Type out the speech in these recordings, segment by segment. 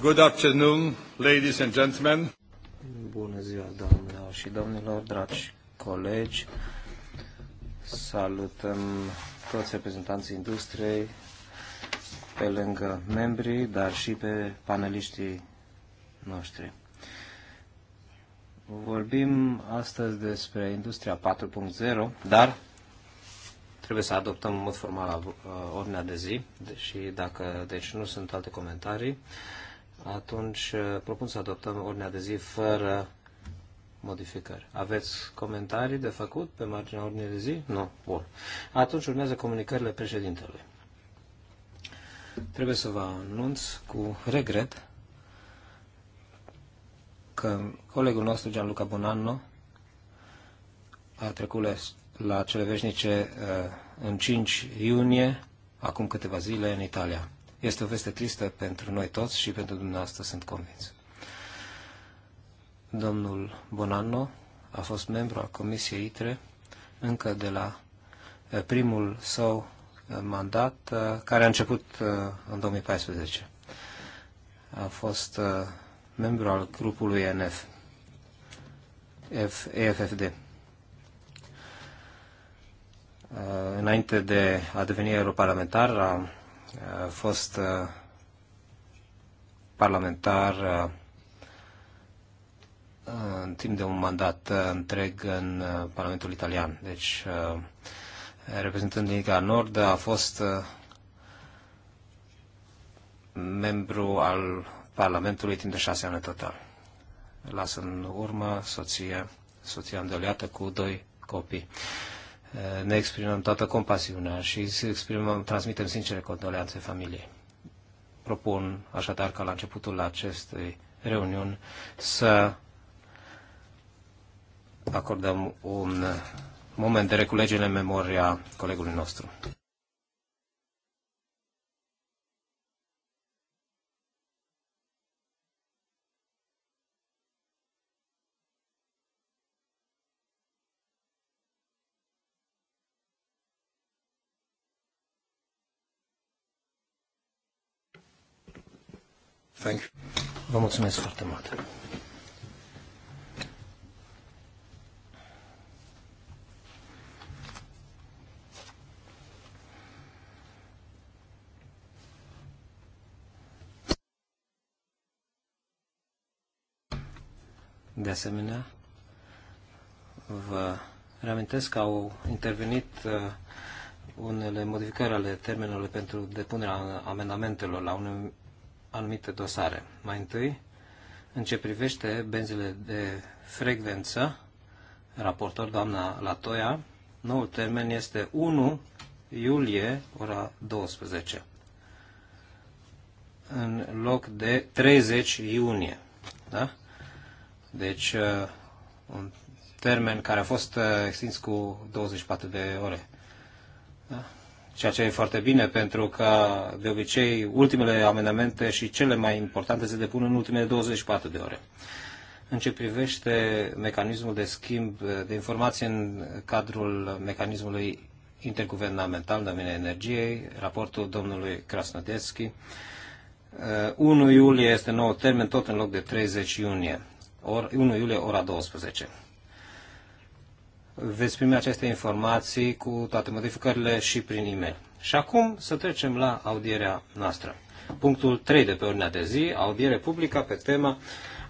Good afternoon, ladies and gentlemen. Bună ziua, doamnelor și domnilor, dragi colegi. Salutăm toți reprezentanții industriei, pe lângă membrii, dar și pe paneliștii noștri. Vorbim astăzi despre industria 4.0, dar trebuie să adoptăm în mod formal uh, ordinea de zi și dacă deci nu sunt alte comentarii, atunci uh, propun să adoptăm ordinea de zi fără modificări. Aveți comentarii de făcut pe marginea ordinei de zi? Nu. Bun. Atunci urmează comunicările președintelui. Trebuie să vă anunț cu regret că colegul nostru, Gianluca Bonanno, a trecut la cele veșnice uh, în 5 iunie, acum câteva zile, în Italia. Este o veste tristă pentru noi toți și pentru dumneavoastră, sunt convins. Domnul Bonanno a fost membru al Comisiei ITRE încă de la eh, primul său eh, mandat, eh, care a început în 2014. A fost membru al grupului NF, EFFD. Înainte de a deveni europarlamentar, a fost parlamentar în timp de un mandat întreg în Parlamentul Italian. Deci, reprezentând Liga Nord, a fost membru al Parlamentului timp de șase ani total. Lasă în urmă soție, soția îndoliată cu doi copii. Eh, ne exprimăm toată compasiunea și exprimăm, transmitem sincere condoleanțe familiei. Propun așadar ca la începutul acestei reuniuni să acordăm un moment de reculegere în memoria colegului nostru. Thank you. Vă mulțumesc foarte mult. De asemenea, vă reamintesc că au intervenit uh, unele modificări ale termenului pentru depunerea amendamentelor la un anumite dosare. Mai întâi, în ce privește benzile de frecvență, raportor doamna Latoia, noul termen este 1 iulie, ora 12, în loc de 30 iunie. Da? Deci, uh, un termen care a fost uh, extins cu 24 de ore. Da? ceea ce e foarte bine, pentru că de obicei ultimele amendamente și cele mai importante se depun în ultimele 24 de ore. În ce privește mecanismul de schimb de informații în cadrul mecanismului interguvernamental în domeniul energiei, raportul domnului Krasnodeschi, 1 uh, iulie este nou termen, tot în loc de 30 iunie, or, 1 iulie ora 12 veți primi aceste informații cu toate modificările și prin e-mail. Și acum să trecem la audierea noastră. Punctul 3 de pe ordinea de zi, audiere publică pe tema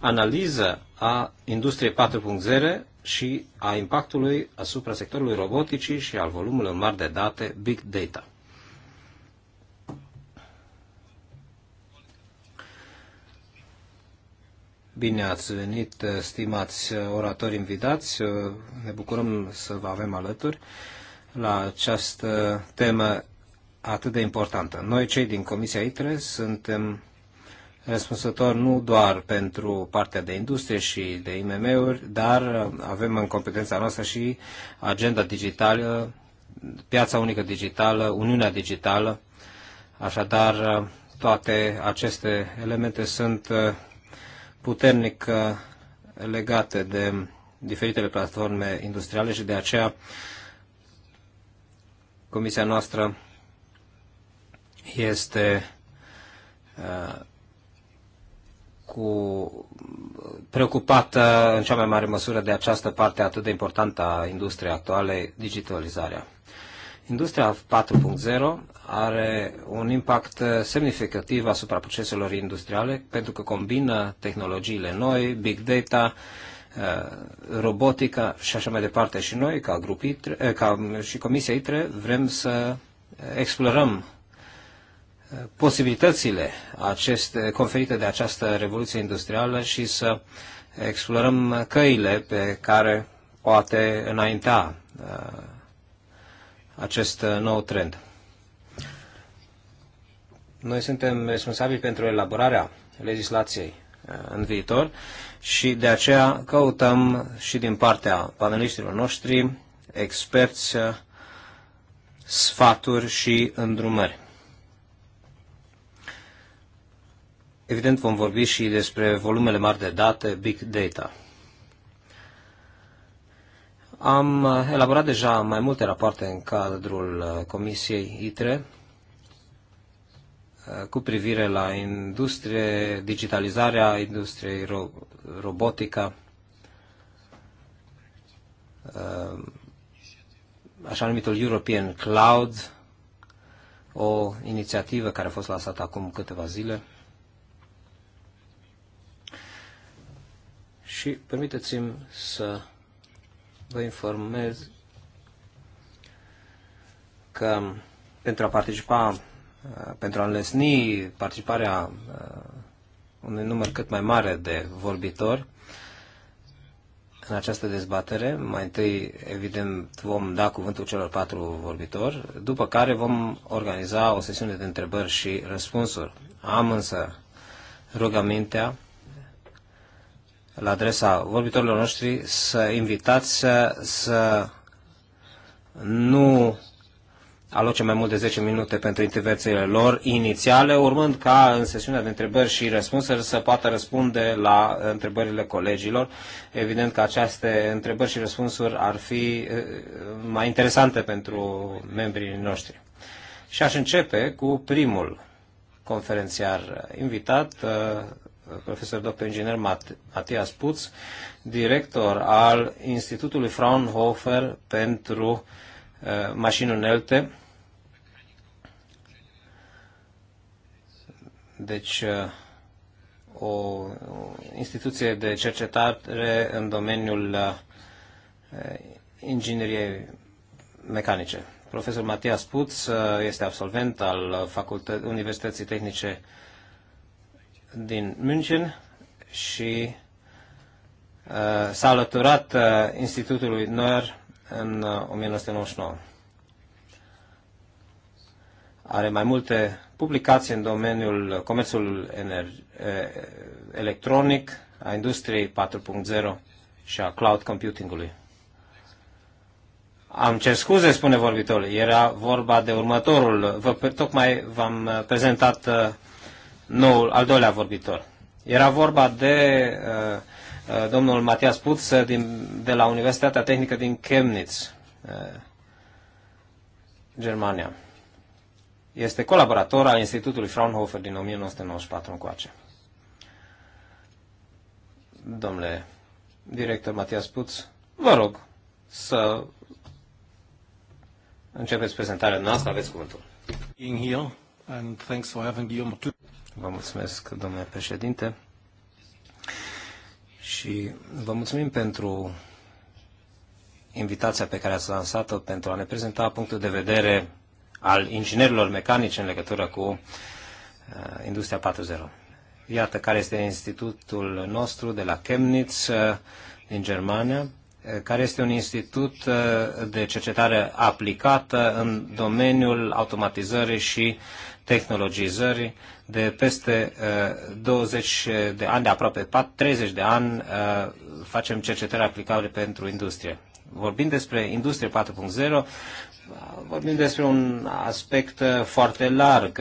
analiză a industriei 4.0 și a impactului asupra sectorului roboticii și al volumului mari de date, Big Data. Bine ați venit, stimați oratori invitați. Ne bucurăm să vă avem alături la această temă atât de importantă. Noi, cei din Comisia ITRE, suntem răspunsători nu doar pentru partea de industrie și de IMM-uri, dar avem în competența noastră și agenda digitală, piața unică digitală, Uniunea digitală. Așadar, toate aceste elemente sunt puternic uh, legate de diferitele platforme industriale și de aceea comisia noastră este uh, cu preocupată în cea mai mare măsură de această parte atât de importantă a industriei actuale, digitalizarea. Industria 4.0 are un impact semnificativ asupra proceselor industriale pentru că combină tehnologiile noi, big data, uh, robotica și așa mai departe. Și noi, ca, grup ITRE, uh, ca și Comisia ITRE, vrem să explorăm uh, posibilitățile aceste, conferite de această revoluție industrială și să explorăm căile pe care poate înainta acest uh, nou trend. Noi suntem responsabili pentru elaborarea legislației uh, în viitor și de aceea căutăm și din partea paneliștilor noștri experți, uh, sfaturi și îndrumări. Evident vom vorbi și despre volumele mari de date, big data. Am uh, elaborat deja mai multe rapoarte în cadrul uh, Comisiei ITRE uh, cu privire la industrie, digitalizarea industriei, ro robotica, așa numitul European Cloud, o inițiativă care a fost lansată acum câteva zile. Și permiteți-mi să vă informez că pentru a participa, uh, pentru a înlesni participarea uh, unui număr cât mai mare de vorbitori în această dezbatere, mai întâi, evident, vom da cuvântul celor patru vorbitori, după care vom organiza o sesiune de întrebări și răspunsuri. Am însă rugămintea la adresa vorbitorilor noștri să invitați să, să nu aloce mai mult de 10 minute pentru intervențiile lor inițiale, urmând ca în sesiunea de întrebări și răspunsuri să poată răspunde la întrebările colegilor. Evident că aceste întrebări și răspunsuri ar fi eh, mai interesante pentru membrii noștri. Și aș începe cu primul conferențiar invitat, eh, profesor dr. inginer Mat- Matias Puț, director al Institutului Fraunhofer pentru uh, mașini unelte. Deci, uh, o, o instituție de cercetare în domeniul uh, ingineriei mecanice. Profesor Matias Puț uh, este absolvent al Facultă- Universității Tehnice din München și uh, s-a alăturat uh, Institutului Neuer în uh, 1999. Are mai multe publicații în domeniul comerțul ener- uh, electronic, a industriei 4.0 și a cloud computingului. Am cer scuze, spune vorbitorul. Era vorba de următorul. Vă, tocmai v-am uh, prezentat uh, noul, al doilea vorbitor. Era vorba de uh, uh, domnul Matias Putz din, de la Universitatea Tehnică din Chemnitz, uh, Germania. Este colaborator al Institutului Fraunhofer din 1994 încoace. Domnule director Matias Putz, vă rog să începeți prezentarea noastră, aveți cuvântul. Vă mulțumesc, domnule președinte. Și vă mulțumim pentru invitația pe care ați lansat-o pentru a ne prezenta punctul de vedere al inginerilor mecanici în legătură cu uh, Industria 4.0. Iată care este institutul nostru de la Chemnitz uh, din Germania, uh, care este un institut uh, de cercetare aplicată în domeniul automatizării și tehnologizării de peste 20 uh, de ani, de aproape 30 de ani, uh, facem cercetări aplicabile pentru industrie. Vorbim despre industrie 4.0, uh, vorbim despre un aspect foarte larg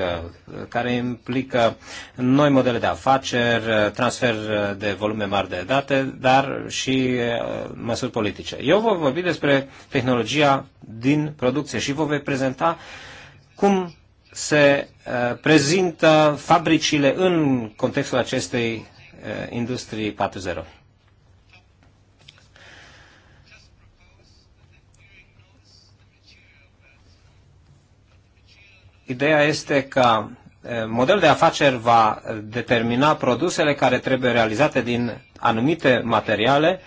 care implică noi modele de afaceri, transfer de volume mari de date, dar și măsuri politice. Eu voi vorbi despre tehnologia din producție și vă voi prezenta cum se eh, prezintă fabricile în contextul acestei eh, industrii 4.0. Ideea este că eh, modelul de afaceri va determina produsele care trebuie realizate din anumite materiale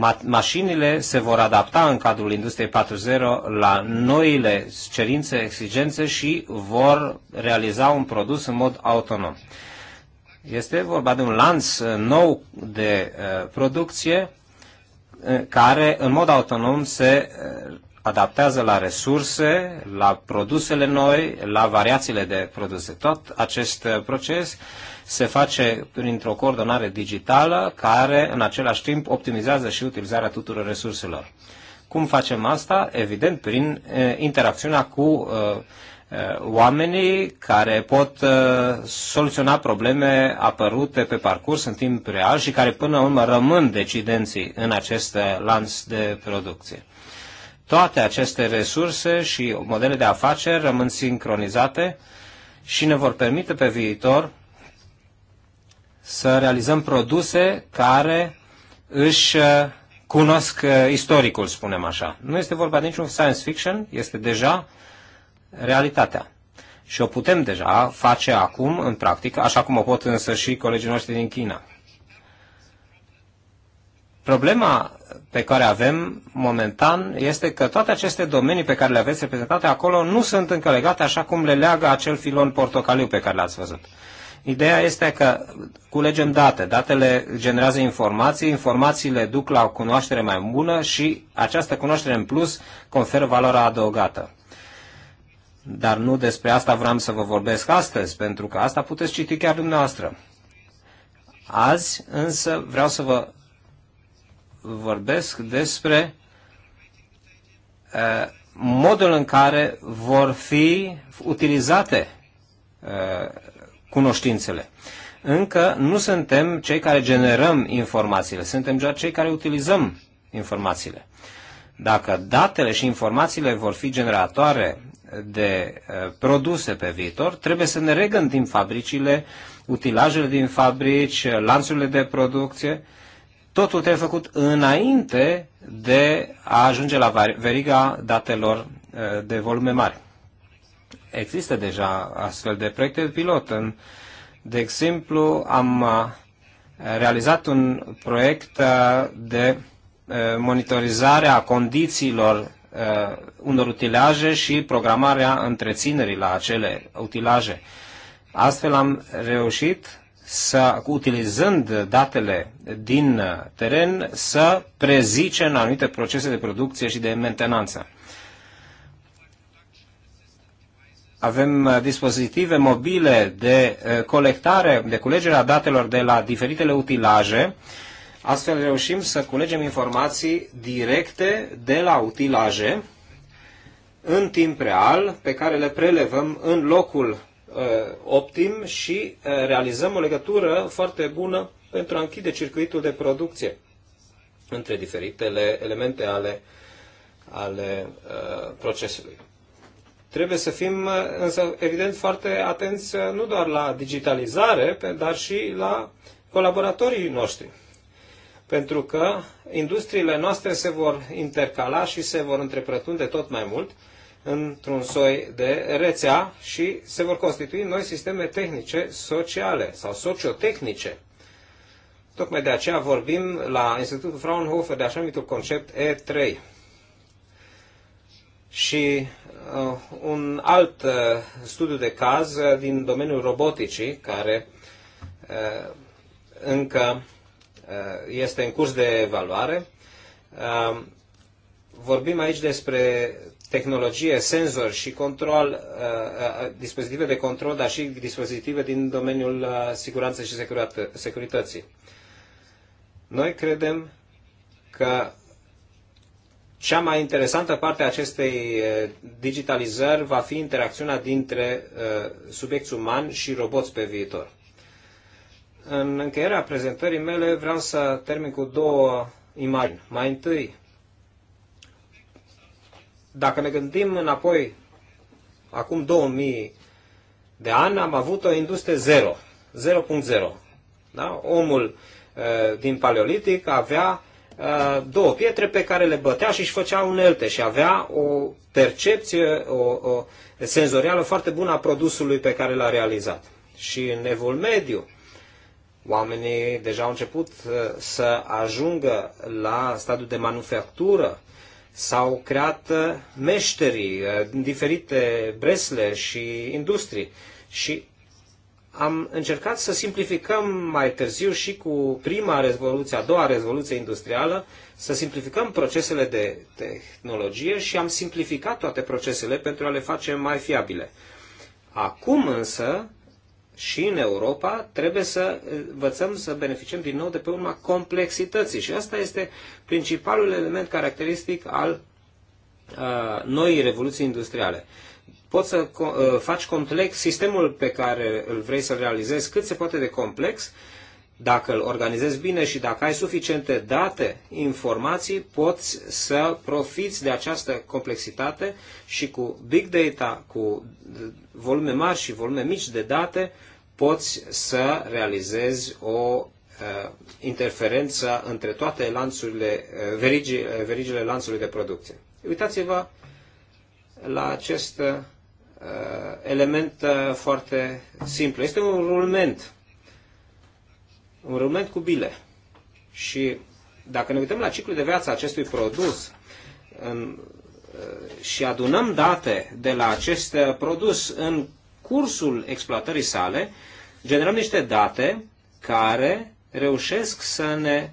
Ma- mașinile se vor adapta în cadrul industriei 4.0 la noile cerințe, exigențe și vor realiza un produs în mod autonom. Este vorba de un lanț nou de uh, producție uh, care în mod autonom se uh, adaptează la resurse, la produsele noi, la variațiile de produse. Tot acest uh, proces se face printr-o coordonare digitală care în același timp optimizează și utilizarea tuturor resurselor. Cum facem asta? Evident, prin interacțiunea cu oamenii care pot soluționa probleme apărute pe parcurs în timp real și care până la urmă rămân decidenții în acest lanț de producție. Toate aceste resurse și modele de afaceri rămân sincronizate și ne vor permite pe viitor să realizăm produse care își uh, cunosc uh, istoricul, spunem așa. Nu este vorba de niciun science fiction, este deja realitatea. Și o putem deja face acum, în practică, așa cum o pot însă și colegii noștri din China. Problema pe care avem momentan este că toate aceste domenii pe care le aveți reprezentate acolo nu sunt încă legate așa cum le leagă acel filon portocaliu pe care l-ați văzut. Ideea este că culegem date, datele generează informații, informațiile duc la o cunoaștere mai bună și această cunoaștere în plus conferă valoarea adăugată. Dar nu despre asta vreau să vă vorbesc astăzi, pentru că asta puteți citi chiar dumneavoastră. Azi însă vreau să vă vorbesc despre modul în care vor fi utilizate cunoștințele. Încă nu suntem cei care generăm informațiile, suntem doar cei care utilizăm informațiile. Dacă datele și informațiile vor fi generatoare de eh, produse pe viitor, trebuie să ne regândim fabricile, utilajele din fabrici, eh, lanțurile de producție. Totul trebuie făcut înainte de a ajunge la veriga datelor eh, de volume mari există deja astfel de proiecte de pilot. În, de exemplu, am uh, realizat un proiect uh, de uh, monitorizare a condițiilor unor utilaje și programarea întreținerii la acele utilaje. Astfel am reușit să, utilizând datele din teren, să prezicem anumite procese de producție și de mentenanță. Avem uh, dispozitive mobile de uh, colectare, de culegerea datelor de la diferitele utilaje. Astfel reușim să culegem informații directe de la utilaje în timp real, pe care le prelevăm în locul uh, optim și uh, realizăm o legătură foarte bună pentru a închide circuitul de producție între diferitele elemente ale, ale uh, procesului. Trebuie să fim, uh, însă, evident, foarte atenți uh, nu doar la digitalizare, dar și la colaboratorii noștri. Pentru că industriile noastre se vor intercala și se vor întrepătrunde tot mai mult într-un soi de rețea și se vor constitui noi sisteme tehnice sociale sau sociotehnice. Tocmai de aceea vorbim la Institutul Fraunhofer de așa numitul concept E3, și uh, un alt uh, studiu de caz uh, din domeniul roboticii, care uh, încă uh, este în curs de evaluare. Uh, vorbim aici despre tehnologie, senzor și control, uh, uh, uh dispozitive de control, dar și dispozitive din domeniul uh, siguranței și securității. Noi credem că cea mai interesantă parte a acestei eh, digitalizări va fi interacțiunea dintre eh, subiecti uman și roboți pe viitor. În încheierea prezentării mele vreau să termin cu două imagini. Mai întâi, dacă ne gândim înapoi, acum 2000 de ani am avut o industrie 0, 0.0. Da? Omul eh, din paleolitic avea Uh, două pietre pe care le bătea și își făcea unelte și avea o percepție o, o senzorială foarte bună a produsului pe care l-a realizat. Și în evul mediu, oamenii deja au început uh, să ajungă la stadiul de manufactură, s-au creat uh, meșterii, diferite bresle și industrii. Și am încercat să simplificăm mai târziu și cu prima rezoluție, a doua rezoluție industrială, să simplificăm procesele de tehnologie și am simplificat toate procesele pentru a le face mai fiabile. Acum însă, și în Europa, trebuie să învățăm să beneficiem din nou de pe urma complexității. Și asta este principalul element caracteristic al uh, noii revoluții industriale. Uh, poți să uh, faci complex sistemul pe care îl vrei să-l realizezi cât se poate de complex, dacă îl organizezi bine și dacă ai suficiente date, informații, poți să profiți de această complexitate și cu big data, cu volume mari și volume mici de date, poți să realizezi o uh, interferență între toate lanțurile, uh, verigi, uh, verigile lanțului de producție. Uitați-vă la acest uh, Uh, element uh, foarte simplu. Este un rulment. Un rulment cu bile. Și dacă ne uităm la ciclul de viață acestui produs în, uh, și adunăm date de la acest produs în cursul exploatării sale, generăm niște date care reușesc să ne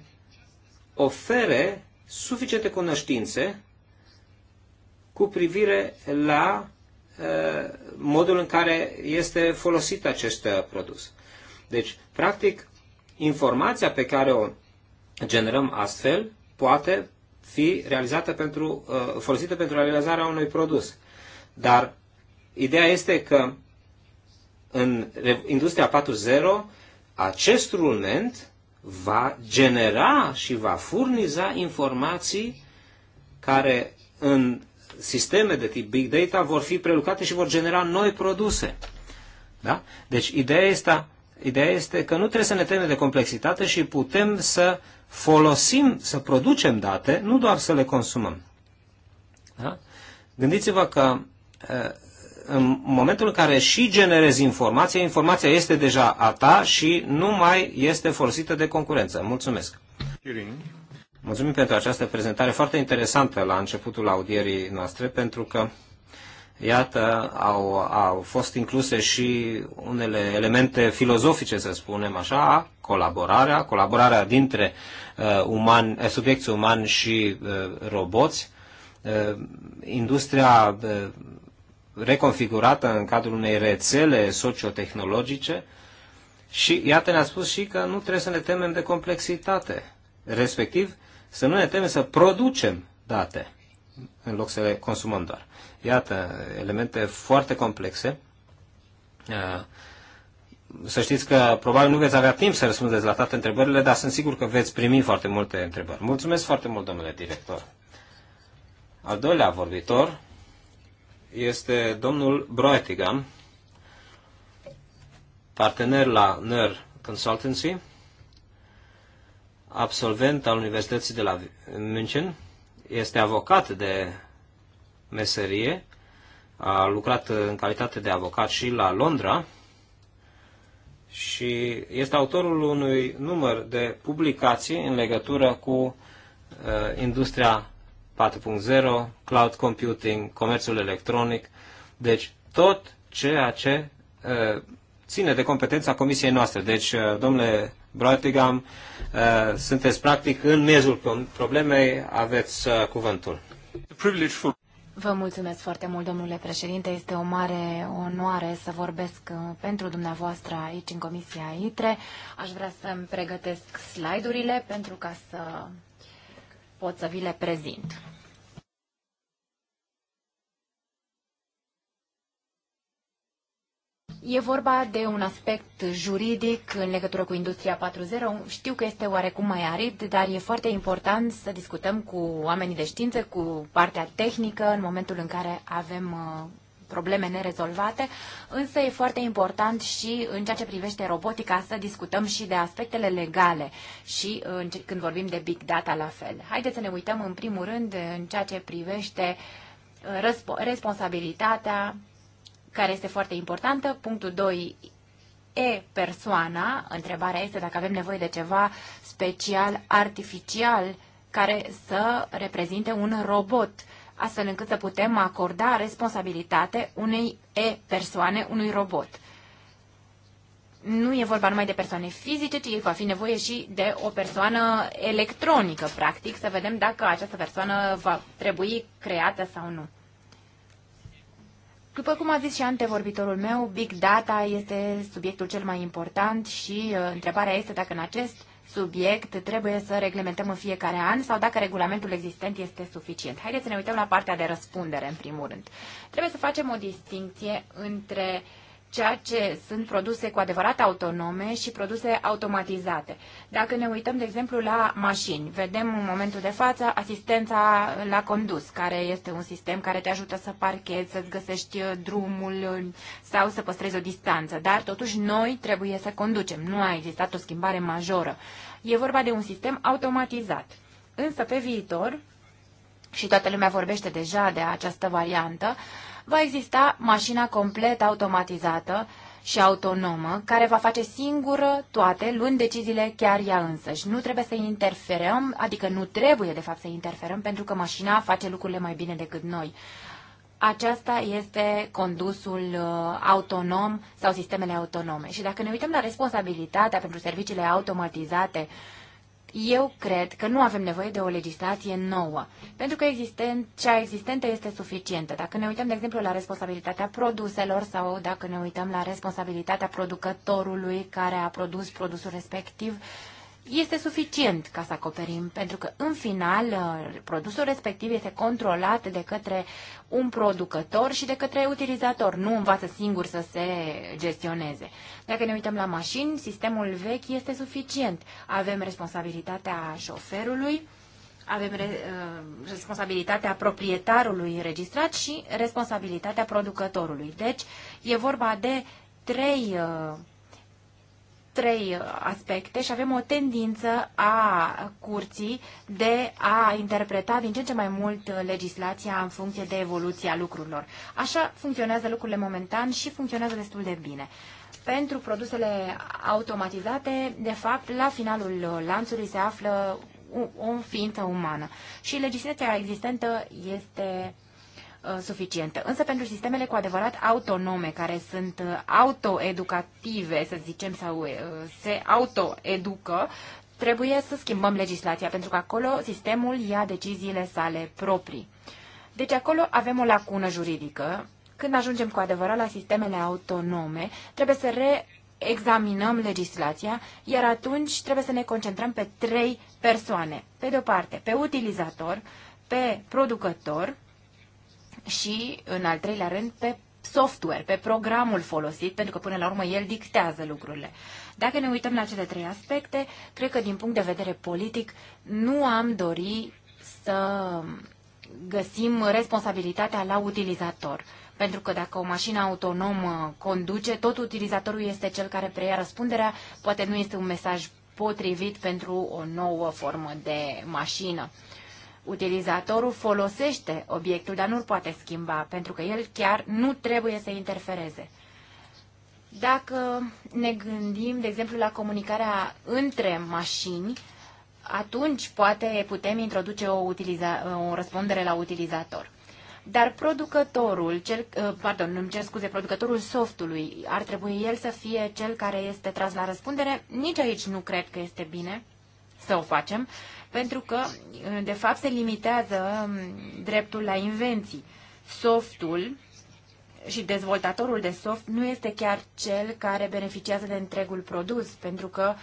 ofere suficiente cunoștințe cu privire la Uh, modul în care este folosit acest uh, produs. Deci, practic, informația pe care o generăm astfel poate fi realizată pentru, uh, folosită pentru realizarea unui produs. Dar ideea este că în industria 4.0 acest rulment va genera și va furniza informații care în sisteme de tip big data vor fi prelucrate și vor genera noi produse. Da? Deci ideea este, ideea este că nu trebuie să ne temem de complexitate și putem să folosim, să producem date, nu doar să le consumăm. Da? Gândiți-vă că în momentul în care și generezi informația, informația este deja a ta și nu mai este folosită de concurență. Mulțumesc! Mulțumim pentru această prezentare foarte interesantă la începutul audierii noastre, pentru că, iată, au, au fost incluse și unele elemente filozofice, să spunem așa, colaborarea, colaborarea dintre uh, uman, eh, subiecti umani și uh, roboți, uh, industria uh, reconfigurată în cadrul unei rețele sociotehnologice și, iată, ne-a spus și că nu trebuie să ne temem de complexitate respectiv să nu ne temem să producem date în loc să le consumăm doar. Iată, elemente foarte complexe. Uh, să știți că probabil nu veți avea timp să răspundeți la toate întrebările, dar sunt sigur că veți primi foarte multe întrebări. Mulțumesc foarte mult, domnule director. Al doilea vorbitor este domnul Broetigam, partener la NER Consultancy, absolvent al Universității de la München, este avocat de meserie, a lucrat în calitate de avocat și la Londra și este autorul unui număr de publicații în legătură cu uh, industria 4.0, cloud computing, comerțul electronic, deci tot ceea ce uh, ține de competența comisiei noastre. Deci, uh, domnule Brotigam, uh, sunteți practic în miezul problemei, aveți uh, cuvântul. Vă mulțumesc foarte mult, domnule președinte. Este o mare onoare să vorbesc uh, pentru dumneavoastră aici, în Comisia ITRE. Aș vrea să-mi pregătesc slide-urile pentru ca să pot să vi le prezint. E vorba de un aspect juridic în legătură cu Industria 4.0. Știu că este oarecum mai arid, dar e foarte important să discutăm cu oamenii de știință, cu partea tehnică, în momentul în care avem uh, probleme nerezolvate, însă e foarte important și în ceea ce privește robotica să discutăm și de aspectele legale și uh, când vorbim de big data la fel. Haideți să ne uităm în primul rând în ceea ce privește uh, responsabilitatea care este foarte importantă. Punctul 2 e persoana. Întrebarea este dacă avem nevoie de ceva special, artificial, care să reprezinte un robot, astfel încât să putem acorda responsabilitate unei e persoane, unui robot. Nu e vorba numai de persoane fizice, ci va fi nevoie și de o persoană electronică, practic, să vedem dacă această persoană va trebui creată sau nu. După cum a zis și antevorbitorul meu, Big Data este subiectul cel mai important și uh, întrebarea este dacă în acest subiect trebuie să reglementăm în fiecare an sau dacă regulamentul existent este suficient. Haideți să ne uităm la partea de răspundere, în primul rând. Trebuie să facem o distinție între uh, ceea ce sunt produse cu adevărat autonome și produse automatizate. Dacă ne uităm, de exemplu, la mașini, vedem în momentul de față asistența la condus, care este un sistem care te ajută să parchezi, să-ți găsești uh, drumul uh, sau să păstrezi o distanță. Dar, totuși, noi trebuie să conducem. Nu a existat o schimbare majoră. E vorba de un sistem automatizat. Însă, pe viitor, și toată lumea vorbește deja de această variantă, va exista mașina complet automatizată și autonomă, care va face singură toate, luând deciziile chiar ea Și Nu trebuie să interferăm, adică nu trebuie de fapt să interferăm, pentru că mașina face lucrurile mai bine decât noi. Aceasta este condusul uh, autonom sau sistemele autonome. Și dacă ne uităm la responsabilitatea pentru serviciile automatizate eu cred că nu avem nevoie de o legislație nouă, pentru că existen, cea existentă este suficientă. Dacă ne uităm, de exemplu, la responsabilitatea produselor sau dacă ne uităm la responsabilitatea producătorului care a produs produsul respectiv, uh, este suficient ca să acoperim, pentru că în final uh, produsul respectiv este controlat de către un producător și de către utilizator, nu învață singur să se gestioneze. Dacă ne uităm la mașini, sistemul vechi este suficient. Avem responsabilitatea șoferului, avem re, uh, responsabilitatea proprietarului înregistrat și responsabilitatea producătorului. Deci e vorba de trei uh, trei uh, aspecte și avem o tendință a curții de a interpreta din ce în ce mai mult uh, legislația în funcție de evoluția lucrurilor. Așa funcționează lucrurile momentan și funcționează destul de bine. Pentru produsele automatizate, de fapt, la finalul uh, lanțului se află o ființă umană și legislația existentă este Uh, suficientă. Însă pentru sistemele cu adevărat autonome, care sunt uh, autoeducative, să zicem, sau uh, se autoeducă, trebuie să schimbăm legislația, pentru că acolo sistemul ia deciziile sale proprii. Deci acolo avem o lacună juridică. Când ajungem cu adevărat la sistemele autonome, trebuie să reexaminăm legislația, iar atunci trebuie să ne concentrăm pe trei persoane. Pe de o parte, pe utilizator, pe producător și, în al treilea rând, pe software, pe programul folosit, pentru că până la urmă el dictează lucrurile. Dacă ne uităm la cele trei aspecte, cred că din punct de vedere politic nu am dori să găsim responsabilitatea la utilizator. Pentru că dacă o mașină autonomă conduce, tot utilizatorul este cel care preia răspunderea. Poate nu este un mesaj potrivit pentru o nouă formă de mașină. Utilizatorul folosește obiectul, dar nu-l poate schimba, pentru că el chiar nu trebuie să interfereze. Dacă ne gândim, de exemplu, la comunicarea între mașini, atunci poate putem introduce o, utiliza, o răspundere la utilizator. Dar producătorul, cel, ă, pardon, îmi cer scuze, producătorul softului ar trebui el să fie cel care este tras la răspundere. Nici aici nu cred că este bine, să o facem, pentru că, uh, de fapt, se limitează um, dreptul la invenții. Softul și dezvoltatorul de soft nu este chiar cel care beneficiază de întregul produs, pentru că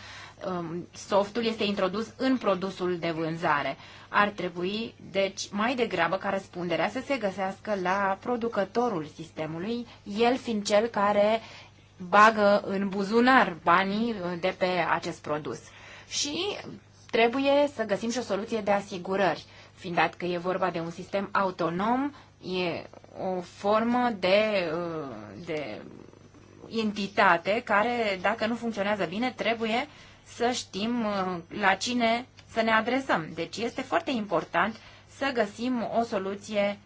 um, softul este introdus în produsul de vânzare. Ar trebui, deci, mai degrabă ca răspunderea să se găsească la producătorul sistemului, el fiind cel care bagă în buzunar banii uh, de pe acest produs. Și Trebuie să găsim și o soluție de asigurări, fiind dat că e vorba de un sistem autonom, e o formă de, uh, de entitate care, dacă nu funcționează bine, trebuie să știm uh, la cine să ne adresăm. Deci este foarte important să găsim o soluție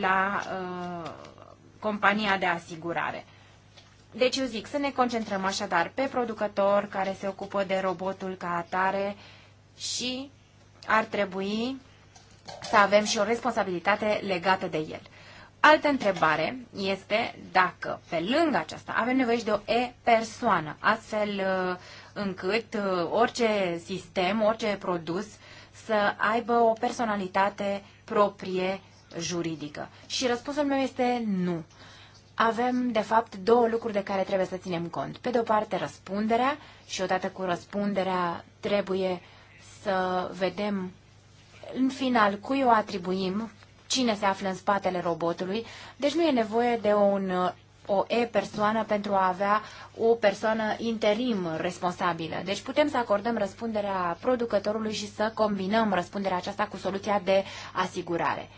la uh, compania de asigurare. Deci eu zic să ne concentrăm așadar pe producător care se ocupă de robotul ca atare și ar trebui să avem și o responsabilitate legată de el. Altă întrebare este dacă, pe lângă aceasta, avem nevoie și de o e-persoană, astfel uh, încât uh, orice sistem, orice produs să aibă o personalitate proprie juridică. Și răspunsul meu este nu. Avem, de fapt, două lucruri de care trebuie să ținem cont. Pe de o parte, răspunderea și odată cu răspunderea trebuie uh, să vedem în final cui o atribuim, cine se află în spatele robotului, deci nu e nevoie de un, o e-persoană pentru a avea o persoană interim responsabilă. Deci putem să acordăm răspunderea producătorului și să combinăm răspunderea aceasta cu soluția de asigurare.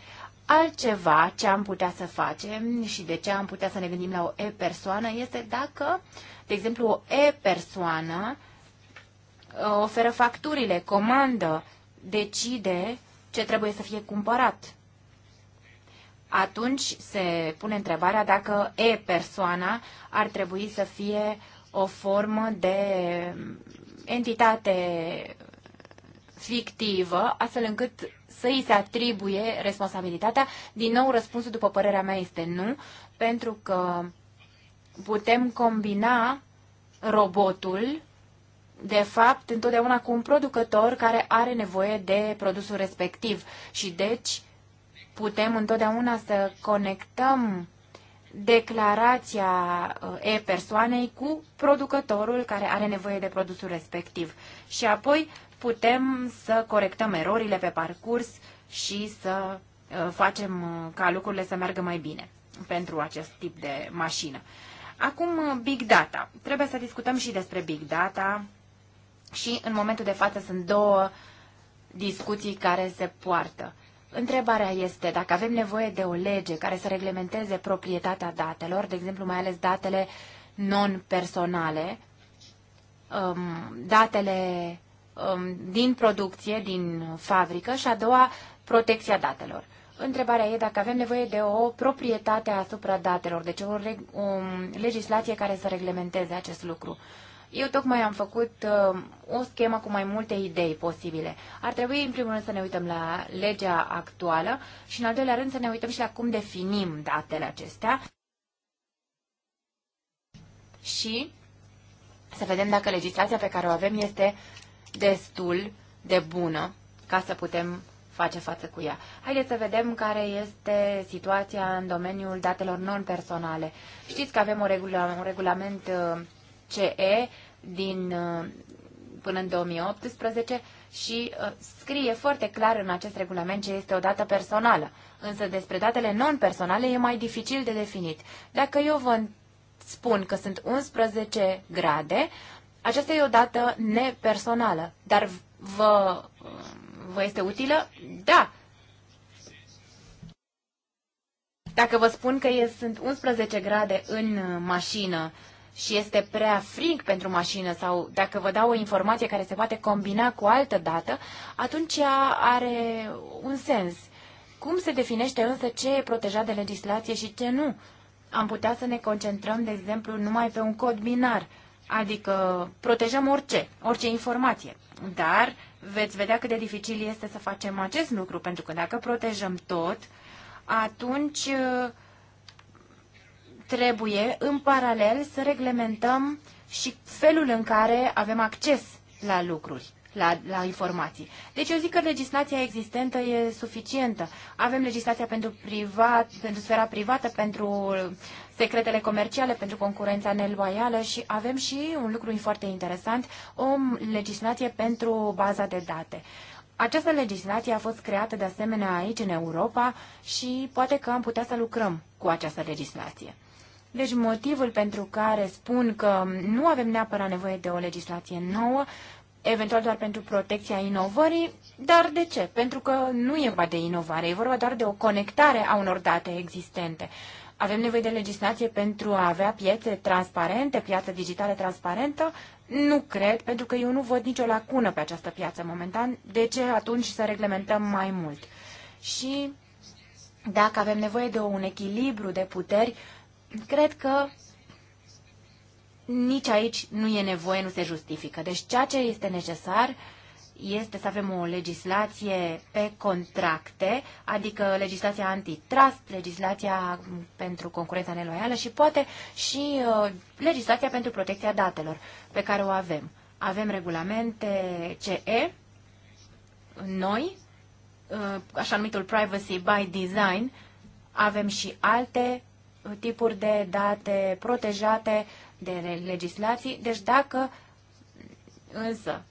Altceva ce am putea să facem și de ce am putea să ne gândim la o e-persoană este dacă, de exemplu, o e-persoană oferă facturile, comandă, decide ce trebuie să fie cumpărat. Atunci se pune întrebarea dacă E persoana ar trebui să fie o formă de entitate fictivă, astfel încât să îi se atribuie responsabilitatea. Din nou, răspunsul, după părerea mea, este nu, pentru că putem combina robotul de fapt, întotdeauna cu un producător care are nevoie de produsul respectiv. Și deci putem întotdeauna să conectăm declarația uh, e persoanei cu producătorul care are nevoie de produsul respectiv. Și apoi putem să corectăm erorile pe parcurs și să uh, facem uh, ca lucrurile să meargă mai bine pentru acest tip de mașină. Acum, Big Data. Trebuie să discutăm și despre Big Data și în momentul de față sunt două discuții care se poartă. Întrebarea este dacă avem nevoie de o lege care să reglementeze proprietatea datelor, de exemplu mai ales datele non-personale, um, datele um, din producție, din fabrică și a doua, protecția datelor. Întrebarea e dacă avem nevoie de o proprietate asupra datelor, deci o, o legislație care să reglementeze acest lucru. Eu tocmai am făcut uh, o schemă cu mai multe idei posibile. Ar trebui, în primul rând, să ne uităm la legea actuală și, în al doilea rând, să ne uităm și la cum definim datele acestea și să vedem dacă legislația pe care o avem este destul de bună ca să putem face față cu ea. Haideți să vedem care este situația în domeniul datelor non-personale. Știți că avem o un regulament uh, CE din, uh, până în 2018 și uh, scrie foarte clar în acest regulament ce este o dată personală. Însă despre datele non-personale e mai dificil de definit. Dacă eu vă spun că sunt 11 grade, aceasta e o dată nepersonală, dar vă, uh, vă este utilă? Da! Dacă vă spun că sunt 11 grade în mașină, și este prea frig pentru mașină sau dacă vă dau o informație care se poate combina cu altă dată, atunci ea are un sens. Cum se definește însă ce e protejat de legislație și ce nu? Am putea să ne concentrăm, de exemplu, numai pe un cod binar, adică protejăm orice, orice informație. Dar veți vedea cât de dificil este să facem acest lucru, pentru că dacă protejăm tot, atunci uh, trebuie, în paralel, să reglementăm și felul în care avem acces la lucruri. La, la informații. Deci eu zic că legislația existentă e suficientă. Avem legislația pentru, privat, pentru sfera privată, pentru secretele comerciale, pentru concurența neloială și avem și un lucru foarte interesant, o legislație pentru baza de date. Această legislație a fost creată de asemenea aici, în Europa, și poate că am putea să lucrăm cu această legislație. Deci motivul pentru care spun că nu avem neapărat nevoie de o legislație nouă, eventual doar pentru protecția inovării, dar de ce? Pentru că nu e vorba de inovare, e vorba doar de o conectare a unor date existente. Avem nevoie de legislație pentru a avea piețe transparente, piață digitală transparentă? Nu cred, pentru că eu nu văd nicio lacună pe această piață momentan. De ce atunci să reglementăm mai mult? Și dacă avem nevoie de un echilibru de puteri, uh, Cred că nici aici nu e nevoie, nu se justifică. Deci ceea ce este necesar este să avem o legislație pe contracte, adică legislația antitrust, legislația pentru concurența neloială și poate și uh, legislația pentru protecția datelor pe care o avem. Avem regulamente CE, noi, uh, așa numitul Privacy by Design, avem și alte tipuri de date protejate de legislații. Deci dacă însă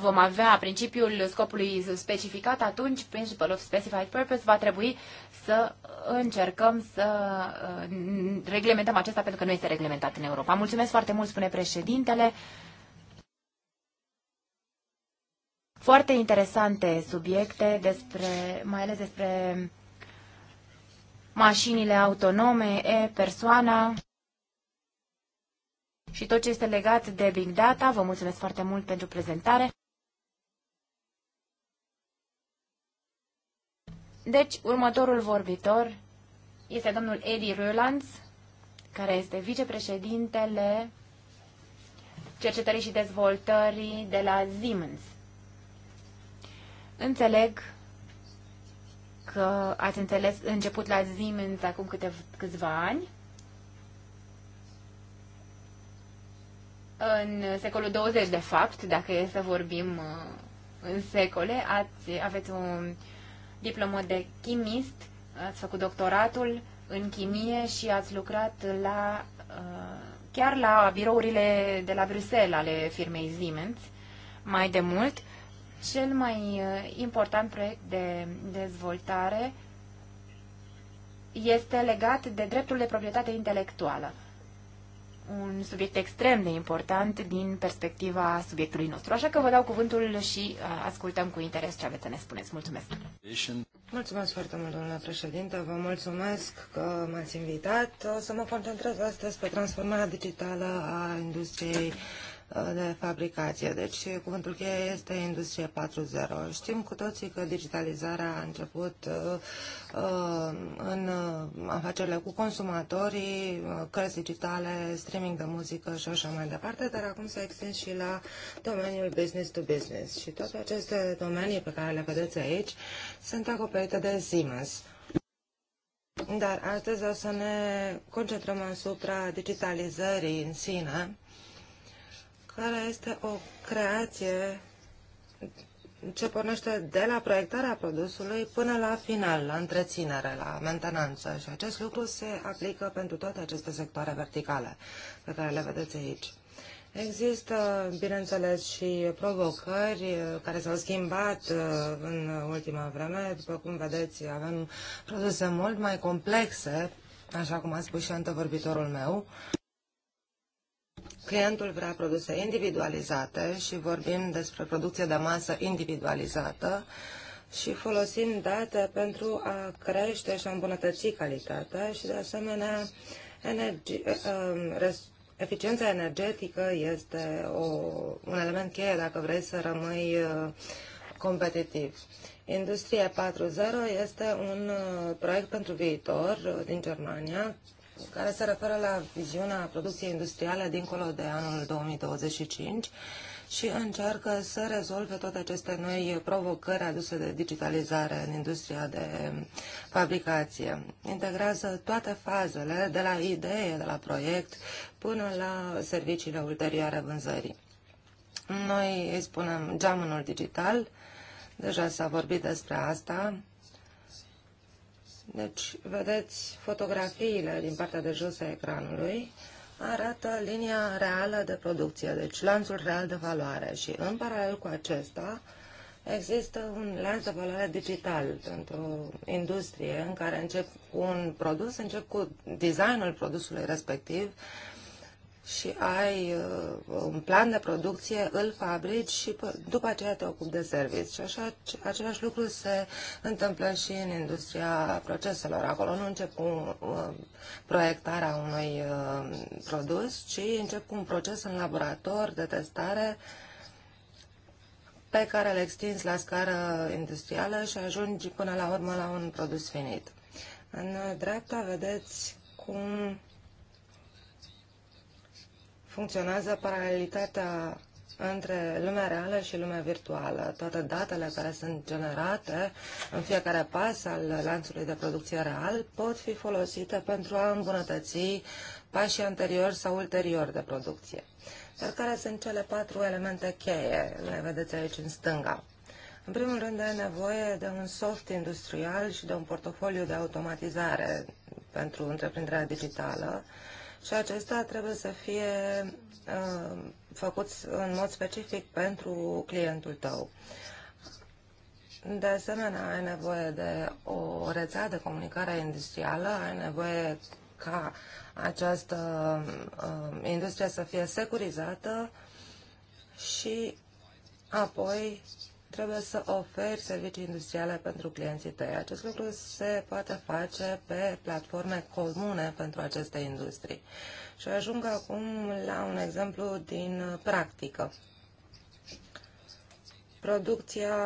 vom avea principiul scopului specificat, atunci principle of specified purpose va trebui să încercăm să uh, reglementăm acesta pentru că nu este reglementat în Europa. Mulțumesc foarte mult, spune președintele. Foarte interesante subiecte, despre, mai ales despre mașinile autonome, e-persoana și tot ce este legat de Big Data. Vă mulțumesc foarte mult pentru prezentare. Deci, următorul vorbitor este domnul Edi Rulands, care este vicepreședintele cercetării și dezvoltării de la Siemens. Înțeleg că ați înțeles, început la Siemens acum câteva câțiva ani. În secolul 20, de fapt, dacă e să vorbim uh, în secole, ați, aveți un diplomă de chimist, ați făcut doctoratul în chimie și ați lucrat la, uh, chiar la birourile de la Bruxelles ale firmei Siemens mai de mult cel mai uh, important proiect de dezvoltare este legat de dreptul de proprietate intelectuală. Un subiect extrem de important din perspectiva subiectului nostru. Așa că vă dau cuvântul și uh, ascultăm cu interes ce aveți să ne spuneți. Mulțumesc! Mulțumesc foarte mult, domnule președinte. Vă mulțumesc că m-ați invitat. O să mă concentrez astăzi pe transformarea digitală a industriei Uh, de fabricație. Deci, cuvântul cheie este Industrie 4.0. Știm cu toții că digitalizarea a început uh, uh, în afacerile cu consumatorii, cărți digitale, streaming de muzică și așa mai departe, dar acum s-a extins și la domeniul business to business. Și toate aceste domenii pe care le vedeți aici sunt acoperite de Siemens. Dar astăzi o să ne concentrăm asupra digitalizării în sine care este o creație ce pornește de la proiectarea produsului până la final, la întreținere, la mentenanță. Și acest lucru se aplică pentru toate aceste sectoare verticale pe care le vedeți aici. Există, bineînțeles, și provocări uh, care s-au schimbat uh, în ultima vreme. După cum vedeți, avem produse mult mai complexe, așa cum a spus și antevorbitorul meu clientul vrea produse individualizate și vorbim despre producție de masă individualizată și folosim date pentru a crește și a îmbunătăți calitatea și, de asemenea, eh, ehm, eficiența energetică este o, un element cheie dacă vrei să rămâi eh, competitiv. Industrie 4.0 este un eh, proiect pentru viitor din Germania care se referă la viziunea producției industriale dincolo de anul 2025 și încearcă să rezolve toate aceste noi provocări aduse de digitalizare în industria de fabricație. Integrează toate fazele, de la idee, de la proiect, până la serviciile ulterioare vânzării. Noi îi spunem geamănul digital, deja s-a vorbit despre asta, deci, vedeți fotografiile din partea de jos a ecranului, arată linia reală de producție, deci lanțul real de valoare și în paralel cu acesta există un lanț de valoare digital pentru industrie în care încep cu un produs, încep cu designul produsului respectiv și ai uh, un plan de producție, îl fabrici și după aceea te ocupi de servici. Și așa, același lucru se întâmplă și în industria proceselor. Acolo nu încep cu uh, proiectarea unui uh, produs, ci încep cu un proces în laborator de testare pe care îl extinzi la scară industrială și ajungi până la urmă la un produs finit. În dreapta vedeți cum funcționează paralelitatea între lumea reală și lumea virtuală. Toate datele care sunt generate în fiecare pas al lanțului de producție real pot fi folosite pentru a îmbunătăți pașii anterior sau ulterior de producție. Dar care sunt cele patru elemente cheie? Le vedeți aici în stânga. În primul rând, e nevoie de un soft industrial și de un portofoliu de automatizare pentru întreprinderea digitală, și acesta trebuie să fie uh, făcut în mod specific pentru clientul tău. De asemenea, ai nevoie de o rețea de comunicare industrială, ai nevoie ca această uh, industrie să fie securizată și apoi trebuie să oferi servicii industriale pentru clienții tăi. Acest lucru se poate face pe platforme comune pentru aceste industrii. Și ajung acum la un exemplu din practică. Producția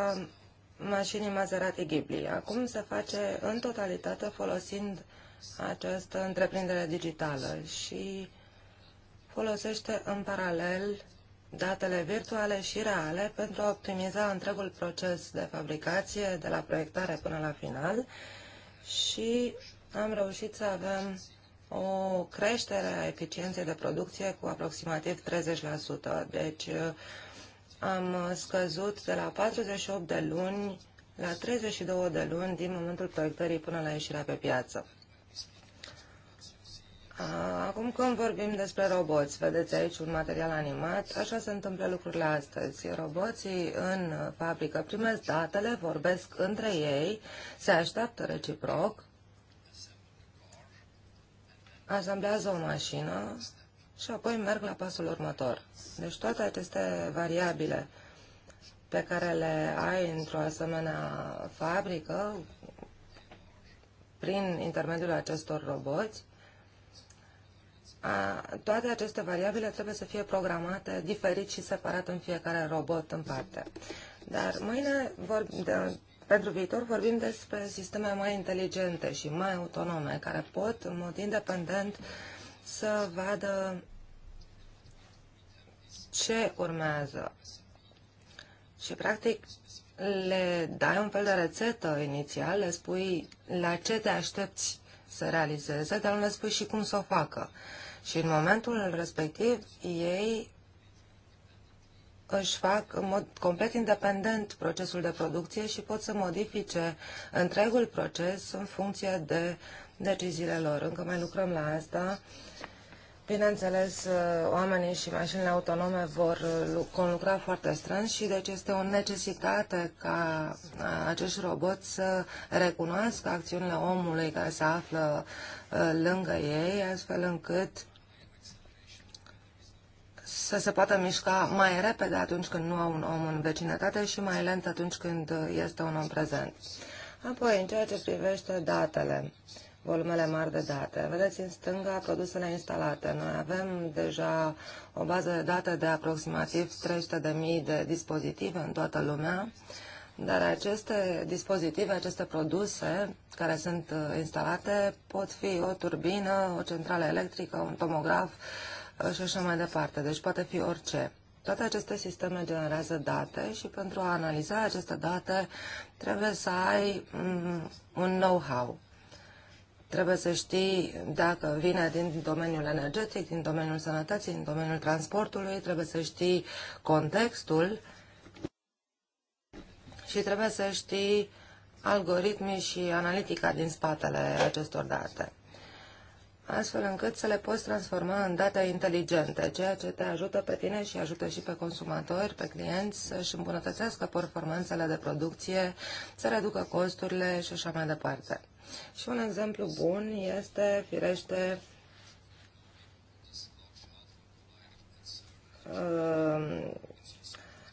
mașinii Maserati Ghibli. Acum se face în totalitate folosind această întreprindere digitală și folosește în paralel datele virtuale și reale pentru a optimiza întregul proces de fabricație, de la proiectare până la final și am reușit să avem o creștere a eficienței de producție cu aproximativ 30%. Deci uh, am scăzut de la 48 de luni la 32 de luni din momentul proiectării până la ieșirea pe piață. Ah, acum când vorbim despre roboți, vedeți aici un material animat, așa se întâmplă lucrurile astăzi. Roboții în fabrică primesc datele, vorbesc între ei, se așteaptă reciproc, asamblează o mașină și apoi merg la pasul următor. Deci toate aceste variabile pe care le ai într-o asemenea fabrică, prin intermediul acestor roboți, toate aceste variabile trebuie să fie programate diferit și separat în fiecare robot în parte. Dar mâine, vor, de, pentru viitor, vorbim despre sisteme mai inteligente și mai autonome, care pot, în mod independent, să vadă ce urmează. Și, practic, le dai un fel de rețetă inițial, le spui la ce te aștepți să realizeze, dar nu le spui și cum să o facă. Și în momentul respectiv, ei își fac în mod complet independent procesul de producție și pot să modifice întregul proces în funcție de deciziile lor. Încă mai lucrăm la asta. Bineînțeles, oamenii și mașinile autonome vor conlucra foarte strâns și deci este o necesitate ca acești roboți să recunoască acțiunile omului care se află uh, lângă ei, astfel încât să se poată mișca mai repede atunci când nu au un om în vecinătate și mai lent atunci când este un om prezent. Apoi, în ceea ce privește datele, volumele mari de date. Vedeți în stânga produsele instalate. Noi avem deja o bază de date de aproximativ 300.000 de dispozitive în toată lumea, dar aceste dispozitive, aceste produse care sunt uh, instalate pot fi o turbină, o centrală electrică, un tomograf, și așa mai departe. Deci poate fi orice. Toate aceste sisteme generează date și pentru a analiza aceste date trebuie să ai mm, un know-how. Trebuie să știi dacă vine din domeniul energetic, din domeniul sănătății, din domeniul transportului, trebuie să știi contextul și trebuie să știi algoritmii și analitica din spatele acestor date astfel încât să le poți transforma în date inteligente, ceea ce te ajută pe tine și ajută și pe consumatori, pe clienți să-și îmbunătățească performanțele de producție, să reducă costurile și așa mai departe. Și un exemplu bun este, firește, um,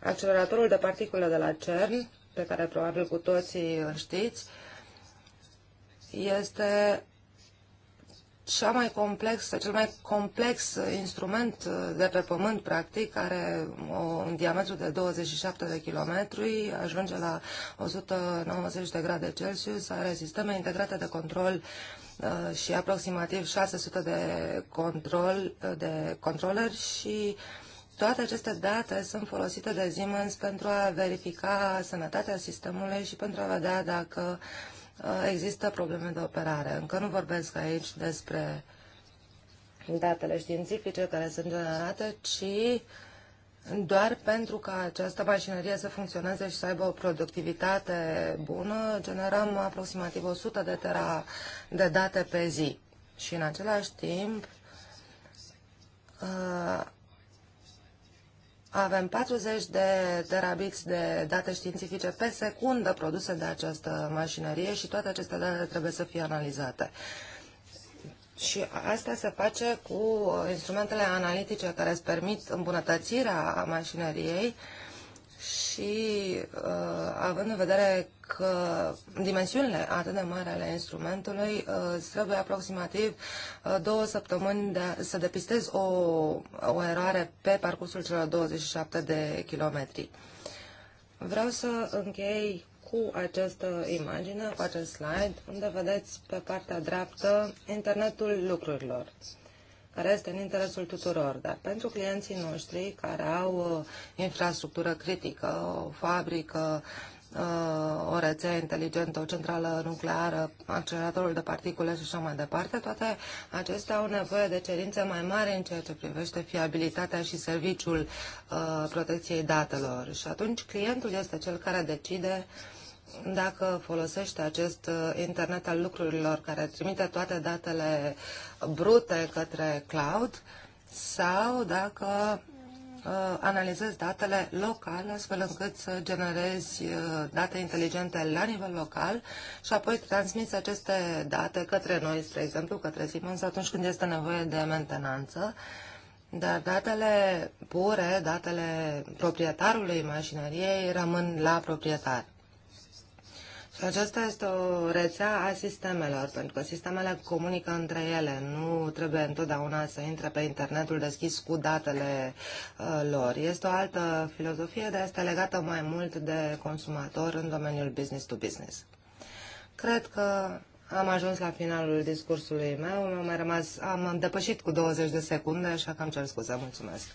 acceleratorul de particule de la CERN, pe care probabil cu toții îl știți, este cea mai complexă, cel mai complex uh, instrument uh, de pe pământ, practic, care o, un diametru de 27 de kilometri, ajunge la 190 de grade Celsius, are sisteme integrate de control uh, și aproximativ 600 de, control, de controller și toate aceste date sunt folosite de Siemens pentru a verifica sănătatea sistemului și pentru a vedea dacă uh, Uh, există probleme de operare. Încă nu vorbesc aici despre datele științifice care sunt generate, ci doar pentru ca această mașinărie să funcționeze și să aibă o productivitate bună, generăm aproximativ 100 de tera de date pe zi. Și în același timp, uh, avem 40 de terabits de date științifice pe secundă produse de această mașinărie și toate aceste date trebuie să fie analizate. Și asta se face cu instrumentele analitice care îți permit îmbunătățirea mașinăriei, uh, și uh, având în vedere că dimensiunile atât de mari ale instrumentului, uh, trebuie aproximativ uh, două săptămâni de, să depistez o, o eroare pe parcursul celor 27 de kilometri. Vreau să închei cu această imagine, cu acest slide, unde vedeți pe partea dreaptă internetul lucrurilor care este în interesul tuturor, dar pentru clienții noștri care au uh, infrastructură critică, o fabrică, uh, o rețea inteligentă, o centrală nucleară, acceleratorul de particule și așa mai departe, toate acestea au nevoie de cerințe mai mari în ceea ce privește fiabilitatea și serviciul uh, protecției datelor. Și atunci clientul este cel care decide uh, dacă folosește acest uh, internet al lucrurilor care trimite toate datele brute către cloud sau dacă uh, analizezi datele local, astfel încât să generezi uh, date inteligente la nivel local și apoi transmiți aceste date către noi, spre exemplu, către Siemens, atunci când este nevoie de mentenanță. Dar datele pure, datele proprietarului mașinăriei, rămân la proprietar. Și aceasta este o rețea a sistemelor, pentru că sistemele comunică între ele. Nu trebuie întotdeauna să intre pe internetul deschis cu datele uh, lor. Este o altă filozofie, dar este legată mai mult de consumator în domeniul business to business. Cred că am ajuns la finalul discursului meu, am mai rămas, am depășit cu 20 de secunde, așa că am cer scuze, mulțumesc.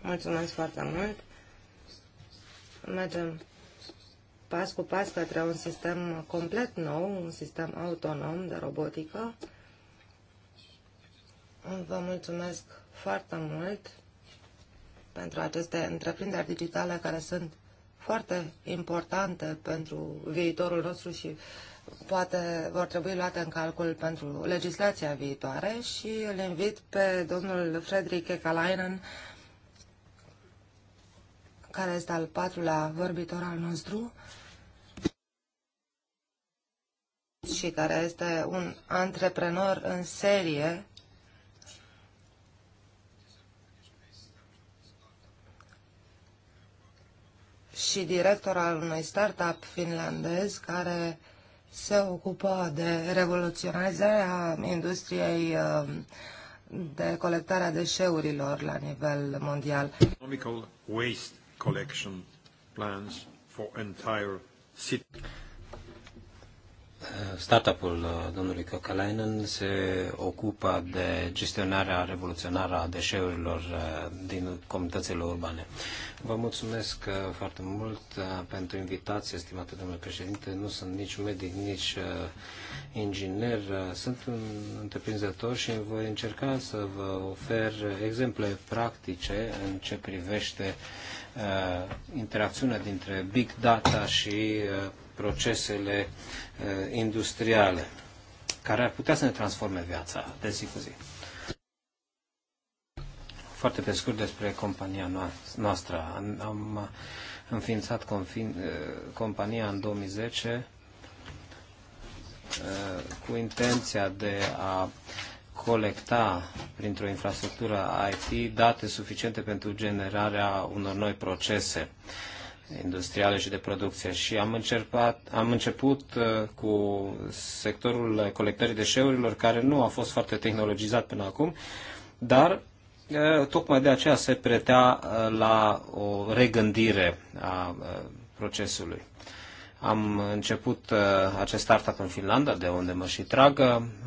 Mulțumesc foarte mult. Mergem pas cu pas către un sistem complet nou, un sistem autonom de robotică. Vă mulțumesc foarte mult pentru aceste întreprinderi digitale care sunt foarte importante pentru viitorul nostru și poate vor trebui luate în calcul pentru legislația viitoare și îl invit pe domnul Frederic Ekalainen care este al patrulea vorbitor al nostru și care este un antreprenor în serie și director al unui startup finlandez care se ocupă de revoluționarea industriei uh, de colectarea deșeurilor la nivel mondial. Economical waste collection plans for entire city. Startup-ul uh, domnului Kokalainen se ocupa de gestionarea revoluționară a deșeurilor uh, din comunitățile urbane. Vă mulțumesc uh, foarte mult pentru invitație, estimate domnule președinte. Nu sunt nici medic, nici inginer. Sunt un întreprinzător și voi încerca să vă ofer exemple practice în ce privește Uh, interacțiunea dintre big data și uh, procesele uh, industriale, care ar putea să ne transforme viața de zi cu zi. Foarte pe scurt despre compania noastră. Am, înființat compania în 2010 cu intenția de a uh, colecta printr-o infrastructură IT date suficiente pentru generarea unor noi procese industriale și de producție. Și am, încercat, am început uh, cu sectorul colectării deșeurilor, care nu a fost foarte tehnologizat până acum, dar uh, tocmai de aceea se pretea uh, la o regândire a procesului. Am început uh, acest startup în Finlanda, de unde mă și trag.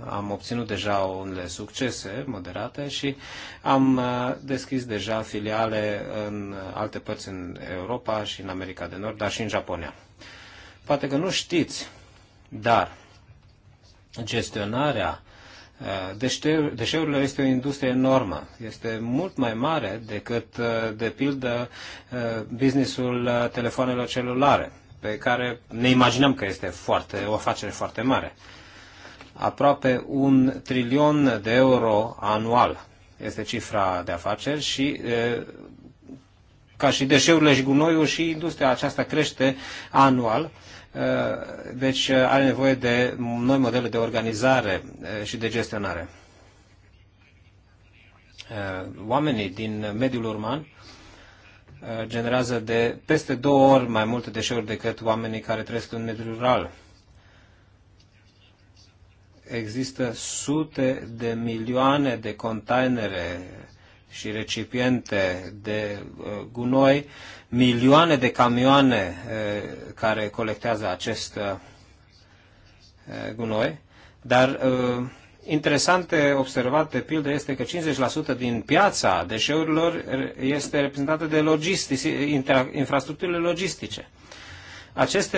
Am obținut deja unele succese moderate și am uh, deschis deja filiale în alte părți în Europa și în America de Nord, dar și în Japonia. Poate că nu știți, dar gestionarea uh, deșeurilor este o industrie enormă. Este mult mai mare decât, de pildă, businessul telefoanelor celulare pe care ne imaginăm că este foarte, o afacere foarte mare. Aproape un trilion de euro anual este cifra de afaceri și ca și deșeurile și gunoiul și industria aceasta crește anual. Deci are nevoie de noi modele de organizare și de gestionare. Oamenii din mediul urban Uh, generează de peste două ori mai multe deșeuri decât oamenii care trăiesc în mediul rural. Există sute de milioane de containere și recipiente de uh, gunoi, milioane de camioane uh, care colectează acest gunoi, dar Interesant observat, de pildă, este că 50% din piața deșeurilor este reprezentată de logistici, infrastructurile logistice. Aceste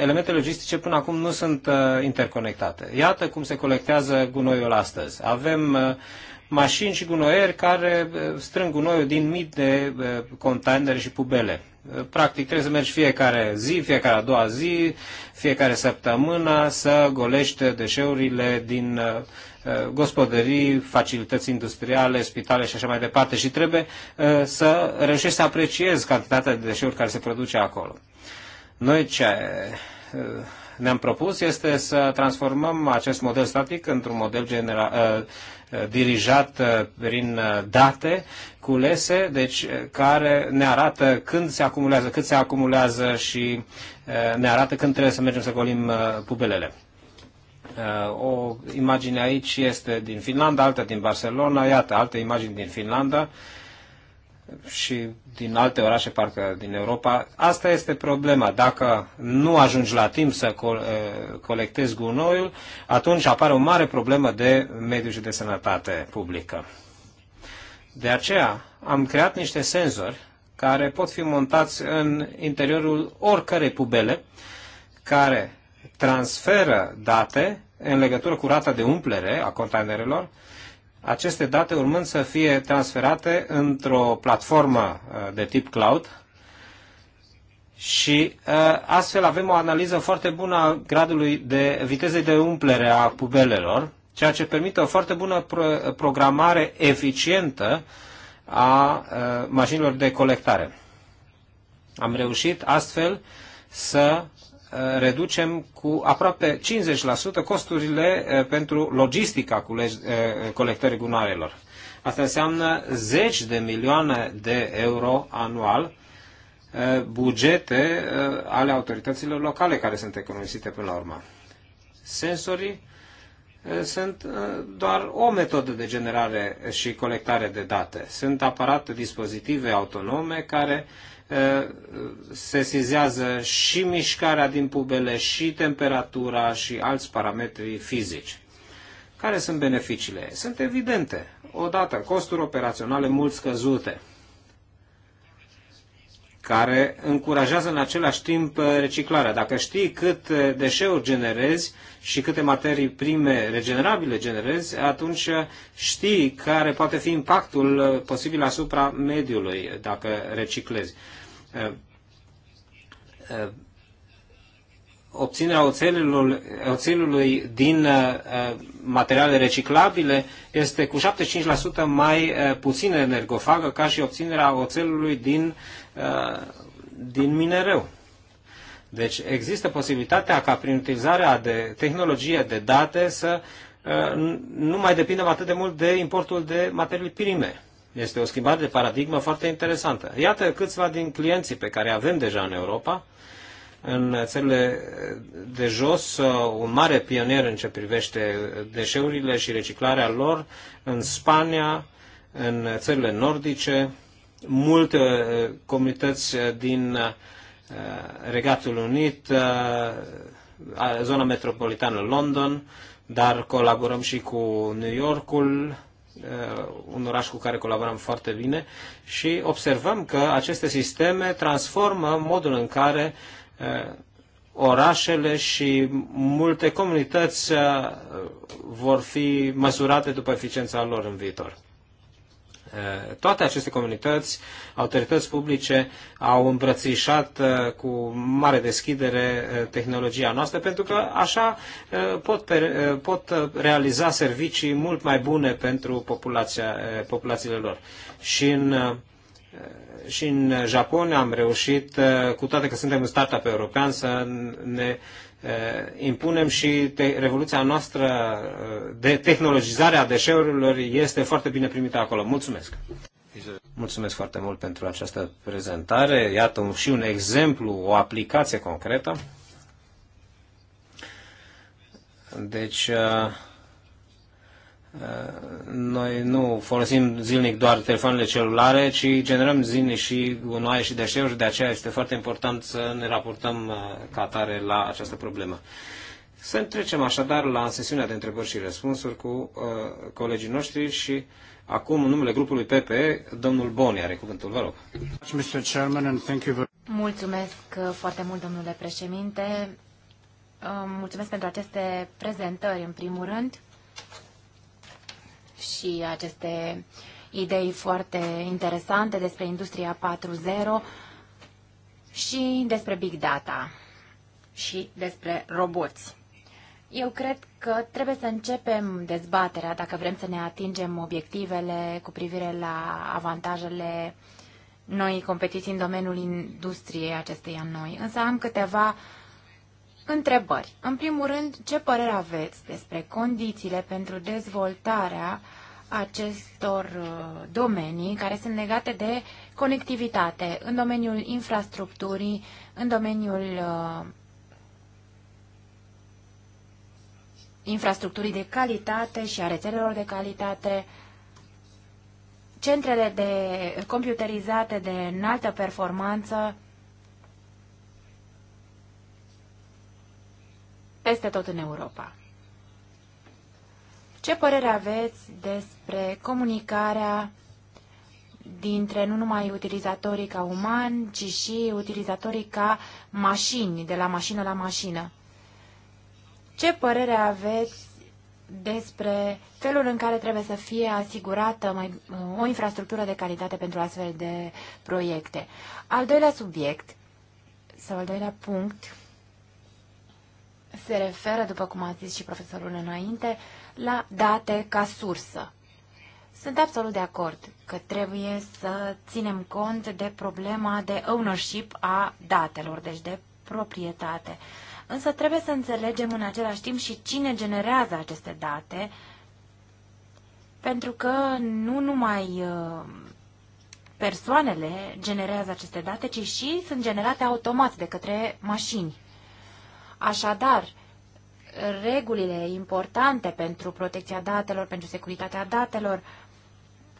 elemente logistice până acum nu sunt interconectate. Iată cum se colectează gunoiul astăzi. Avem mașini și gunoieri care strâng gunoiul din mii de containere și pubele. Eh, practic trebuie să mergi fiecare zi, fiecare a doua zi, fiecare săptămână să golești deșeurile din eh, eh, gospodării, facilități industriale, spitale și așa mai departe și trebuie să reușești să apreciezi cantitatea de deșeuri care se produce acolo. Noi ce ne-am propus este să transformăm acest model static într-un model genera- ă, ă, dirijat ă, prin date culese, deci care ne arată când se acumulează, cât se acumulează și ne arată când trebuie să mergem să golim pubelele. O imagine aici este din Finlanda, alta din Barcelona, iată, alte imagini din Finlanda și din alte orașe, parcă din Europa. Asta este problema. Dacă nu ajungi la timp să uh, colectezi gunoiul, atunci apare o mare problemă de mediu și de sănătate publică. De aceea am creat niște senzori care pot fi montați în interiorul oricărei pubele, care transferă date în legătură cu rata de umplere a containerelor aceste date urmând să fie transferate într-o platformă uh, de tip cloud și uh, astfel avem o analiză foarte bună a gradului de vitezei de umplere a pubelelor, ceea ce permite o foarte bună programare eficientă a uh, mașinilor de colectare. Am reușit astfel să Uh, reducem cu aproape 50% costurile uh, pentru logistica uh, colectării gunoarelor. Asta înseamnă zeci de milioane de euro anual bugete ale autorităților locale care sunt economisite până la urmă. Sensorii sunt doar o metodă de generare și colectare de date. Sunt aparate dispozitive autonome care Uh, se sizează și mișcarea din pubele, și temperatura, și alți parametri fizici. Care sunt beneficiile? Sunt evidente. Odată, costuri operaționale mult scăzute, care încurajează în același timp uh, reciclarea. Dacă știi cât uh, deșeuri generezi și câte materii prime regenerabile generezi, atunci știi care poate fi impactul posibil asupra mediului dacă reciclezi. Ă, ă, obținerea oțelului, oțelului din ă, materiale reciclabile este cu 75% mai puțin energofagă ca și obținerea oțelului din, din minereu. Deci există posibilitatea ca prin utilizarea de tehnologie de date să nu mai depindem atât de mult de importul de materii prime. Este o schimbare de paradigmă foarte interesantă. Iată câțiva din clienții pe care avem deja în Europa, în țările de jos, uh, un mare pionier în ce privește deșeurile și reciclarea lor, în Spania, în țările nordice, multe uh, comunități din uh, Regatul Unit, zona metropolitană London, dar colaborăm și cu New Yorkul, Uh, un oraș cu care colaborăm foarte bine și observăm că aceste sisteme transformă modul în care uh, orașele și multe comunități uh, vor fi măsurate după eficiența lor în viitor. Eh, toate aceste comunități, autorități publice au îmbrățișat eh, cu mare deschidere eh, tehnologia noastră pentru că așa pot, pot realiza servicii mult mai bune pentru populația, populațiile lor. Și în și în Japonia am reușit, cu toate că suntem un startup european, să ne Eh, impunem și te- revoluția noastră eh, de tehnologizare a deșeurilor este foarte bine primită acolo. Mulțumesc! Mulțumesc foarte mult pentru această prezentare. Iată un și un exemplu, o aplicație concretă. Deci, eh, noi nu folosim zilnic doar telefoanele celulare, ci generăm zilnic și gunoaie și deșeuri, de aceea este foarte important să ne raportăm uh, ca atare la această problemă. Să trecem așadar la sesiunea de întrebări și răspunsuri cu uh, colegii noștri și acum, în numele grupului PPE, domnul Boni are cuvântul. Vă rog. Mulțumesc uh, foarte mult, domnule președinte. Uh, mulțumesc pentru aceste prezentări, în primul rând și aceste idei foarte interesante despre Industria 4.0 și despre Big Data și despre roboți. Eu cred că trebuie să începem dezbaterea dacă vrem să ne atingem obiectivele cu privire la avantajele noi competiții în domeniul industriei acesteia noi. Însă am câteva uh, Întrebări. În primul rând, ce părere aveți despre condițiile pentru dezvoltarea acestor uh, domenii care sunt legate de conectivitate în domeniul infrastructurii, în domeniul uh, infrastructurii de calitate și a rețelelor de calitate, centrele de computerizate de înaltă performanță, peste tot în Europa. Ce părere aveți despre comunicarea dintre nu numai utilizatorii ca umani, ci și utilizatorii ca mașini, de la mașină la mașină? Ce părere aveți despre felul în care trebuie să fie asigurată mai, o infrastructură de calitate pentru astfel de proiecte. Al doilea subiect, sau al doilea punct, se referă, după cum a zis și profesorul înainte, la date ca sursă. Sunt absolut de acord că trebuie să ținem cont de problema de ownership a datelor, deci de proprietate. Însă trebuie să înțelegem în același timp și cine generează aceste date, pentru că nu numai uh, persoanele generează aceste date, ci și sunt generate automat de către mașini. Așadar, regulile importante pentru protecția datelor, pentru securitatea datelor,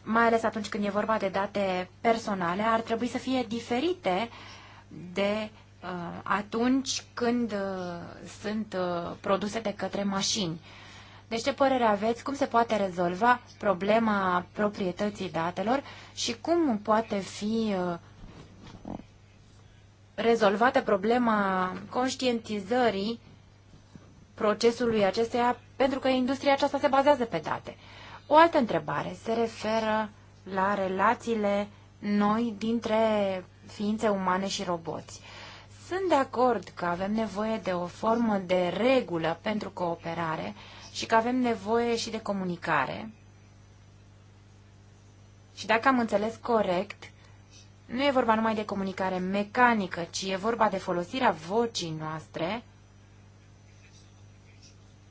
mai ales atunci când e vorba de date personale, ar trebui să fie diferite de uh, atunci când uh, sunt uh, produse de către mașini. Deci ce părere aveți, cum se poate rezolva problema proprietății datelor și cum poate fi uh, rezolvată problema conștientizării procesului acesteia, pentru că industria aceasta se bazează pe date. O altă întrebare se referă la relațiile noi dintre ființe umane și roboți. Sunt de acord că avem nevoie de o formă de regulă pentru cooperare și că avem nevoie și de comunicare. Și dacă am înțeles corect, nu e vorba numai de comunicare mecanică, ci e vorba de folosirea vocii noastre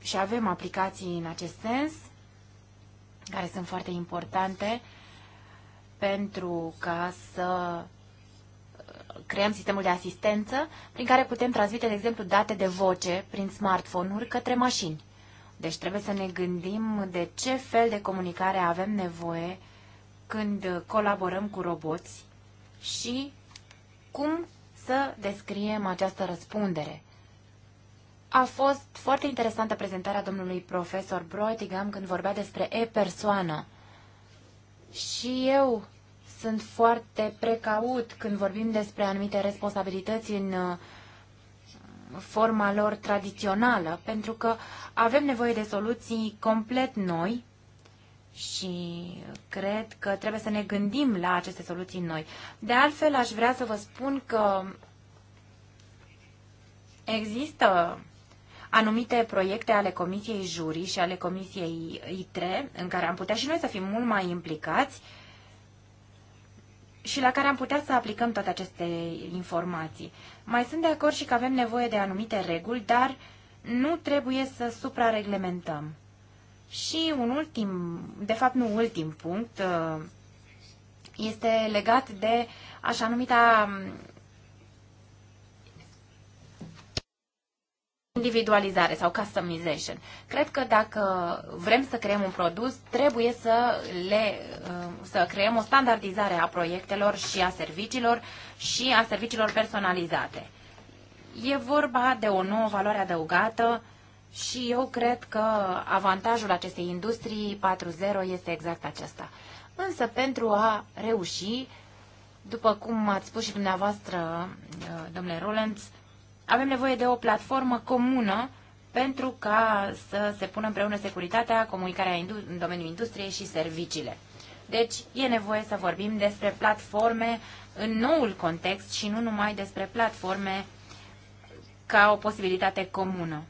și avem aplicații în acest sens care sunt foarte importante pentru ca să uh, creăm sistemul de asistență prin care putem transmite, de exemplu, date de voce prin smartphone-uri către mașini. Deci trebuie să ne gândim de ce fel de comunicare avem nevoie când colaborăm cu roboți și cum să descriem această răspundere. A fost foarte interesantă prezentarea domnului profesor Broitigam când vorbea despre e-persoană. Și eu sunt foarte precaut când vorbim despre anumite responsabilități în uh, forma lor tradițională, pentru că avem nevoie de soluții complet noi și cred că trebuie să ne gândim la aceste soluții noi. De altfel, aș vrea să vă spun că există anumite proiecte ale Comisiei Jurii și ale Comisiei ITRE, în care am putea și noi să fim mult mai implicați și la care am putea să aplicăm toate aceste informații. Mai sunt de acord și că avem nevoie de anumite reguli, dar nu trebuie să suprareglementăm. Și un ultim, de fapt nu ultim punct, uh, este legat de așa numita um, individualizare sau customization. Cred că dacă vrem să creăm un produs, trebuie să, le, uh, să creăm o standardizare a proiectelor și a serviciilor și a serviciilor personalizate. E vorba de o nouă valoare adăugată și eu cred că avantajul acestei industrii 4.0 este exact acesta. Însă pentru a reuși, după cum ați spus și dumneavoastră, uh, domnule Rolands, avem nevoie de o platformă comună pentru ca să se pună împreună securitatea, comunicarea în domeniul industriei și serviciile. Deci e nevoie să vorbim despre platforme în noul context și nu numai despre platforme ca o posibilitate comună.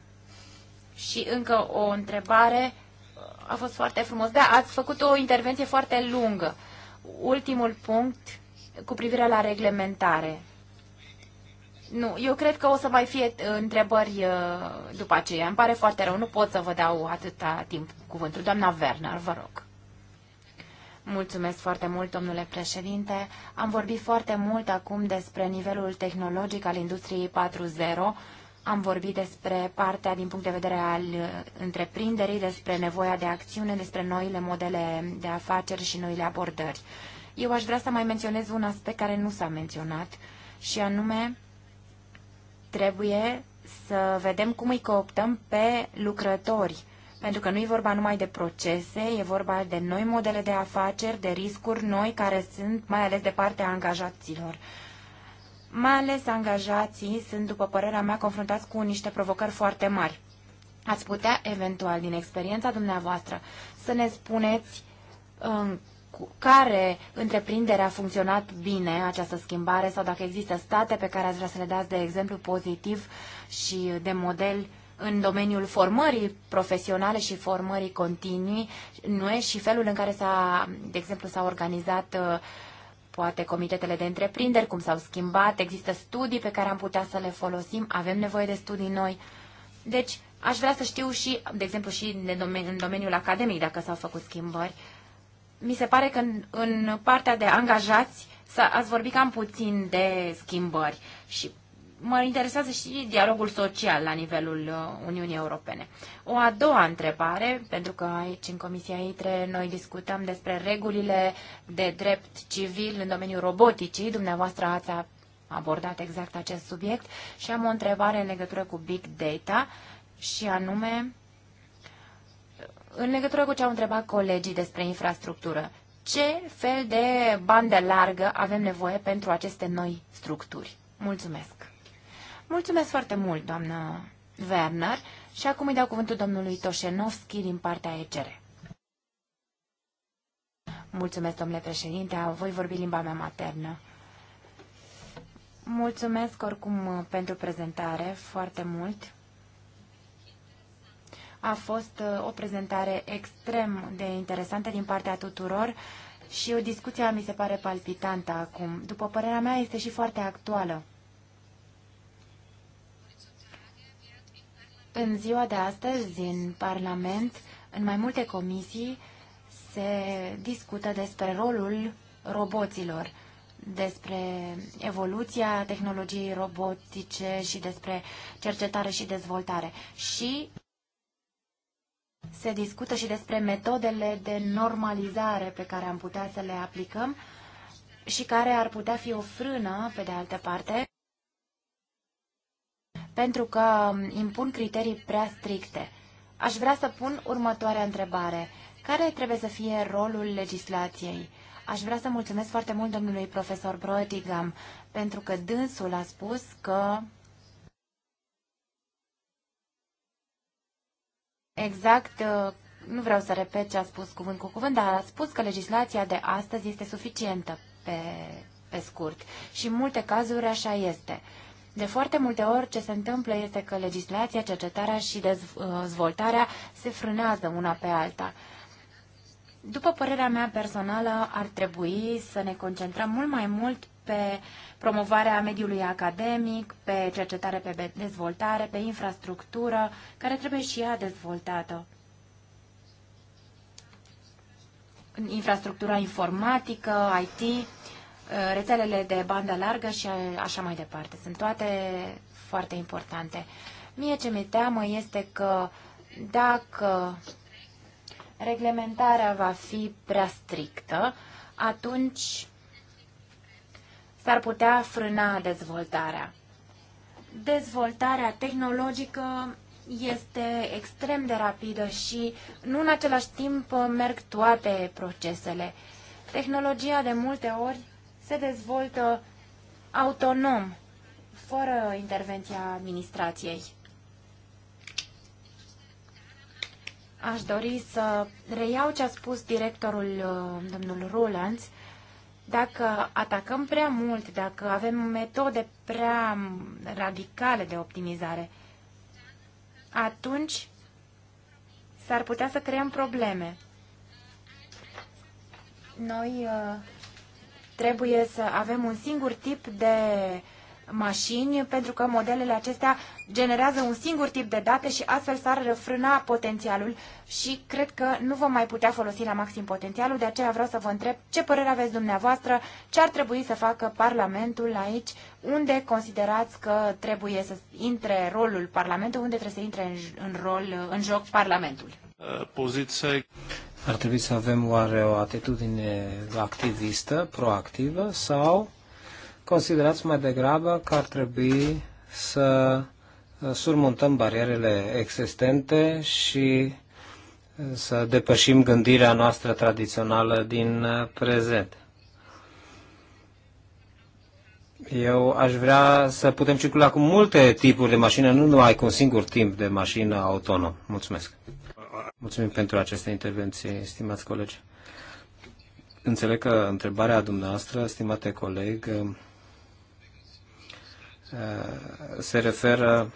Și încă o întrebare. A fost foarte frumos. Da, ați făcut o intervenție foarte lungă. Ultimul punct cu privire la reglementare. Nu, eu cred că o să mai fie uh, întrebări uh, după aceea. Îmi pare foarte rău, nu pot să vă dau atâta timp cuvântul. Doamna Werner, vă rog. Mulțumesc foarte mult, domnule președinte. Am vorbit foarte mult acum despre nivelul tehnologic al industriei 4.0 am vorbit despre partea din punct de vedere al uh, întreprinderii, despre nevoia de acțiune, despre noile modele de afaceri și noile abordări. Eu aș vrea să mai menționez un aspect care nu s-a menționat și anume trebuie să vedem cum îi cooptăm pe lucrători. Pentru că nu e vorba numai de procese, e vorba de noi modele de afaceri, de riscuri noi care sunt mai ales de partea angajaților. Mai ales angajații sunt, după părerea mea, confruntați cu niște provocări foarte mari. Ați putea, eventual, din experiența dumneavoastră, să ne spuneți în um, care întreprindere a funcționat bine această schimbare sau dacă există state pe care ați vrea să le dați de exemplu pozitiv și de model în domeniul formării profesionale și formării continui, nu e și felul în care s-a, de exemplu, s-a organizat uh, poate comitetele de întreprinderi, cum s-au schimbat, există studii pe care am putea să le folosim, avem nevoie de studii noi. Deci, aș vrea să știu și, de exemplu, și în domeniul academic, dacă s-au făcut schimbări. Mi se pare că în, în partea de angajați ați vorbit cam puțin de schimbări și mă interesează și dialogul social la nivelul uh, Uniunii Europene. O a doua întrebare, pentru că aici în Comisia ITRE noi discutăm despre regulile de drept civil în domeniul roboticii, dumneavoastră ați abordat exact acest subiect și am o întrebare în legătură cu Big Data și anume în legătură cu ce au întrebat colegii despre infrastructură. Ce fel de bandă largă avem nevoie pentru aceste noi structuri? Mulțumesc! Mulțumesc foarte mult, doamnă Werner. Și acum îi dau cuvântul domnului Toșenovski din partea ECR. Mulțumesc, domnule președinte. Voi vorbi limba mea maternă. Mulțumesc oricum pentru prezentare foarte mult. A fost o prezentare extrem de interesantă din partea tuturor și o discuție mi se pare palpitantă acum. După părerea mea, este și foarte actuală. În ziua de astăzi, în Parlament, în mai multe comisii, se discută despre rolul roboților, despre evoluția tehnologiei robotice și despre cercetare și dezvoltare. Și se discută și despre metodele de normalizare pe care am putea să le aplicăm și care ar putea fi o frână, pe de altă parte, pentru că impun criterii prea stricte. Aș vrea să pun următoarea întrebare. Care trebuie să fie rolul legislației? Aș vrea să mulțumesc foarte mult domnului profesor Broetigam, pentru că dânsul a spus că Exact, nu vreau să repet ce a spus cuvânt cu cuvânt, dar a spus că legislația de astăzi este suficientă pe, pe scurt și în multe cazuri așa este. De foarte multe ori ce se întâmplă este că legislația, cercetarea și uh, dezvoltarea se frânează una pe alta. După părerea mea personală, ar trebui să ne concentrăm mult mai mult pe promovarea mediului academic, pe cercetare, pe dezvoltare, pe infrastructură, care trebuie și ea dezvoltată. Infrastructura informatică, IT, Uh, rețelele de bandă largă și așa mai departe. Sunt toate foarte importante. Mie ce mi-e teamă este că dacă reglementarea va fi prea strictă, atunci s-ar putea frâna dezvoltarea. Dezvoltarea tehnologică este extrem de rapidă și nu în același timp merg toate procesele. Tehnologia de multe ori se dezvoltă autonom, fără intervenția administrației. Aș dori să reiau ce a spus directorul, uh, domnul Rolands, dacă atacăm prea mult, dacă avem metode prea radicale de optimizare, atunci s-ar putea să creăm probleme. Noi uh, trebuie să avem un singur tip de mașini, pentru că modelele acestea generează un singur tip de date și astfel s-ar răfrâna potențialul și cred că nu vom mai putea folosi la maxim potențialul, de aceea vreau să vă întreb ce părere aveți dumneavoastră, ce ar trebui să facă Parlamentul aici, unde considerați că trebuie să intre rolul Parlamentului, unde trebuie să intre în, în rol, în joc Parlamentul. Uh, poziție. Ar trebui să avem oare o atitudine activistă, proactivă sau considerați mai degrabă că ar trebui să uh, surmontăm barierele existente și uh, să depășim gândirea noastră tradițională din uh, prezent. Eu aș vrea să putem circula cu multe tipuri de mașină, nu numai cu un singur timp de mașină autonom. Mulțumesc! Mulțumim pentru această intervenții, stimați colegi. Înțeleg că întrebarea dumneavoastră, stimate coleg, uh, se referă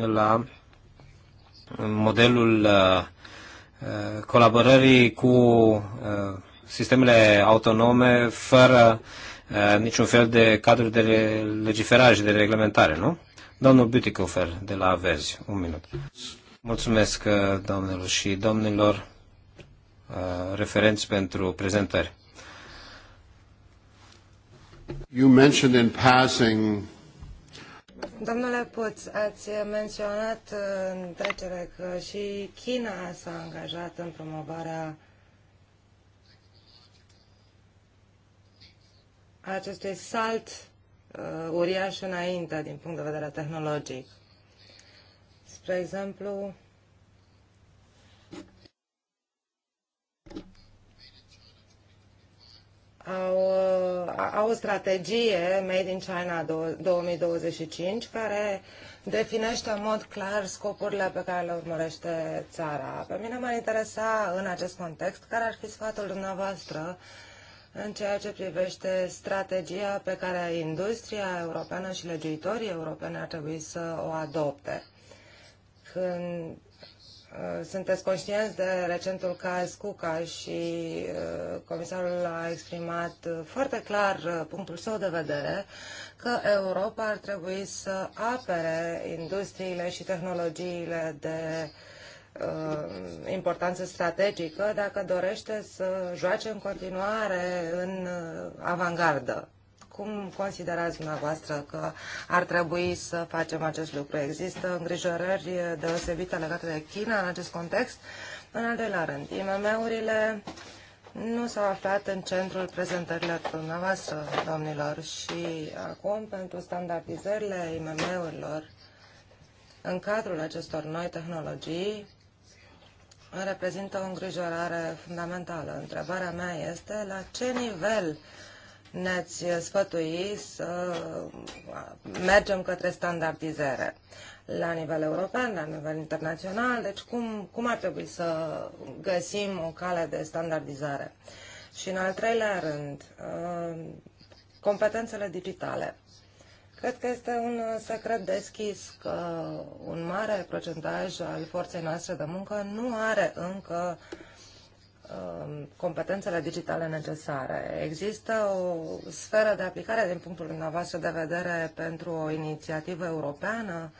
la modelul uh, colaborării cu uh, sistemele autonome fără niciun fel de cadru de legiferare și de reglementare, nu? Domnul Butikofer de la Verzi, un minut. Mulțumesc, uh, doamnelor și domnilor, uh, referenți pentru prezentări. You mentioned in passing Domnule Puț, ați menționat uh, în trecere că și China s-a angajat în promovarea acestui salt uh, uriaș înainte din punct de vedere tehnologic spre exemplu, au, uh, au o strategie Made in China 2025 care definește în mod clar scopurile pe care le urmărește țara. Pe mine m-ar interesa în acest context care ar fi sfatul dumneavoastră în ceea ce privește strategia pe care industria europeană și legiuitorii europene ar trebui să o adopte când uh, sunteți conștienți de recentul caz Cuca și uh, comisarul a exprimat uh, foarte clar punctul său de vedere că Europa ar trebui să apere industriile și tehnologiile de importanță strategică dacă dorește să joace în continuare în avangardă. Cum considerați dumneavoastră că ar trebui să facem acest lucru? Există îngrijorări deosebite legate de China în acest context? În al doilea rând, IMM-urile nu s-au aflat în centrul prezentărilor dumneavoastră, domnilor, și acum pentru standardizările IMM-urilor în cadrul acestor noi tehnologii reprezintă o îngrijorare fundamentală. Întrebarea mea este la ce nivel ne-ați eh, sfătui să eh, mergem către standardizare la nivel european, la nivel internațional, deci cum, cum ar trebui să găsim o cale de standardizare. Și în al treilea rând, eh, competențele digitale. Cred că este un secret deschis că un mare procentaj al forței noastre de muncă nu are încă uh, Um, competențele digitale necesare. Există o sferă de aplicare din punctul dumneavoastră de vedere pentru o inițiativă europeană,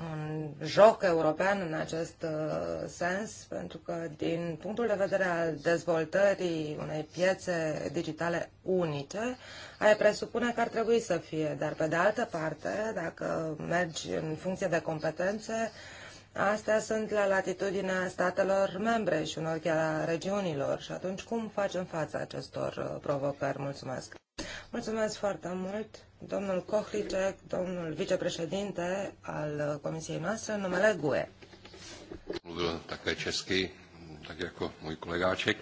un joc european în acest uh, sens, pentru că din punctul de vedere al dezvoltării unei piețe digitale unice, ai presupune că ar trebui să fie, dar pe de altă parte, dacă mergi în funcție de competențe, Astea sunt la latitudinea statelor membre și unor chiar a regiunilor. Și atunci cum facem față acestor uh, provocări? Mulțumesc! Mulțumesc foarte mult, domnul Kohlicek, domnul vicepreședinte al uh, comisiei noastre, numele GUE. Mluvil také česky, tak jako můj kolegáček.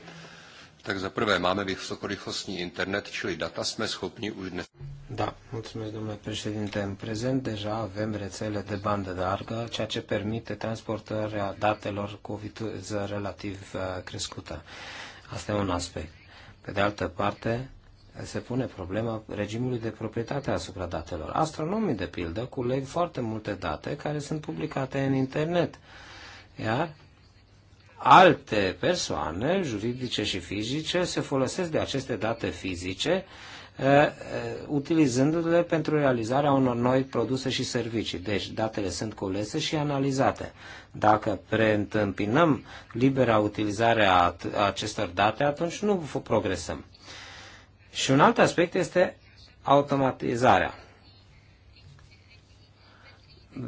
Tak za prvé máme vysokorychlostní internet, čili data jsme schopni už dnes. Da, mulțumesc domnule președinte. În prezent deja avem rețele de bandă largă, ceea ce permite transportarea datelor cu viteză relativ uh, crescută. Asta e un aspect. Pe de altă parte, se pune problema regimului de proprietate asupra datelor. Astronomii, de pildă, culeg foarte multe date care sunt publicate în internet. Iar alte persoane juridice și fizice se folosesc de aceste date fizice uh, uh, utilizându-le pentru realizarea unor noi produse și servicii. Deci datele sunt culese și analizate. Dacă preîntâmpinăm libera utilizare a acestor date, atunci nu progresăm. Și un alt aspect este automatizarea.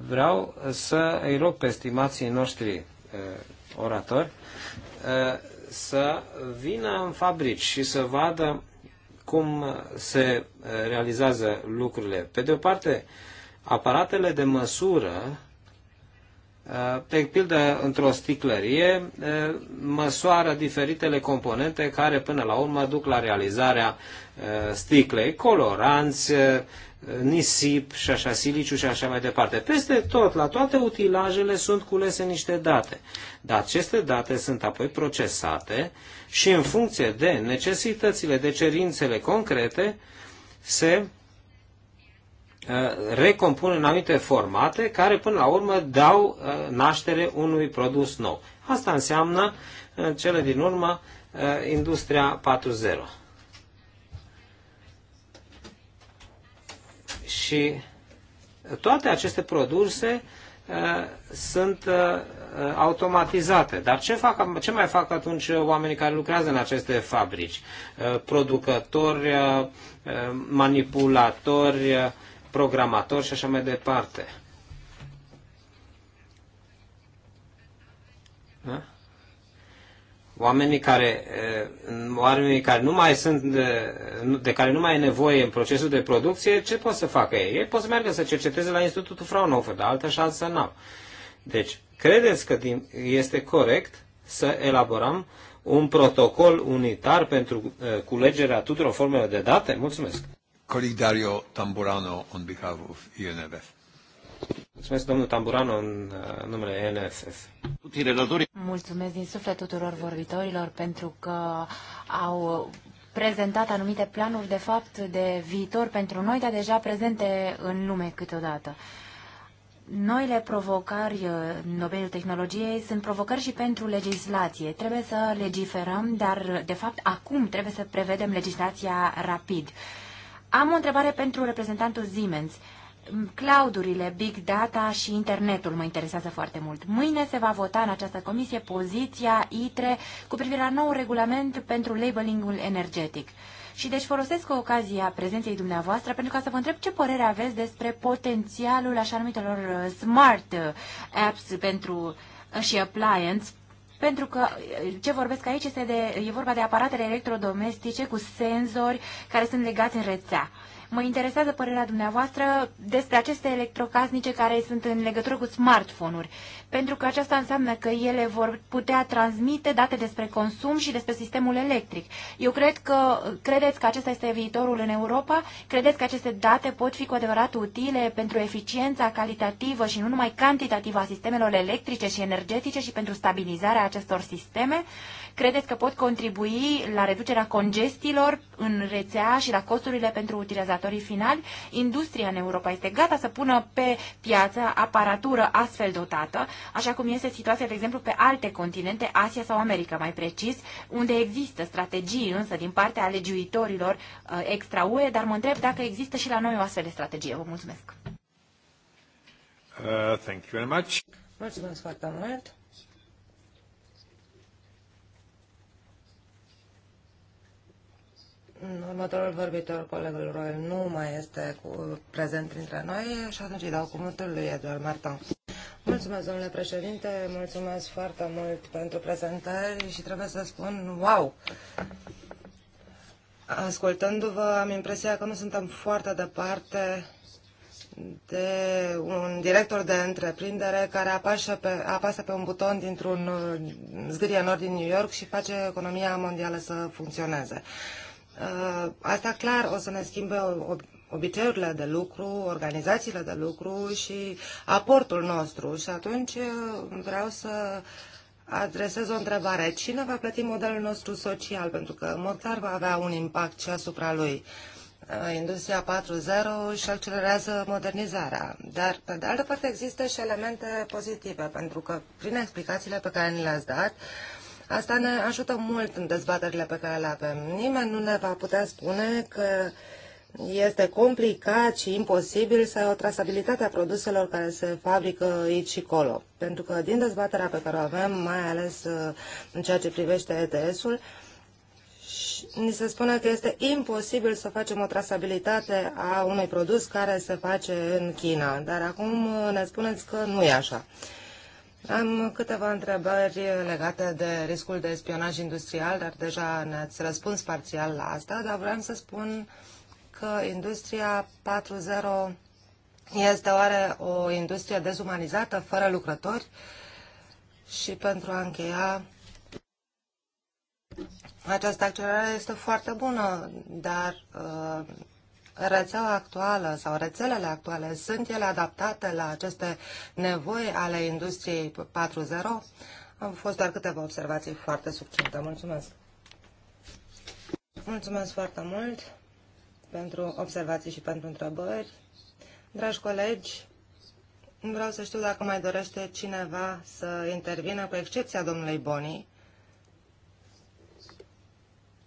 Vreau să îi rog pe estimații noștri uh, oratori să vină în fabrici și să vadă cum se realizează lucrurile. Pe de o parte, aparatele de măsură, de pildă într-o sticlărie, măsoară diferitele componente care până la urmă duc la realizarea sticlei, coloranți, nisip și așa, siliciu și așa mai departe. Peste tot, la toate utilajele sunt culese niște date. Dar aceste date sunt apoi procesate și în funcție de necesitățile, de cerințele concrete, se uh, recompun în anumite formate care până la urmă dau uh, naștere unui produs nou. Asta înseamnă, în cele din urmă, uh, industria 4.0. Și toate aceste produse uh, sunt uh, automatizate. Dar ce, fac, ce mai fac atunci oamenii care lucrează în aceste fabrici? Uh, producători, manipulatori, programatori și așa mai departe. Huh? Da? oamenii care, oamenii care nu mai sunt, de care nu mai e nevoie în procesul de producție, ce pot să facă ei? Ei pot să meargă să cerceteze la Institutul Fraunhofer, dar altă șansă n-au. Deci, credeți că este corect să elaborăm un protocol unitar pentru culegerea tuturor formelor de date? Mulțumesc! Coleg Dario Tamburano on behalf of UNFF. Mulțumesc, domnul Tamburano, în uh, numele NSS. Mulțumesc din suflet tuturor vorbitorilor pentru că au prezentat anumite planuri, de fapt, de viitor pentru noi, dar deja prezente în lume câteodată. Noile provocări uh, în domeniul tehnologiei sunt provocări și pentru legislație. Trebuie să legiferăm, dar, de fapt, acum trebuie să prevedem legislația rapid. Am o întrebare pentru reprezentantul Siemens. Uh, cloudurile, big data și internetul mă interesează foarte mult. Mâine se va vota în această comisie poziția ITRE cu privire la nou regulament pentru labelingul energetic. Și deci folosesc o ocazia prezenței dumneavoastră pentru ca să vă întreb ce părere aveți despre potențialul așa numitelor uh, smart uh, apps pentru uh, și appliance pentru că ce vorbesc aici este de, e vorba de aparatele electrodomestice cu senzori care sunt legați în rețea. Mă interesează părerea dumneavoastră despre aceste electrocasnice care sunt în legătură cu smartphone-uri, pentru că aceasta înseamnă că ele vor putea transmite date despre consum și despre sistemul electric. Eu cred că, credeți că acesta este viitorul în Europa? Credeți că aceste date pot fi cu adevărat utile pentru eficiența calitativă și nu numai cantitativă a sistemelor electrice și energetice și pentru stabilizarea acestor sisteme? Credeți că pot contribui la reducerea congestiilor în rețea și la costurile pentru utilizatorii finali? Industria în Europa este gata să pună pe piață aparatură astfel dotată, așa cum este situația, de exemplu, pe alte continente, Asia sau America mai precis, unde există strategii însă din partea legiuitorilor uh, extra-UE, dar mă întreb dacă există și la noi o astfel de strategie. Vă mulțumesc! Uh, thank you very much. Mulțumesc foarte mult. Următorul vorbitor, colegul Roel, nu mai este cu, prezent printre noi și atunci îi dau cuvântul lui Eduard Martin. Mulțumesc, domnule președinte, mulțumesc foarte mult pentru prezentări și trebuie să spun, wow! Ascultându-vă, am impresia că nu suntem foarte departe de un director de întreprindere care apasă pe, apasă pe un buton dintr-un zgârie nord din New York și face economia mondială să funcționeze. Uh, asta clar o să ne schimbe obiceiurile de lucru, organizațiile de lucru și aportul nostru. Și atunci uh, vreau să adresez o întrebare. Cine va plăti modelul nostru social? Pentru că, mod clar, va avea un impact și asupra lui. Uh, industria 4.0 și accelerează modernizarea, dar, pe de altă parte, există și elemente pozitive, pentru că, prin explicațiile pe care ni le-ați dat, uh, Asta ne ajută mult în dezbaterile pe care le avem. Nimeni nu ne va putea spune că este complicat și imposibil să ai o trasabilitate a produselor care se fabrică aici și colo. Pentru că din dezbaterea pe care o avem, mai ales uh, în ceea ce privește ETS-ul, ni se spune că este imposibil să facem o trasabilitate a unui produs care se face în China. Dar acum uh, ne spuneți că nu e așa. Am câteva întrebări legate de riscul de spionaj industrial, dar deja ne-ați răspuns parțial la asta, dar vreau să spun că industria 4.0 este oare o industrie dezumanizată, fără lucrători? Și pentru a încheia, această accelerare este foarte bună, dar uh, rețeaua actuală sau rețelele actuale, sunt ele adaptate la aceste nevoi ale industriei 4.0? Am fost doar câteva observații foarte succinte. Mulțumesc! Mulțumesc foarte mult pentru observații și pentru întrebări. Dragi colegi, vreau să știu dacă mai dorește cineva să intervină, cu excepția domnului Boni,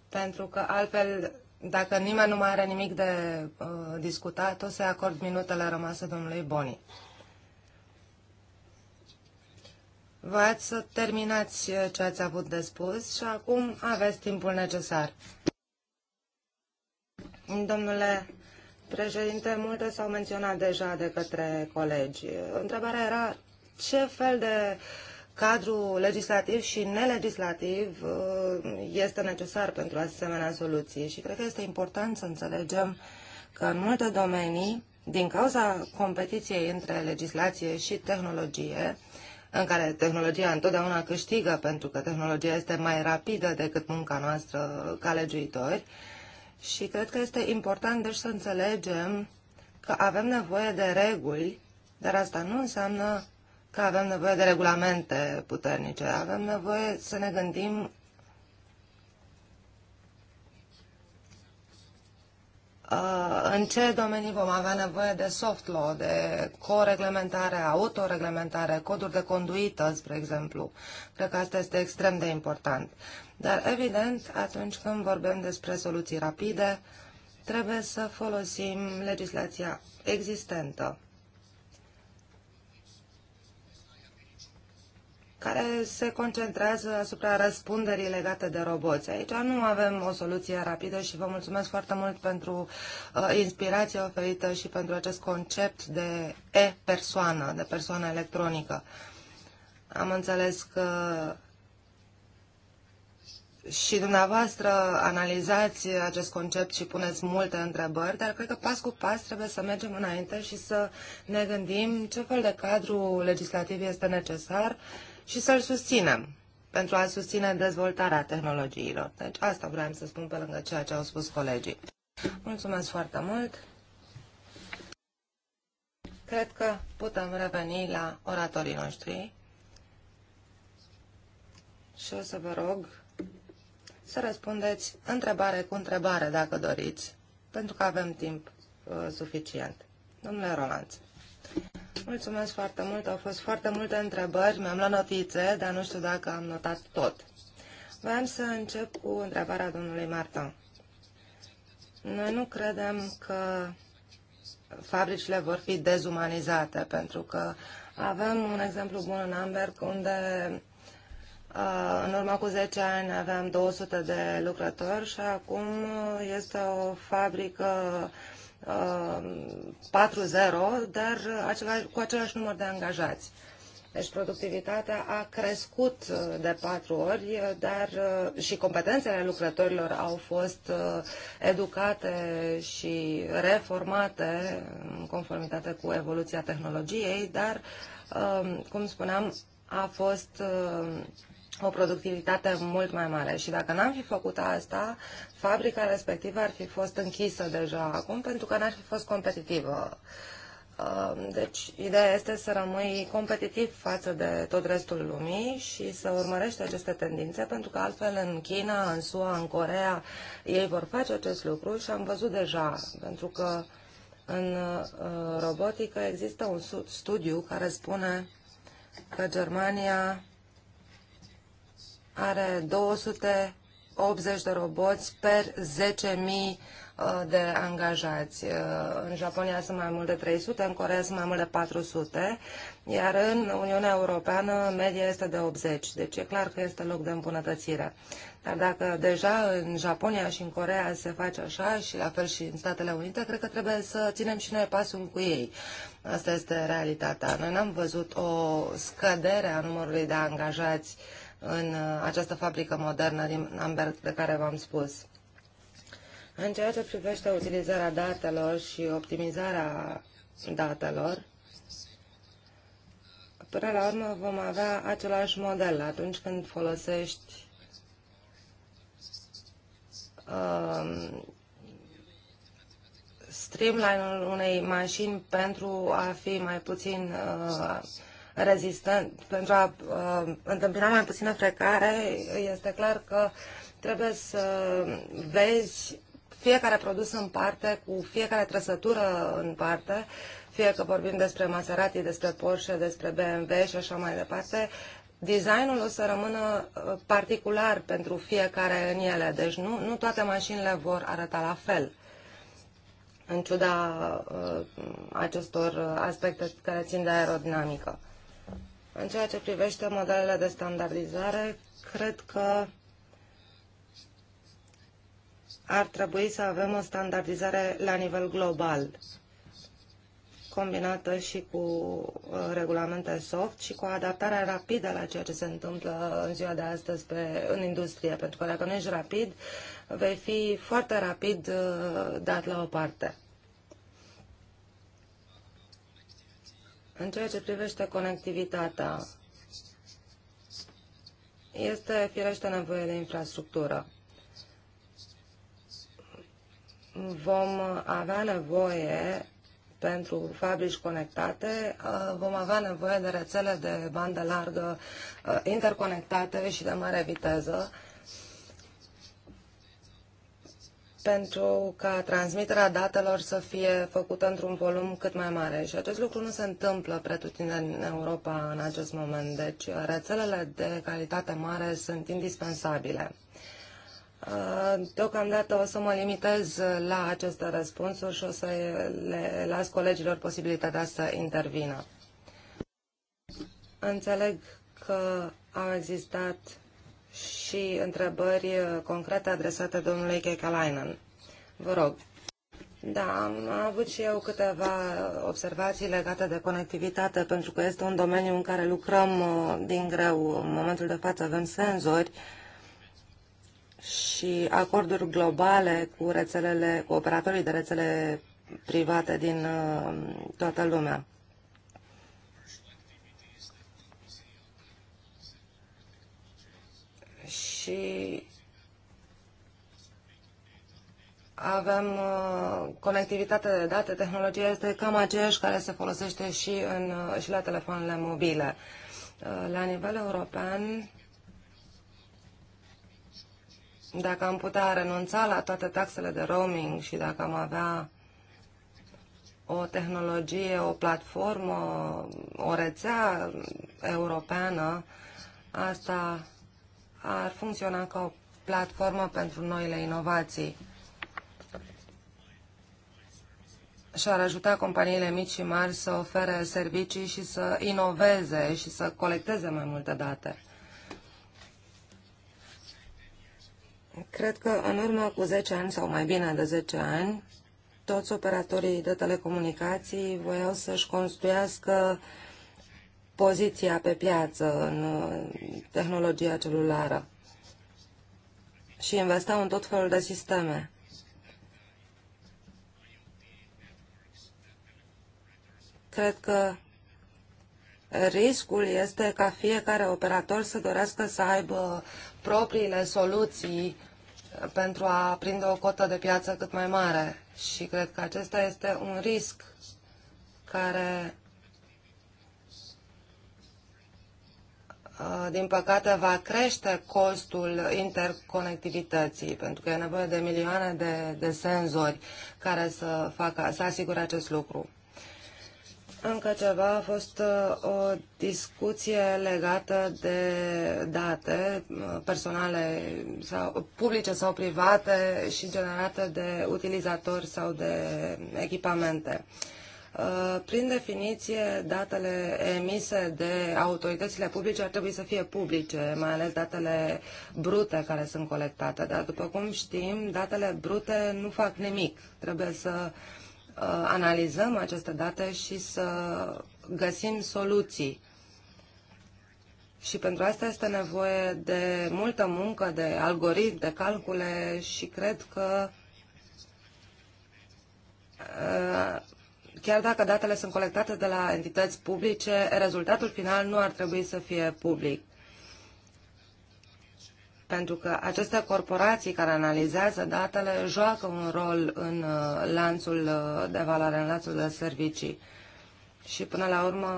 pentru că altfel dacă nimeni nu mai are nimic de uh, discutat, o să acord minutele rămase domnului Boni. V-ați să terminați uh, ce ați avut de spus și acum aveți timpul necesar. Domnule președinte, multe s-au menționat deja de către colegi. Întrebarea era ce fel de uh, cadru legislativ și nelegislativ uh, este necesar pentru asemenea soluții și cred că este important să înțelegem că în multe domenii, din cauza competiției între legislație și tehnologie, în care tehnologia întotdeauna câștigă pentru că tehnologia este mai rapidă decât munca noastră ca legiuitori, și cred că este important deci să înțelegem că avem nevoie de reguli, dar asta nu înseamnă că avem nevoie de regulamente puternice. Avem nevoie să ne gândim uh, în ce domenii vom avea nevoie de soft law, de coreglementare, autoreglementare, coduri de conduită, spre exemplu. Cred că asta este extrem de important. Dar, evident, atunci când vorbim despre soluții rapide, trebuie să folosim legislația existentă. care se concentrează asupra răspunderii legate de roboți. Aici nu avem o soluție rapidă și vă mulțumesc foarte mult pentru uh, inspirația oferită și pentru acest concept de e-persoană, de persoană electronică. Am înțeles că și dumneavoastră analizați acest concept și puneți multe întrebări, dar cred că pas cu pas trebuie să mergem înainte și să ne gândim ce fel de cadru legislativ este necesar uh, și să-l susținem pentru a susține dezvoltarea tehnologiilor. Deci asta vreau să spun pe lângă ceea ce au spus colegii. Mulțumesc foarte mult! Cred că putem reveni la oratorii noștri și o să vă rog să răspundeți întrebare cu întrebare dacă doriți, pentru că avem timp uh, suficient. Domnule Roland. Mulțumesc foarte mult. Au fost foarte multe întrebări. Mi-am luat notițe, dar nu știu dacă am notat tot. Vreau să încep cu întrebarea domnului Marta. Noi nu credem că fabricile vor fi dezumanizate, pentru că avem un exemplu bun în Amberg, unde în urmă cu 10 ani aveam 200 de lucrători și acum este o fabrică 4-0, uh, dar cu același număr de angajați. Deci productivitatea a crescut uh, de patru ori, uh, dar și competențele lucrătorilor au fost educate și reformate în conformitate cu evoluția tehnologiei, dar, cum spuneam, a fost o productivitate mult mai mare. Și dacă n-am fi făcut asta, fabrica respectivă ar fi fost închisă deja acum pentru că n-ar fi fost competitivă. Uh, deci, ideea este să rămâi competitiv față de tot restul lumii și să urmărești aceste tendințe, pentru că altfel în China, în SUA, în Corea, ei vor face acest lucru și am văzut deja, pentru că în uh, robotică există un studiu care spune că Germania are 280 de roboți per 10.000 uh, de angajați. Uh, în Japonia sunt mai mult de 300, în Corea sunt mai mult de 400, iar în Uniunea Europeană media este de 80, deci e clar că este loc de îmbunătățire. Dar dacă deja în Japonia și în Corea se face așa și la fel și în Statele Unite, cred că trebuie să ținem și noi pasul cu ei. Asta este realitatea. Noi n-am văzut o scădere a numărului de angajați uh, în uh, această fabrică modernă din Amberg de care v-am spus. În ceea ce privește utilizarea datelor și optimizarea datelor, până la urmă vom avea același model atunci când folosești um, streamline-ul unei mașini pentru a fi mai puțin uh, rezistent, pentru a uh, întâmpina mai puțină frecare, este clar că trebuie să vezi fiecare produs în parte, cu fiecare trăsătură în parte, fie că vorbim despre Maserati, despre Porsche, despre BMW și așa mai departe, designul o să rămână particular pentru fiecare în ele, deci nu, nu toate mașinile vor arăta la fel în ciuda uh, acestor aspecte care țin de aerodinamică. În ceea ce privește modelele de standardizare, cred că ar trebui să avem o standardizare la nivel global, combinată și cu uh, regulamente soft și cu o adaptare rapidă la ceea ce se întâmplă în ziua de astăzi pe, în industrie, pentru că dacă nu ești rapid, vei fi foarte rapid uh, dat la o parte. În ceea ce privește conectivitatea, este firește nevoie de infrastructură. Vom avea nevoie pentru fabrici conectate, vom avea nevoie de rețele de bandă largă interconectate și de mare viteză, pentru ca transmiterea datelor să fie făcută într-un volum cât mai mare. Și acest lucru nu se întâmplă pretutindeni în Europa în acest moment. Deci rețelele de calitate mare sunt indispensabile. Deocamdată o să mă limitez la aceste răspunsuri și o să le las colegilor posibilitatea să intervină. Înțeleg că au existat și întrebări uh, concrete adresate domnului Kekalainen. Vă rog. Da, am avut și eu câteva observații legate de conectivitate, pentru că este un domeniu în care lucrăm uh, din greu. În momentul de față avem senzori și acorduri globale cu rețelele, cu operatorii de rețele private din uh, toată lumea. și avem uh, conectivitate de date, tehnologia este cam aceeași care se folosește și, în, uh, și la telefoanele mobile. Uh, la nivel european, dacă am putea renunța la toate taxele de roaming și dacă am avea o tehnologie, o platformă, o rețea europeană, asta ar funcționa ca o platformă pentru noile inovații și ar ajuta companiile mici și mari să ofere servicii și să inoveze și să colecteze mai multe date. Cred că în urmă cu 10 ani sau mai bine de 10 ani, toți operatorii de telecomunicații voiau să-și construiască uh, poziția pe piață în uh, tehnologia celulară și investau în tot felul de sisteme. Cred că riscul este ca fiecare operator să dorească să aibă propriile soluții pentru a prinde o cotă de piață cât mai mare. Și cred că acesta este un risc care Uh, din păcate, va crește costul interconectivității, pentru că e nevoie de milioane de, de senzori care să, facă, să asigure acest lucru. Încă ceva a fost uh, o discuție legată de date uh, personale sau publice sau private și generate de utilizatori sau de echipamente. Uh, Uh, prin definiție, datele emise de autoritățile publice ar trebui să fie publice, mai ales datele brute care sunt colectate. Dar, după cum știm, datele brute nu fac nimic. Trebuie să uh, analizăm aceste date și să găsim soluții. Și pentru asta este nevoie de multă muncă, de algoritmi, de calcule și cred că uh, Chiar dacă datele sunt colectate de la entități publice, rezultatul final nu ar trebui să fie public. Pentru că aceste corporații care analizează datele joacă un rol în uh, lanțul uh, de valoare, în lanțul de servicii. Și până la urmă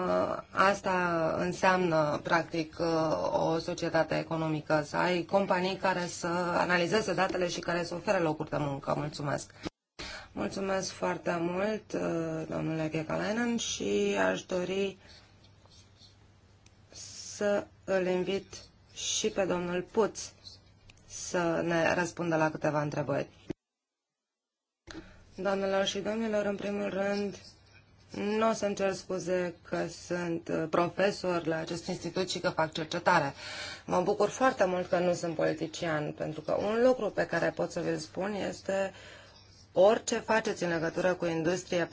asta înseamnă practic uh, o societate economică, să ai companii care să analizeze datele și care să ofere locuri de muncă. Mulțumesc! Mulțumesc foarte mult, uh, domnule Kekalainen, și aș dori să îl invit și pe domnul Puț să ne răspundă la câteva întrebări. Doamnelor și domnilor, în primul rând, nu o să-mi cer scuze că sunt uh, profesor la acest institut și că fac cercetare. Mă bucur foarte mult că nu sunt politician, pentru că un lucru pe care pot să vi-l spun este uh, orice faceți în legătură cu Industrie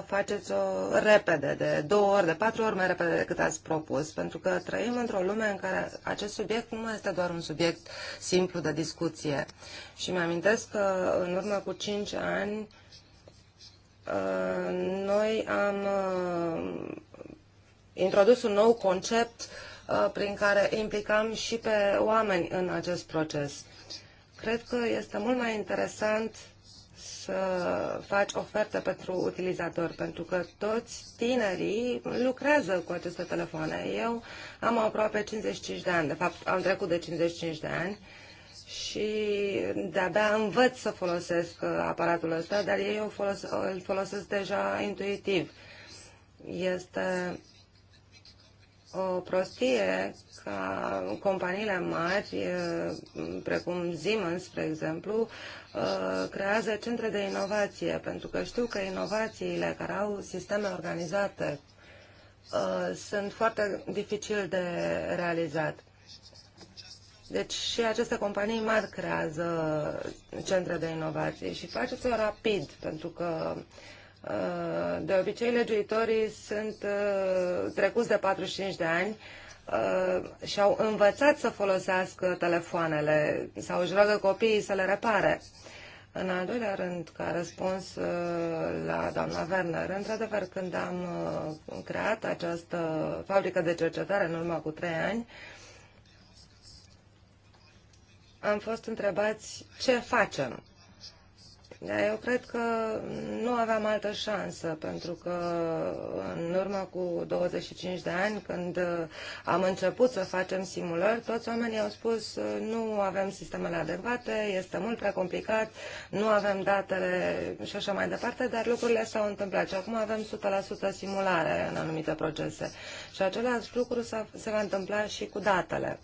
4.0, faceți-o repede, de două ori, de patru ori mai repede decât ați propus, pentru că trăim într-o lume în care acest subiect nu mai este doar un subiect simplu de discuție. Și mi-amintesc că în urmă cu cinci ani uh, noi am uh, introdus un nou concept uh, prin care implicam și pe oameni în acest proces. Cred că este mult mai interesant uh, să faci oferte pentru utilizator, pentru că toți tinerii lucrează cu aceste telefoane. Eu am aproape 55 de ani, de fapt am trecut de 55 de ani și de-abia învăț să folosesc uh, aparatul ăsta, dar eu folos îl folosesc deja intuitiv. Este o prostie ca companiile mari, uh, precum Siemens, spre exemplu, Uh, creează centre de inovație, pentru că știu că inovațiile care au sisteme organizate uh, sunt foarte dificil de realizat. Deci și aceste companii mari creează centre de inovație și faceți-o rapid, pentru că uh, de obicei legiuitorii sunt trecuți de 45 de ani Uh, și-au învățat să folosească telefoanele sau își roagă copiii să le repare. În al doilea rând, ca răspuns uh, la doamna Werner, într-adevăr, când am uh, creat această fabrică de cercetare în urmă cu trei ani, am fost întrebați ce facem da, eu cred că nu aveam altă șansă, pentru că în urmă cu 25 de ani, când am început să facem simulări, toți oamenii au spus nu avem sistemele adecvate, este mult prea complicat, nu avem datele și așa mai departe, dar lucrurile s-au întâmplat și acum avem 100% simulare în anumite procese. Și același lucru se va întâmpla și cu datele.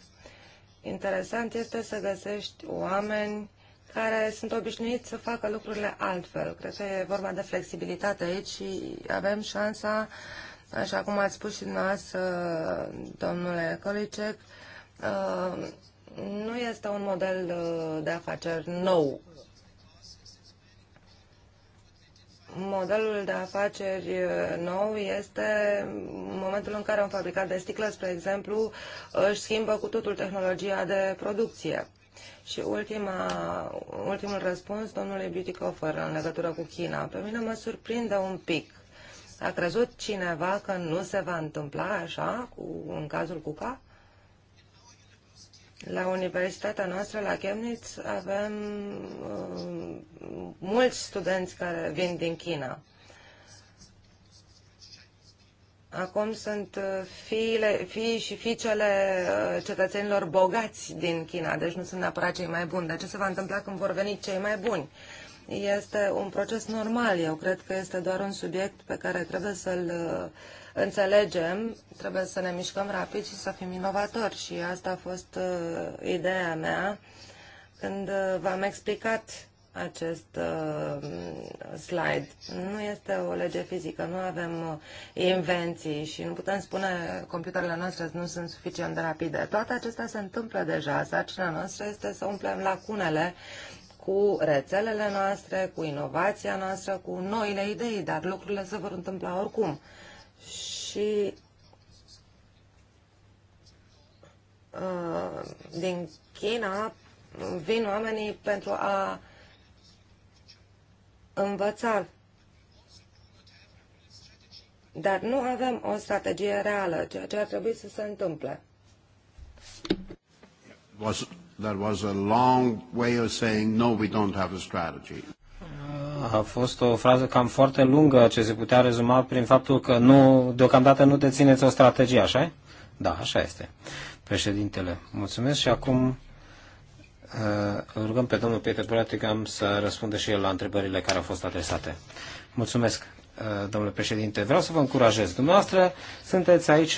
Interesant este să găsești oameni care sunt obișnuiți să facă lucrurile altfel. Cred că e vorba de flexibilitate aici și avem șansa, așa cum ați spus și dumneavoastră, domnule Colicec, nu este un model uh, de afaceri nou. Modelul de afaceri uh, nou este în momentul în care un fabricat de sticlă, spre exemplu, își schimbă cu totul tehnologia de producție și ultima, ultimul răspuns domnului Beautycoffer în legătură cu China. Pe mine mă surprinde un pic. A crezut cineva că nu se va întâmpla așa cu, în cazul Cuca? La universitatea noastră, la Chemnitz, avem uh, mulți studenți care vin din China. Acum sunt uh, fiile, fii și fiicele uh, cetățenilor bogați din China, deci nu sunt neapărat cei mai buni. Dar ce se va întâmpla când vor veni cei mai buni? Este un proces normal. Eu cred că este doar un subiect pe care trebuie să-l uh, înțelegem, trebuie să ne mișcăm rapid și să fim inovatori. Și asta a fost ideea mea când v-am explicat acest uh, slide. Nu este o lege fizică, nu avem uh, invenții și nu putem spune computerele noastre nu sunt suficient de rapide. Toate acestea se întâmplă deja. Sarcina noastră este să umplem lacunele cu rețelele noastre, cu inovația noastră, cu noile idei, dar lucrurile se vor întâmpla oricum. Și uh, din China vin oamenii pentru a învăța. Dar nu avem o strategie reală, ceea ce ar trebui să se întâmple. Was, that was a long way of saying, no, we don't have a strategy. A fost o frază cam foarte lungă ce se putea rezuma prin faptul că nu, deocamdată nu dețineți o strategie, așa Da, așa este. Președintele, mulțumesc și acum îl rugăm pe domnul Peter Bratigam să răspundă și el la întrebările care au fost adresate. Mulțumesc, uh, domnule președinte. Vreau să vă încurajez. Dumneavoastră sunteți aici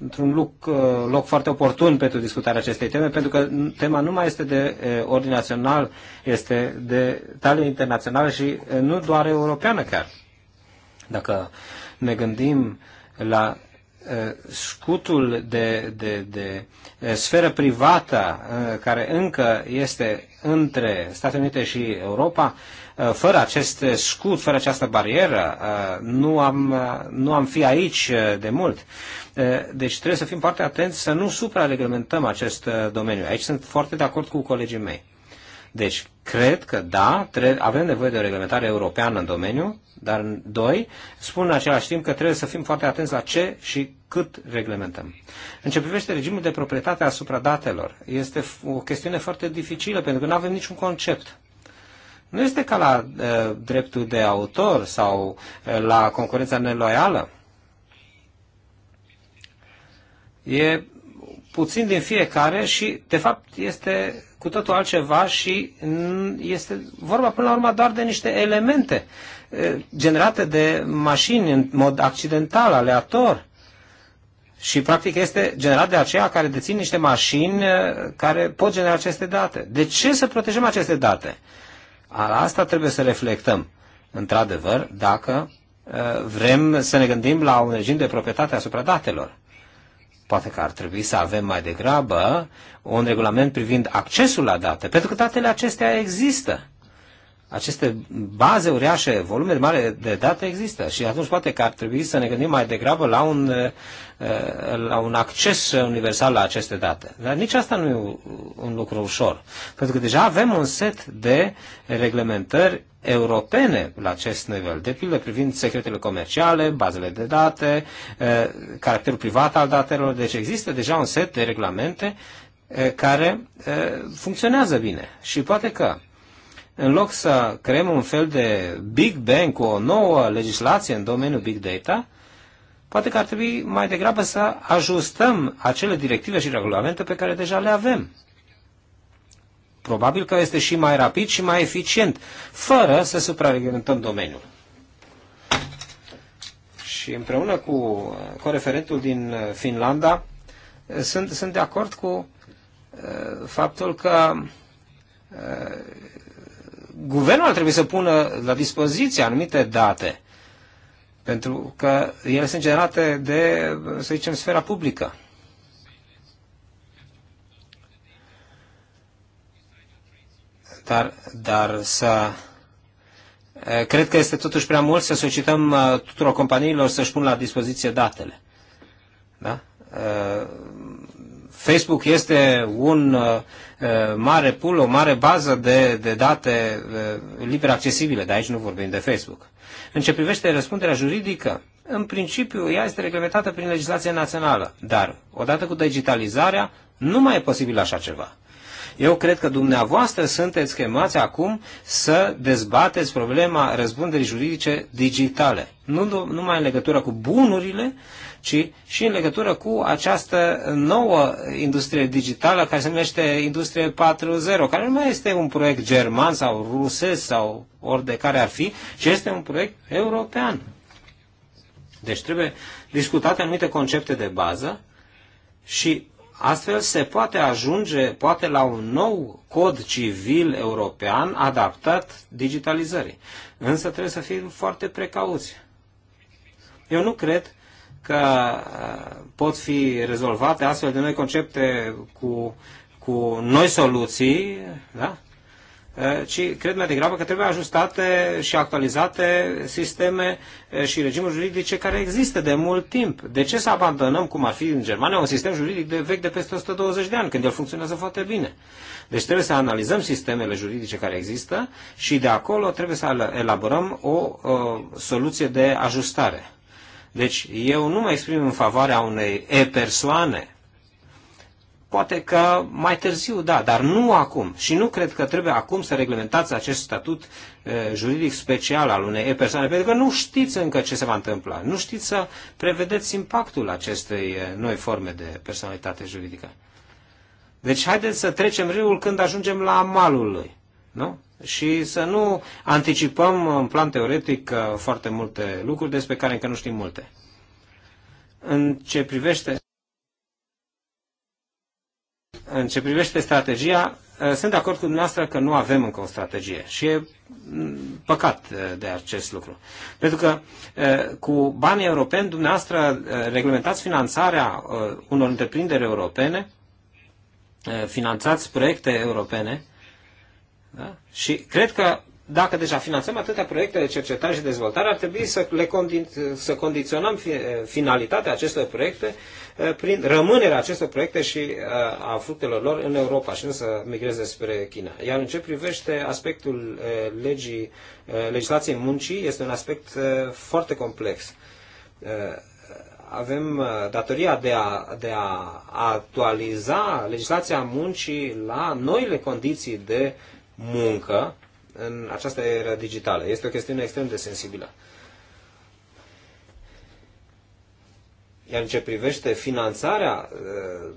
într-un loc, uh, loc foarte oportun pentru discutarea acestei teme, pentru că tema nu mai este de uh, ordin național, este de talie internațională și nu doar europeană chiar. Dacă ne gândim la Uh, scutul de, de, de uh, sferă privată uh, care încă este între Statele Unite și Europa, fără acest scut, fără această barieră, nu am, nu am fi aici de mult. Deci trebuie să fim foarte atenți să nu suprareglementăm acest domeniu. Aici sunt foarte de acord cu colegii mei. Deci, cred că da, avem nevoie de o reglementare europeană în domeniu, dar doi, spun în același timp că trebuie să fim foarte atenți la ce și cât reglementăm. În ce privește regimul de proprietate asupra datelor, este o chestiune foarte dificilă pentru că nu avem niciun concept. Nu este ca la e, eh, dreptul de autor sau e, eh, la concurența neloială. E puțin din fiecare și, de fapt, este cu totul altceva și este vorba până la urmă doar de niște elemente eh, generate de mașini în mod accidental, aleator. Și practic este generat de aceea care dețin niște mașini uh, care pot genera aceste date. De ce să protejăm aceste date? asta trebuie să reflectăm. Într-adevăr, dacă uh, vrem să ne gândim la un regim de proprietate asupra datelor. Poate că ar trebui să avem mai degrabă un regulament privind accesul la date, pentru că datele acestea există aceste baze uriașe, volume mare de date există și atunci poate că ar trebui să ne gândim mai degrabă la un, uh, la un acces universal la aceste date. Dar nici asta nu e un lucru ușor, pentru că deja avem un set de reglementări europene la acest nivel, de pildă privind secretele comerciale, bazele de date, uh, caracterul privat al datelor, deci există deja un set de reglamente uh, care funcționează bine și poate că în loc să creăm un fel de Big Bang cu o nouă legislație în domeniul Big Data, poate că ar trebui mai degrabă să ajustăm acele directive și regulamente pe care deja le avem. Probabil că este și mai rapid și mai eficient, fără să suprareglementăm domeniul. Și împreună cu coreferentul din Finlanda, sunt, sunt de acord cu uh, faptul că uh, guvernul ar trebui să pună la dispoziție anumite date, pentru că ele sunt generate de, să zicem, sfera publică. Dar, dar să... Cred că este totuși prea mult să solicităm uh, tuturor companiilor să-și pună la dispoziție datele. Da? Facebook este un uh, uh mare pool, o mare bază de, de date uh, liber accesibile, dar aici nu vorbim de Facebook. În ce privește răspunderea juridică, în principiu ea este reglementată prin legislația națională, dar odată cu digitalizarea nu mai e posibil așa ceva. Eu cred că dumneavoastră sunteți chemați acum să dezbateți problema răspunderii juridice digitale. Nu numai în legătură cu bunurile, ci și în legătură cu această nouă industrie digitală care se numește Industrie 4.0, care nu mai este un proiect german sau rusesc sau ori de care ar fi, ci este un proiect european. Deci trebuie discutate anumite concepte de bază și astfel se poate ajunge poate la un nou cod civil european adaptat digitalizării. Însă trebuie să fim foarte precauți. Eu nu cred că uh, pot fi rezolvate astfel de noi concepte cu, cu noi soluții, da? Uh, ci cred mai degrabă că trebuie ajustate și actualizate sisteme uh, și regimuri juridice care există de mult timp. De ce să abandonăm, cum ar fi în Germania, un sistem juridic de vechi de peste 120 de ani, când el funcționează foarte bine? Deci trebuie să analizăm sistemele juridice care există și de acolo trebuie să elaborăm o, o soluție de ajustare. Deci eu nu mă exprim în favoarea unei e persoane. Poate că mai târziu, da, dar nu acum. Și nu cred că trebuie acum să reglementați acest statut e, juridic special al unei e persoane, pentru că nu știți încă ce se va întâmpla. Nu știți să prevedeți impactul acestei noi forme de personalitate juridică. Deci haideți să trecem râul când ajungem la malul lui. Nu? Și să nu anticipăm în plan teoretic uh, foarte multe lucruri despre care încă nu știm multe. În ce privește în ce privește strategia, uh, sunt de acord cu dumneavoastră că nu avem încă o strategie și e mm, păcat uh, de acest lucru. Pentru că cu banii europeni, dumneavoastră reglementați finanțarea unor întreprinderi europene, finanțați proiecte europene, da? Și cred că dacă deja finanțăm atâtea proiecte de cercetare și dezvoltare, ar trebui să, le condi- să condiționăm fi, finalitatea acestor proiecte eh, prin rămânerea acestor proiecte și eh, a fructelor lor în Europa și nu să migreze spre China. Iar în ce privește aspectul eh, legii, legislației muncii, este un aspect foarte complex. Avem datoria de a, de a actualiza legislația muncii la noile condiții de uh, muncă în această era digitală. Este o chestiune extrem de sensibilă. Iar în ce privește finanțarea uh,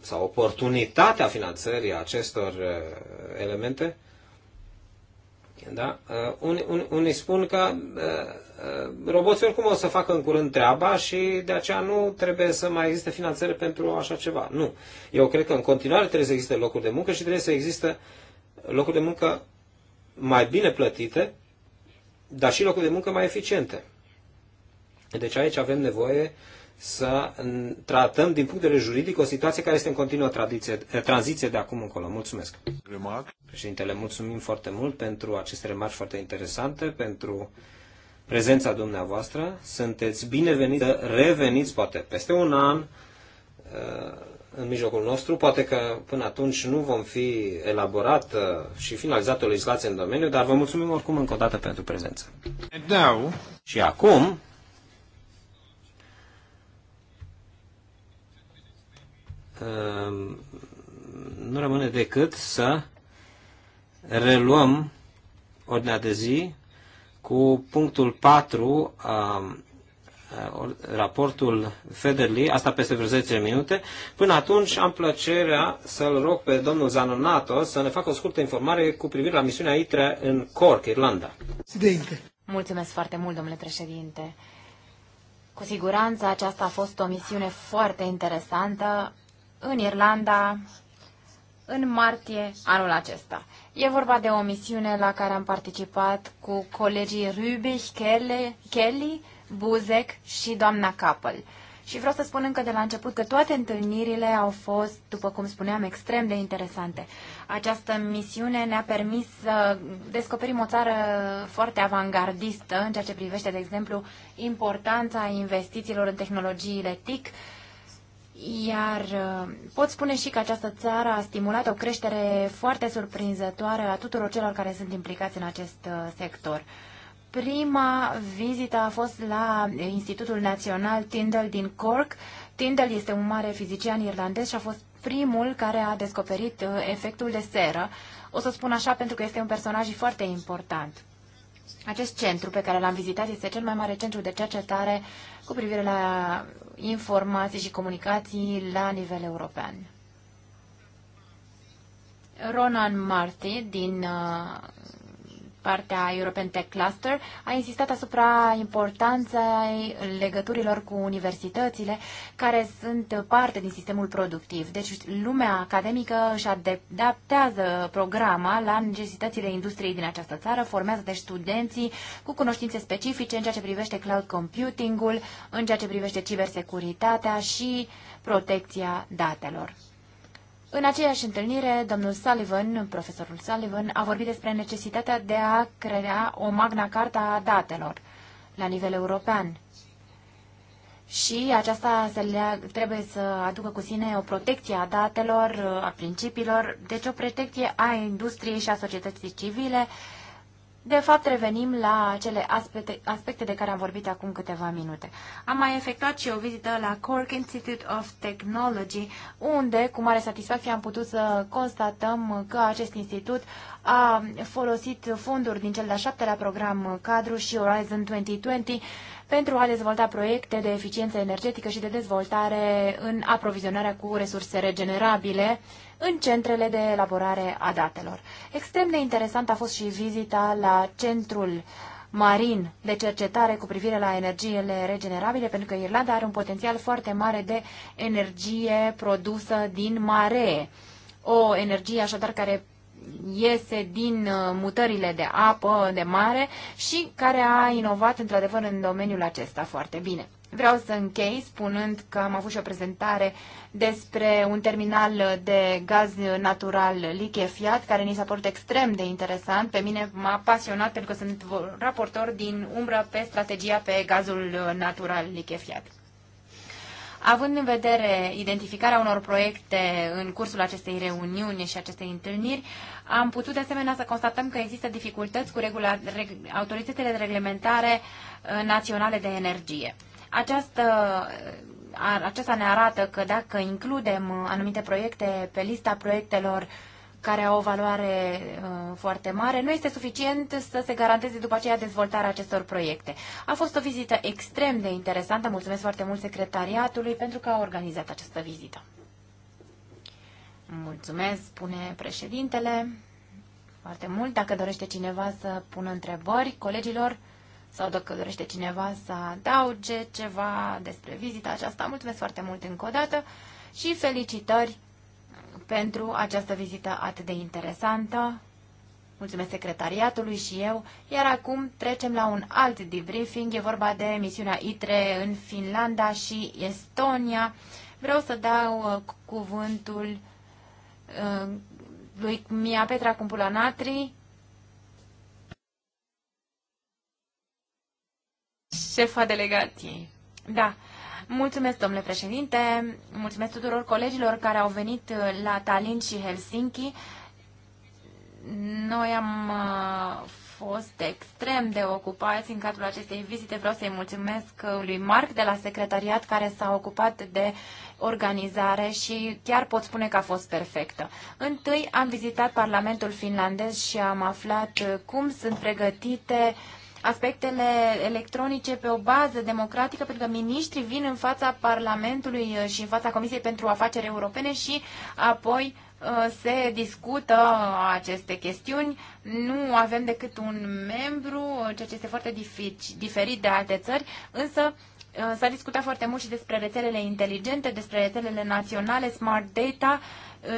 sau oportunitatea finanțării acestor uh, elemente, da? Uh, unii, unii spun că roboții oricum o să facă în curând treaba și de aceea nu trebuie să mai existe finanțare pentru așa ceva. Nu. Eu cred că în continuare trebuie să existe locuri de muncă și trebuie să existe uh, locuri de muncă mai bine plătite, dar și locuri de muncă mai eficiente. Deci aici avem nevoie să tratăm din punct de vedere juridic o situație care este în continuă tradiție, eh, tranziție de acum încolo. Mulțumesc. Remarc. Președintele, mulțumim foarte mult pentru aceste remarci foarte interesante, pentru prezența dumneavoastră. Sunteți bineveniți să reveniți poate peste un an eh, în mijlocul nostru. Poate că până atunci nu vom fi elaborat uh, și finalizat o legislație în domeniu, dar vă mulțumim oricum încă o dată pentru prezență. Now... Și acum uh, nu rămâne decât să reluăm ordinea de zi cu punctul 4 Uh, raportul Federli, asta peste vreo 10 minute. Până atunci am plăcerea să-l rog pe domnul Zanonato să ne facă o scurtă informare cu privire la misiunea ITRE în Cork, Irlanda. Sidente. Mulțumesc foarte mult, domnule președinte. Cu siguranță aceasta a fost o misiune foarte interesantă în Irlanda în martie anul acesta. E vorba de o misiune la care am participat cu colegii Rübich, Kelly, Kelly Buzek și doamna Capel. Și vreau să spun încă de la început că toate întâlnirile au fost, după cum spuneam, extrem de interesante. Această misiune ne-a permis să descoperim o țară foarte avangardistă în ceea ce privește, de exemplu, importanța investițiilor în tehnologiile TIC, iar uh, pot spune și că această țară a stimulat o creștere foarte surprinzătoare a tuturor celor care sunt implicați în acest uh, sector. Prima vizită a fost la Institutul Național Tyndall din Cork. Tyndall este un mare fizician irlandez și a fost primul care a descoperit uh, efectul de seră. O să spun așa pentru că este un personaj foarte important. Acest centru pe care l-am vizitat este cel mai mare centru de cercetare cu privire la informații și comunicații la nivel european. Ronan Marty din uh, partea European Tech Cluster, a insistat asupra importanței legăturilor cu universitățile care sunt parte din sistemul productiv. Deci lumea academică își adaptează programa la necesitățile industriei din această țară, formează de studenții cu cunoștințe specifice în ceea ce privește cloud computing-ul, în ceea ce privește cibersecuritatea și protecția datelor. În aceeași întâlnire, domnul Sullivan, profesorul Sullivan, a vorbit despre necesitatea de a crea o magna carta a datelor la nivel european. Și aceasta se lea, trebuie să aducă cu sine o protecție a datelor, a principiilor, deci o protecție a industriei și a societății civile, de fapt, revenim la acele aspecte, aspecte de care am vorbit acum câteva minute. Am mai efectuat și o vizită la Cork Institute of Technology, unde, cu mare satisfacție, am putut să constatăm că acest institut a folosit fonduri din cel de-al șaptelea program cadru și Horizon 2020 pentru a dezvolta proiecte de eficiență energetică și de dezvoltare în aprovizionarea cu resurse regenerabile în centrele de elaborare a datelor. Extrem de interesant a fost și vizita la centrul marin de cercetare cu privire la energiile regenerabile, pentru că Irlanda are un potențial foarte mare de energie produsă din mare, O energie așadar care iese din uh, mutările de apă, de mare și care a inovat într-adevăr în domeniul acesta foarte bine. Vreau să închei spunând că am avut și o prezentare despre un terminal de gaz natural lichefiat, care ni s-a părut extrem de interesant. Pe mine m-a pasionat pentru că sunt raportor din umbră pe strategia pe gazul uh, natural lichefiat. Având în vedere identificarea unor proiecte în cursul acestei reuniuni și acestei întâlniri, am putut de asemenea să constatăm că există dificultăți cu regula, reg, autoritățile de reglementare uh, naționale de energie. Această, uh, aceasta ne arată că dacă includem uh, anumite proiecte pe lista proiectelor uh, care au o valoare uh, foarte mare, nu este suficient să se garanteze după aceea dezvoltarea acestor proiecte. A fost o vizită extrem de interesantă, mulțumesc foarte mult secretariatului pentru că a organizat această vizită. Mulțumesc, spune președintele, foarte mult. Dacă dorește cineva să pună întrebări colegilor sau dacă dorește cineva să adauge ceva despre vizita aceasta, mulțumesc foarte mult încă o dată și felicitări pentru această vizită atât de interesantă. Mulțumesc secretariatului și eu. Iar acum trecem la un alt debriefing. E vorba de misiunea ITRE în Finlanda și Estonia. Vreau să dau uh, cuvântul uh, lui Mia Petra Cumpulanatri, șefa delegației. Da, Mulțumesc, domnule președinte, mulțumesc tuturor colegilor care au venit uh, la Tallinn și Helsinki. Noi am uh, fost extrem de ocupați în cadrul acestei vizite. Vreau să-i mulțumesc uh, lui Marc de la secretariat care s-a ocupat de organizare și chiar pot spune că a fost perfectă. Întâi am vizitat Parlamentul finlandez și am aflat cum sunt pregătite uh, aspectele electronice pe o bază democratică, pentru că miniștrii vin în fața Parlamentului uh, și în fața Comisiei pentru Afaceri Europene și apoi uh, se discută aceste chestiuni. Nu avem decât un membru, uh, ceea ce este foarte diferit de alte țări, însă s-a discutat foarte mult și despre rețelele inteligente, despre rețelele naționale, smart data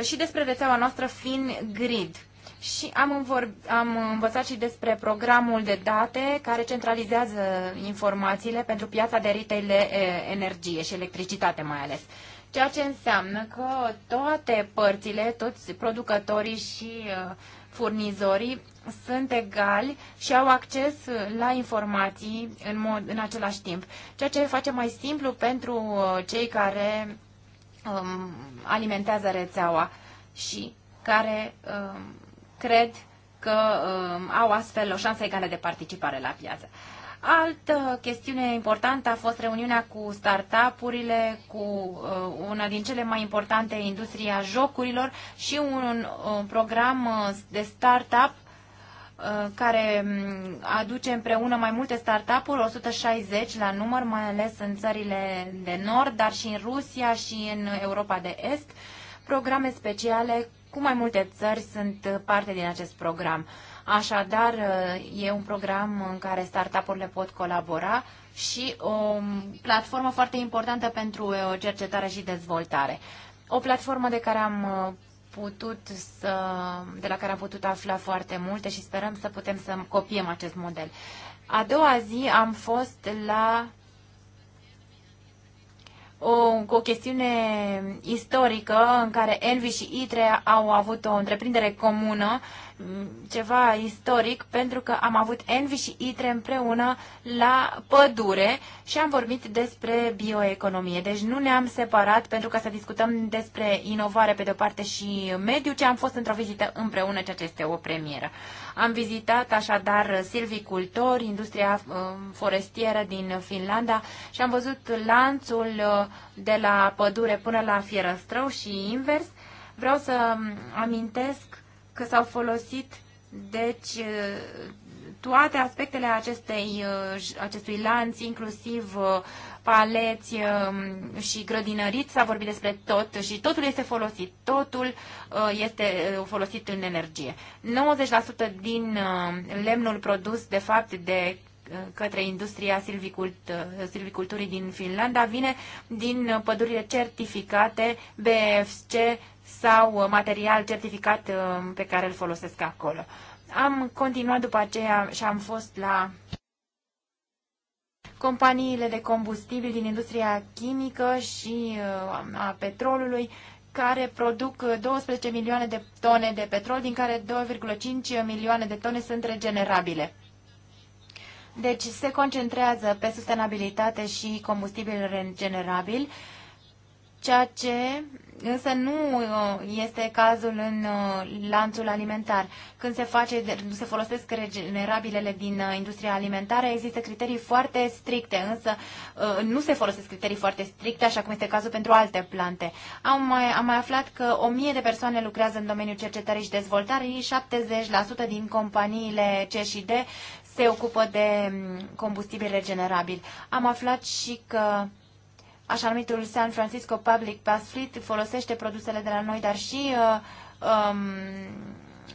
și despre rețeaua noastră fin grid. Și am, învorb- am învățat și despre programul de date care centralizează informațiile pentru piața de retail eh, energie și electricitate mai ales. Ceea ce înseamnă că toate părțile, toți producătorii și eh, furnizorii sunt egali și au acces la informații în, mod, în același timp, ceea ce face mai simplu pentru eh, cei care um, alimentează rețeaua și care um, cred că uh, au astfel o șansă egală de participare la piață. Altă chestiune importantă a fost reuniunea cu startup-urile, cu uh, una din cele mai importante a jocurilor și un, un program uh, de startup uh, care um, aduce împreună mai multe startup-uri, 160 la număr, mai ales în țările de nord, dar și în Rusia și în Europa de Est, programe speciale cu mai multe țări sunt parte din acest program. Așadar, e un program în care startup-urile pot colabora și o platformă foarte importantă pentru cercetare și dezvoltare. O platformă de care am putut să, de la care am putut afla foarte multe și sperăm să putem să copiem acest model. A doua zi am fost la o, o chestiune istorică în care Envi și ITRE au avut o întreprindere comună uh, Mm, ceva istoric pentru că am avut Envi și ITRE împreună la pădure și am vorbit despre bioeconomie. Deci nu ne-am separat pentru ca să discutăm despre inovare pe de-o parte și mediu, ci am fost într-o vizită împreună, ceea ce este o premieră. Am vizitat așadar silvicultori, industria mm, forestieră din Finlanda și am văzut lanțul mm, de la pădure până la fierăstrău și invers. Vreau să amintesc că s-au folosit deci toate aspectele acestei, acestui lanț, inclusiv paleți și grădinărit, s-a vorbit despre tot și totul este folosit, totul este folosit în energie. 90% din lemnul produs, de fapt, de către industria silvicult, silviculturii din Finlanda vine din pădurile certificate BFC sau uh, material certificat uh, pe care îl folosesc acolo. Am continuat după aceea și am fost la companiile de combustibil din industria chimică și uh, a petrolului care produc 12 milioane de tone de petrol, din care 2,5 milioane de tone sunt regenerabile. Deci se concentrează pe sustenabilitate și combustibil regenerabil ceea ce însă nu uh, este cazul în uh, lanțul alimentar. Când se, face, se folosesc regenerabilele din uh, industria alimentară, există criterii foarte stricte, însă nu se folosesc criterii foarte stricte, așa cum este cazul pentru alte plante. Am mai, am mai aflat că o mie de persoane lucrează în domeniul cercetării și dezvoltării, 70% din companiile C și D se ocupă de mm, combustibil regenerabil. Am aflat și că așa numitul San Francisco Public Pass Fleet folosește produsele de la noi, dar și uh, um,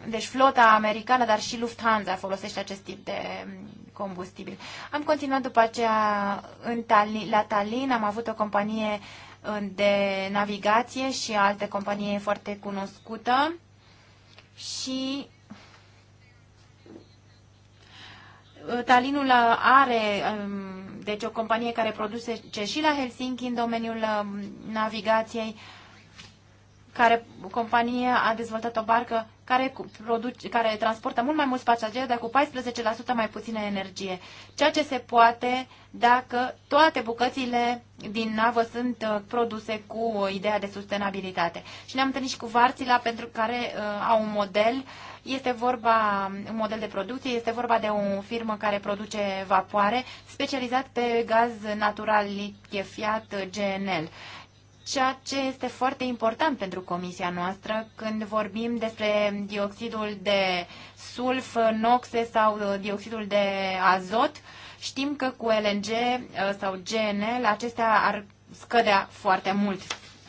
deci flota americană, dar și Lufthansa folosește acest tip de um, combustibil. Am continuat după aceea în Tallinn, la Tallinn, am avut o companie uh, de navigație și alte companie foarte cunoscută și uh, Talinul are um, deci o companie care produce ce și la Helsinki în domeniul um, navigației, care companie a dezvoltat o barcă care, produce, care transportă mult mai mulți pasageri, dar cu 14% mai puțină energie. Ceea ce se poate dacă toate bucățile din navă sunt uh, produse cu ideea de sustenabilitate. Și ne-am întâlnit și cu Varțila, pentru care uh, au un model uh, este vorba un model de producție, este vorba de o firmă care produce vapoare specializat pe gaz natural lichefiat GNL ceea ce este foarte important pentru comisia noastră când vorbim despre dioxidul de sulf, noxe sau uh, dioxidul de azot. Știm că cu LNG uh, sau GNL acestea ar scădea foarte mult.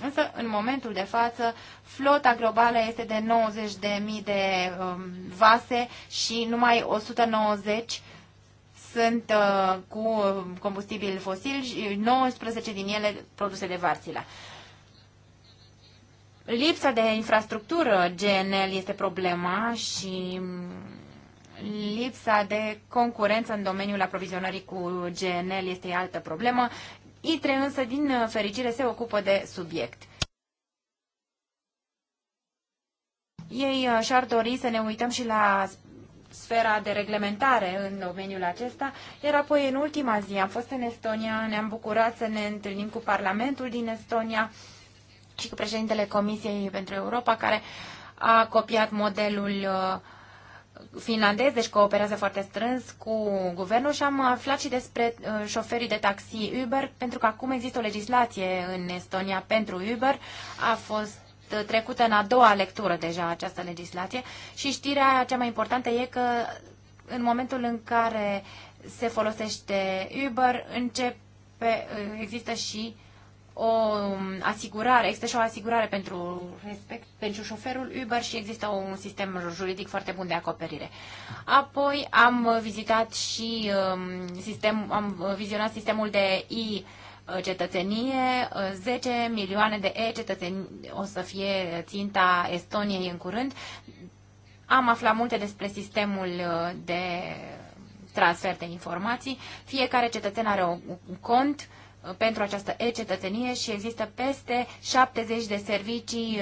Însă, în momentul de față, Flota globală este de 90.000 de um, vase și numai 190 sunt uh, cu um, combustibil fosil și 19 din ele produse de Varțila. Lipsa de infrastructură GNL este problema și um, lipsa de concurență în domeniul aprovizionării cu GNL este altă problemă. ITRE însă, din uh, fericire, se ocupă de subiect. Ei uh, și-ar dori să ne uităm și la sfera de reglementare în domeniul acesta, iar apoi în ultima zi am fost în Estonia, ne-am bucurat să ne întâlnim cu Parlamentul din Estonia și cu președintele Comisiei pentru Europa, care a copiat modelul uh, finlandez, deci cooperează foarte strâns cu guvernul și am aflat și despre uh, șoferii de taxi Uber, pentru că acum există o legislație în Estonia pentru Uber. A fost Uh, trecută în a doua lectură deja această legislație și știrea cea mai importantă e că în momentul în care se folosește Uber, începe, uh, există și o um, asigurare, există și o asigurare pentru, respect, pentru șoferul Uber și există un sistem juridic foarte bun de acoperire. Apoi am vizitat și um, sistem, am vizionat sistemul de e Uh, cetățenie, 10 uh, milioane de e-cetățeni o să fie ținta Estoniei în curând. Am aflat multe despre sistemul uh, de transfer de informații. Fiecare cetățen are un cont pentru această e-cetățenie și există peste 70 de servicii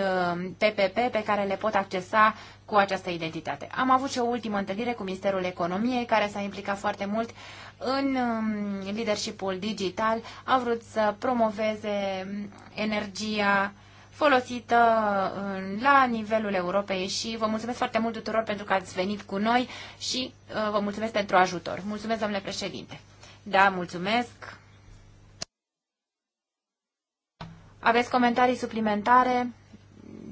PPP uh, pe care le pot accesa cu această identitate. Am avut și o ultimă întâlnire cu Ministerul Economiei, care s-a implicat foarte mult în um, leadershipul digital, a vrut să promoveze um, energia folosită uh, la nivelul Europei și vă mulțumesc foarte mult tuturor pentru că ați venit cu noi și uh, vă mulțumesc pentru ajutor. Mulțumesc, domnule președinte. Da, mulțumesc. Aveți comentarii suplimentare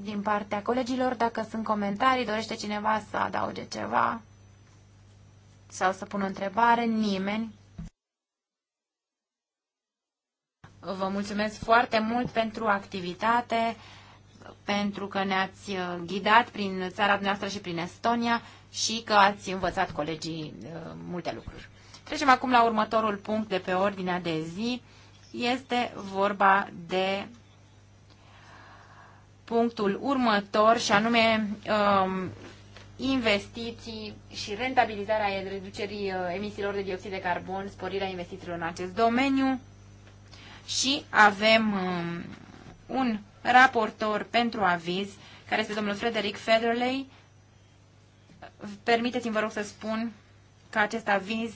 din partea colegilor? Dacă sunt comentarii, dorește cineva să adauge ceva sau să pună întrebare? Nimeni? Vă mulțumesc foarte mult pentru activitate, pentru că ne-ați uh, ghidat prin țara noastră și prin Estonia și că ați învățat colegii uh, multe lucruri. Trecem acum la următorul punct de pe ordinea de zi. Este vorba de punctul următor și anume um, investiții și rentabilizarea reducerii uh, emisiilor de dioxid de carbon, sporirea investițiilor în acest domeniu și avem um, un raportor pentru aviz, care este domnul Frederic Federley. Permiteți-mi, vă rog, să spun că acest aviz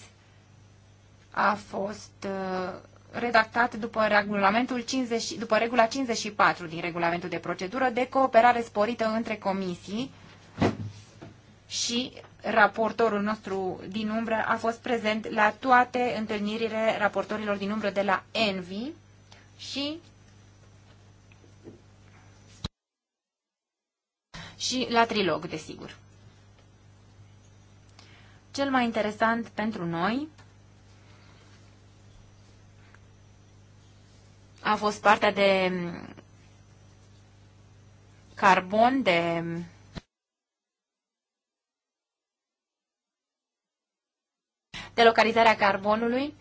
a fost uh, redactat după, regulamentul 50, după regula 54 din regulamentul de procedură de cooperare sporită între comisii și raportorul nostru din umbră a fost prezent la toate întâlnirile raportorilor din umbră de la Envi și și la trilog, desigur. Cel mai interesant pentru noi a fost partea de carbon, de de localizarea carbonului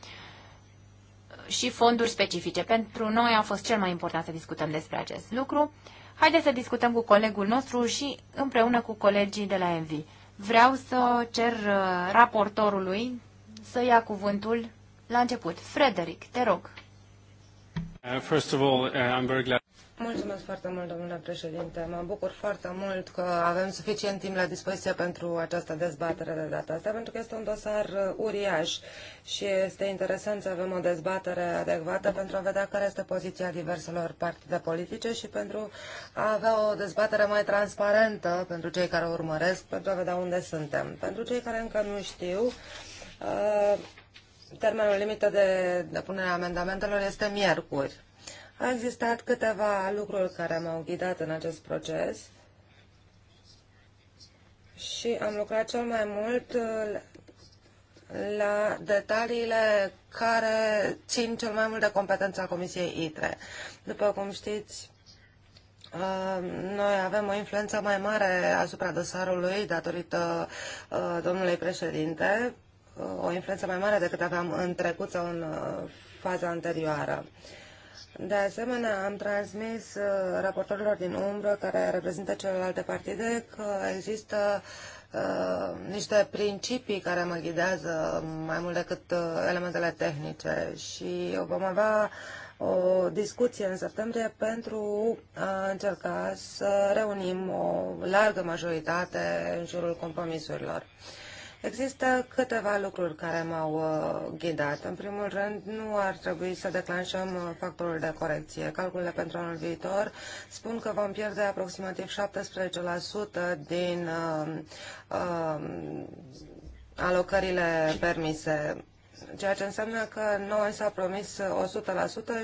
și fonduri specifice. Pentru noi a fost cel mai important să discutăm despre acest lucru. Haideți să discutăm cu colegul nostru și împreună cu colegii de la ENVI. Vreau să cer uh, raportorului să ia cuvântul la început. Frederic, te rog. Uh, first of all, uh, I'm very glad. Mulțumesc foarte mult, domnule președinte. Mă bucur foarte mult că avem suficient timp la dispoziție pentru această dezbatere de data asta, pentru că este un dosar uh, uriaș și este interesant să avem o dezbatere adecvată pentru a vedea care este poziția diverselor partide politice și pentru a avea o dezbatere mai transparentă pentru cei care urmăresc, pentru a vedea unde suntem. Pentru cei care încă nu știu, termenul limită de depunere a amendamentelor este miercuri. A existat câteva lucruri care m-au ghidat în acest proces și am lucrat cel mai mult uh, la detaliile care țin cel mai mult de competența Comisiei ITRE. După cum știți, uh, noi avem o influență mai mare asupra dosarului datorită uh, domnului președinte, o influență mai mare decât aveam în trecut sau în uh, faza anterioară. De asemenea, am transmis uh, raportorilor din umbră care reprezintă celelalte partide că există uh, niște principii care mă ghidează mai mult decât uh, elementele tehnice și vom avea o discuție în septembrie pentru a încerca să reunim o largă majoritate în jurul compromisurilor. Uh, Există câteva lucruri care m-au uh, ghidat. În primul rând, nu ar trebui să declanșăm uh, factorul de corecție. Calculele pentru anul viitor spun că vom pierde aproximativ 17% din uh, alocările permise ceea ce înseamnă că noi s-a promis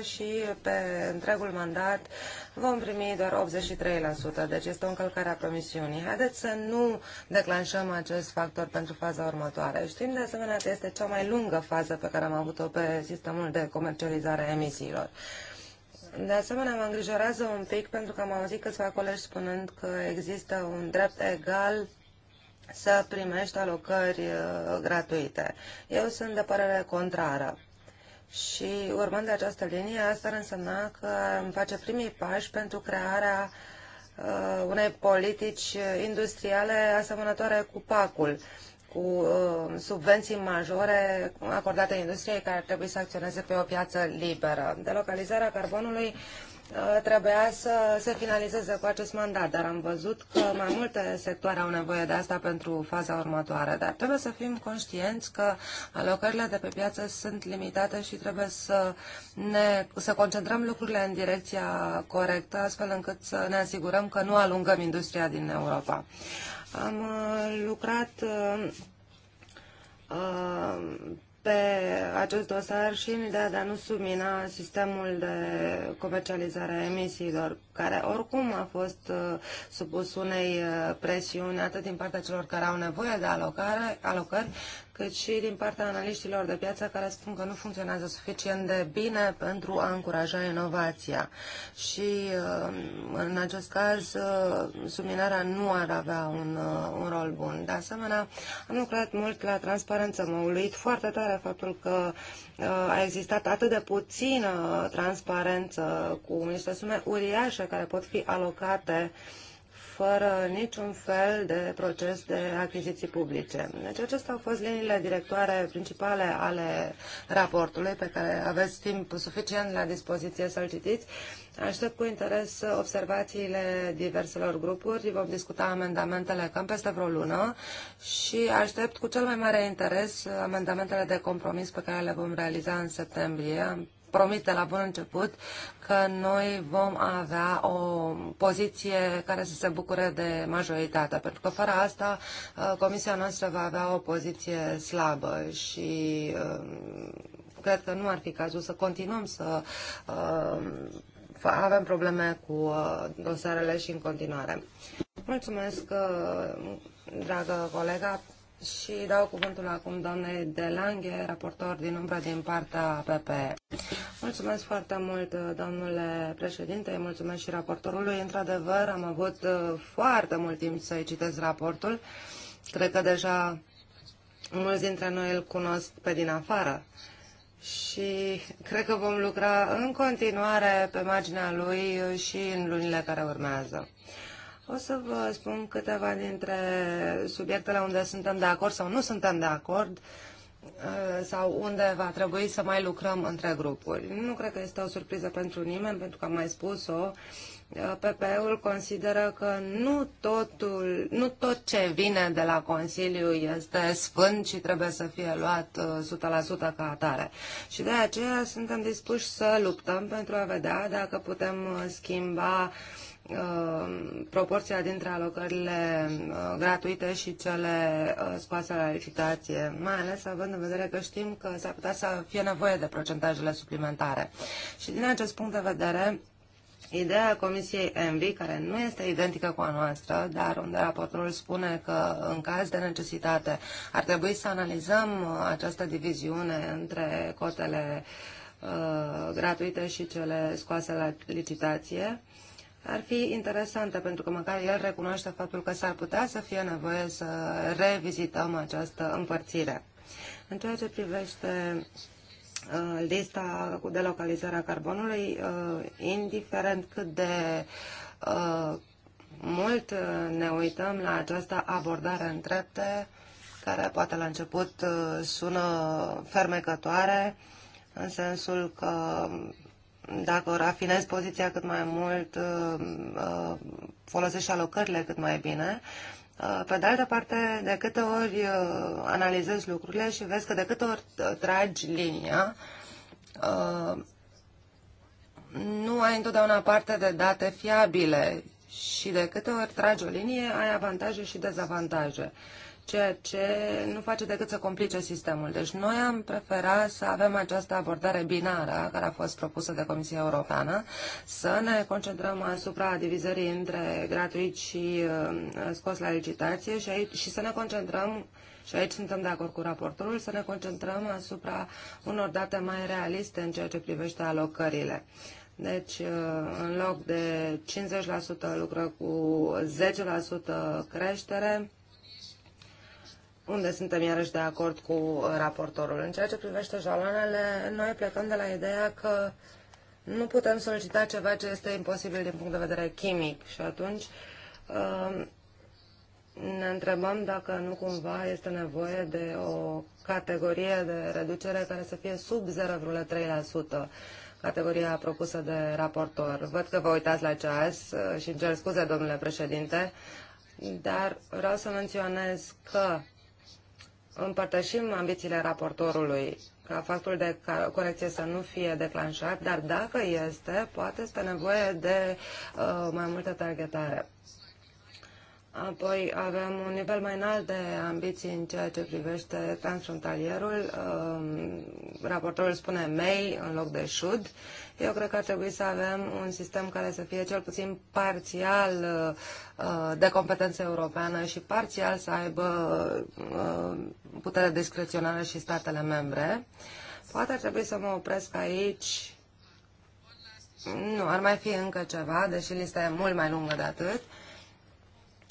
100% și pe întregul mandat vom primi doar 83%, deci este o încălcare a promisiunii. Haideți să nu declanșăm acest factor pentru faza următoare. Știm de asemenea că este cea mai lungă fază pe care am avut-o pe sistemul de comercializare a emisiilor. De asemenea, mă îngrijorează un pic pentru că am auzit câțiva colegi spunând că există un drept egal să primești alocări uh, gratuite. Eu sunt de părere contrară. Și urmând această linie, asta ar însemna că am face primii pași pentru crearea uh, unei politici industriale asemănătoare cu PAC-ul, cu uh, subvenții majore acordate industriei care ar trebui să acționeze pe o piață liberă. Delocalizarea carbonului uh, Uh, trebuia să se finalizeze cu acest mandat, dar am văzut că mai multe sectoare au nevoie de asta pentru faza următoare. Dar trebuie să fim conștienți că alocările de pe piață sunt limitate și trebuie să, ne, să concentrăm lucrurile în direcția corectă, astfel încât să ne asigurăm că nu alungăm industria din Europa. Am uh, lucrat uh, uh pe acest dosar și în ideea de a nu submina sistemul de comercializare a emisiilor, care oricum a fost uh, supus unei uh, presiuni atât din partea celor care au nevoie de alocare, alocări, cât și din partea analiștilor de piață care spun că nu funcționează suficient de bine pentru a încuraja inovația. Și uh, în acest caz, uh, subminarea nu ar avea un, uh, un rol bun. De asemenea, am lucrat mult la transparență. M-a uluit foarte tare faptul că a existat atât de puțină transparență cu niște sume uriașe care pot fi alocate uh, fără niciun fel de proces de achiziții publice. Deci acestea au fost liniile directoare principale ale raportului, pe care aveți timp suficient la dispoziție să-l citiți. Aștept cu interes observațiile diverselor grupuri, vom discuta amendamentele cam peste vreo lună și aștept cu cel mai mare interes amendamentele de compromis pe care le vom realiza în septembrie promit de la bun început că noi vom avea o poziție care să se bucure de majoritate, pentru că fără asta uh, comisia noastră va avea o poziție slabă și uh, cred că nu ar fi cazul să continuăm să uh, avem probleme cu dosarele și în continuare. Mulțumesc, dragă colega, și dau cuvântul acum doamnei Lange, raportor din umbră din partea PPE. Mulțumesc foarte mult, domnule președinte, mulțumesc și raportorului. Într-adevăr, am avut uh, foarte mult timp să-i citesc raportul. Cred că deja mulți dintre noi îl cunosc pe din afară și cred că vom lucra în continuare pe marginea lui și în lunile care urmează. O să vă spun câteva dintre subiectele unde suntem de acord sau nu suntem de acord uh, sau unde va trebui să mai lucrăm între grupuri. Nu cred că este o surpriză pentru nimeni, pentru că am mai spus-o PPE-ul consideră că nu, totul, nu tot ce vine de la Consiliu este sfânt și trebuie să fie luat 100% uh, ca atare. Și de aceea suntem dispuși să luptăm pentru a vedea dacă putem uh, schimba uh, proporția dintre alocările gratuite și cele scoase la licitație, mai ales având în vedere că știm că s-ar putea să fie nevoie de procentajele suplimentare. Și din acest punct de vedere, Ideea Comisiei ENVI, care nu este identică cu a noastră, dar unde raportorul spune că în caz de necesitate ar trebui să analizăm această diviziune între cotele uh, gratuite și cele scoase la licitație, ar fi interesantă, pentru că măcar el recunoaște faptul că s-ar putea să fie nevoie să revizităm această împărțire. În ceea ce privește Uh, lista de localizare a carbonului, uh, indiferent cât de uh, mult ne uităm la această abordare în trepte, care poate la început sună fermecătoare, în sensul că dacă rafinezi poziția cât mai mult, folosești alocările cât mai bine, Uh, pe de altă parte, de câte ori uh, analizezi lucrurile și vezi că de câte ori uh, tragi linia, nu ai întotdeauna parte de date fiabile și de câte ori tragi o linie, ai avantaje și dezavantaje ceea ce nu face decât să complice sistemul. Deci noi am preferat să avem această abordare binară care a fost propusă de Comisia Europeană, să ne concentrăm asupra divizării între gratuit și uh, scos la licitație și, aici, și să ne concentrăm și aici suntem de acord cu raportorul, să ne concentrăm asupra unor date mai realiste în ceea ce privește alocările. Deci, uh, în loc de 50% lucră cu 10% creștere, unde suntem iarăși de acord cu raportorul. În ceea ce privește jaloanele, noi plecăm de la ideea că nu putem solicita ceva ce este imposibil din punct de vedere chimic și atunci um, ne întrebăm dacă nu cumva este nevoie de o categorie de reducere care să fie sub 0,3%, categoria propusă de raportor. Văd că vă uitați la ceas uh, și îmi cer scuze, domnule președinte, dar vreau să menționez că Împărtășim ambițiile raportorului ca faptul de corecție să nu fie declanșat, dar dacă este, poate este nevoie de uh, mai multă targetare. Apoi avem un nivel mai înalt de ambiții în ceea ce privește transfrontalierul. Um, raportorul spune mei în loc de should. Eu cred că ar trebui să avem un sistem care să fie cel puțin parțial uh, de competență europeană și parțial să aibă uh, putere discreționară și statele membre. Poate ar trebui să mă opresc aici. Nu, ar mai fi încă ceva, deși lista e mult mai lungă de atât.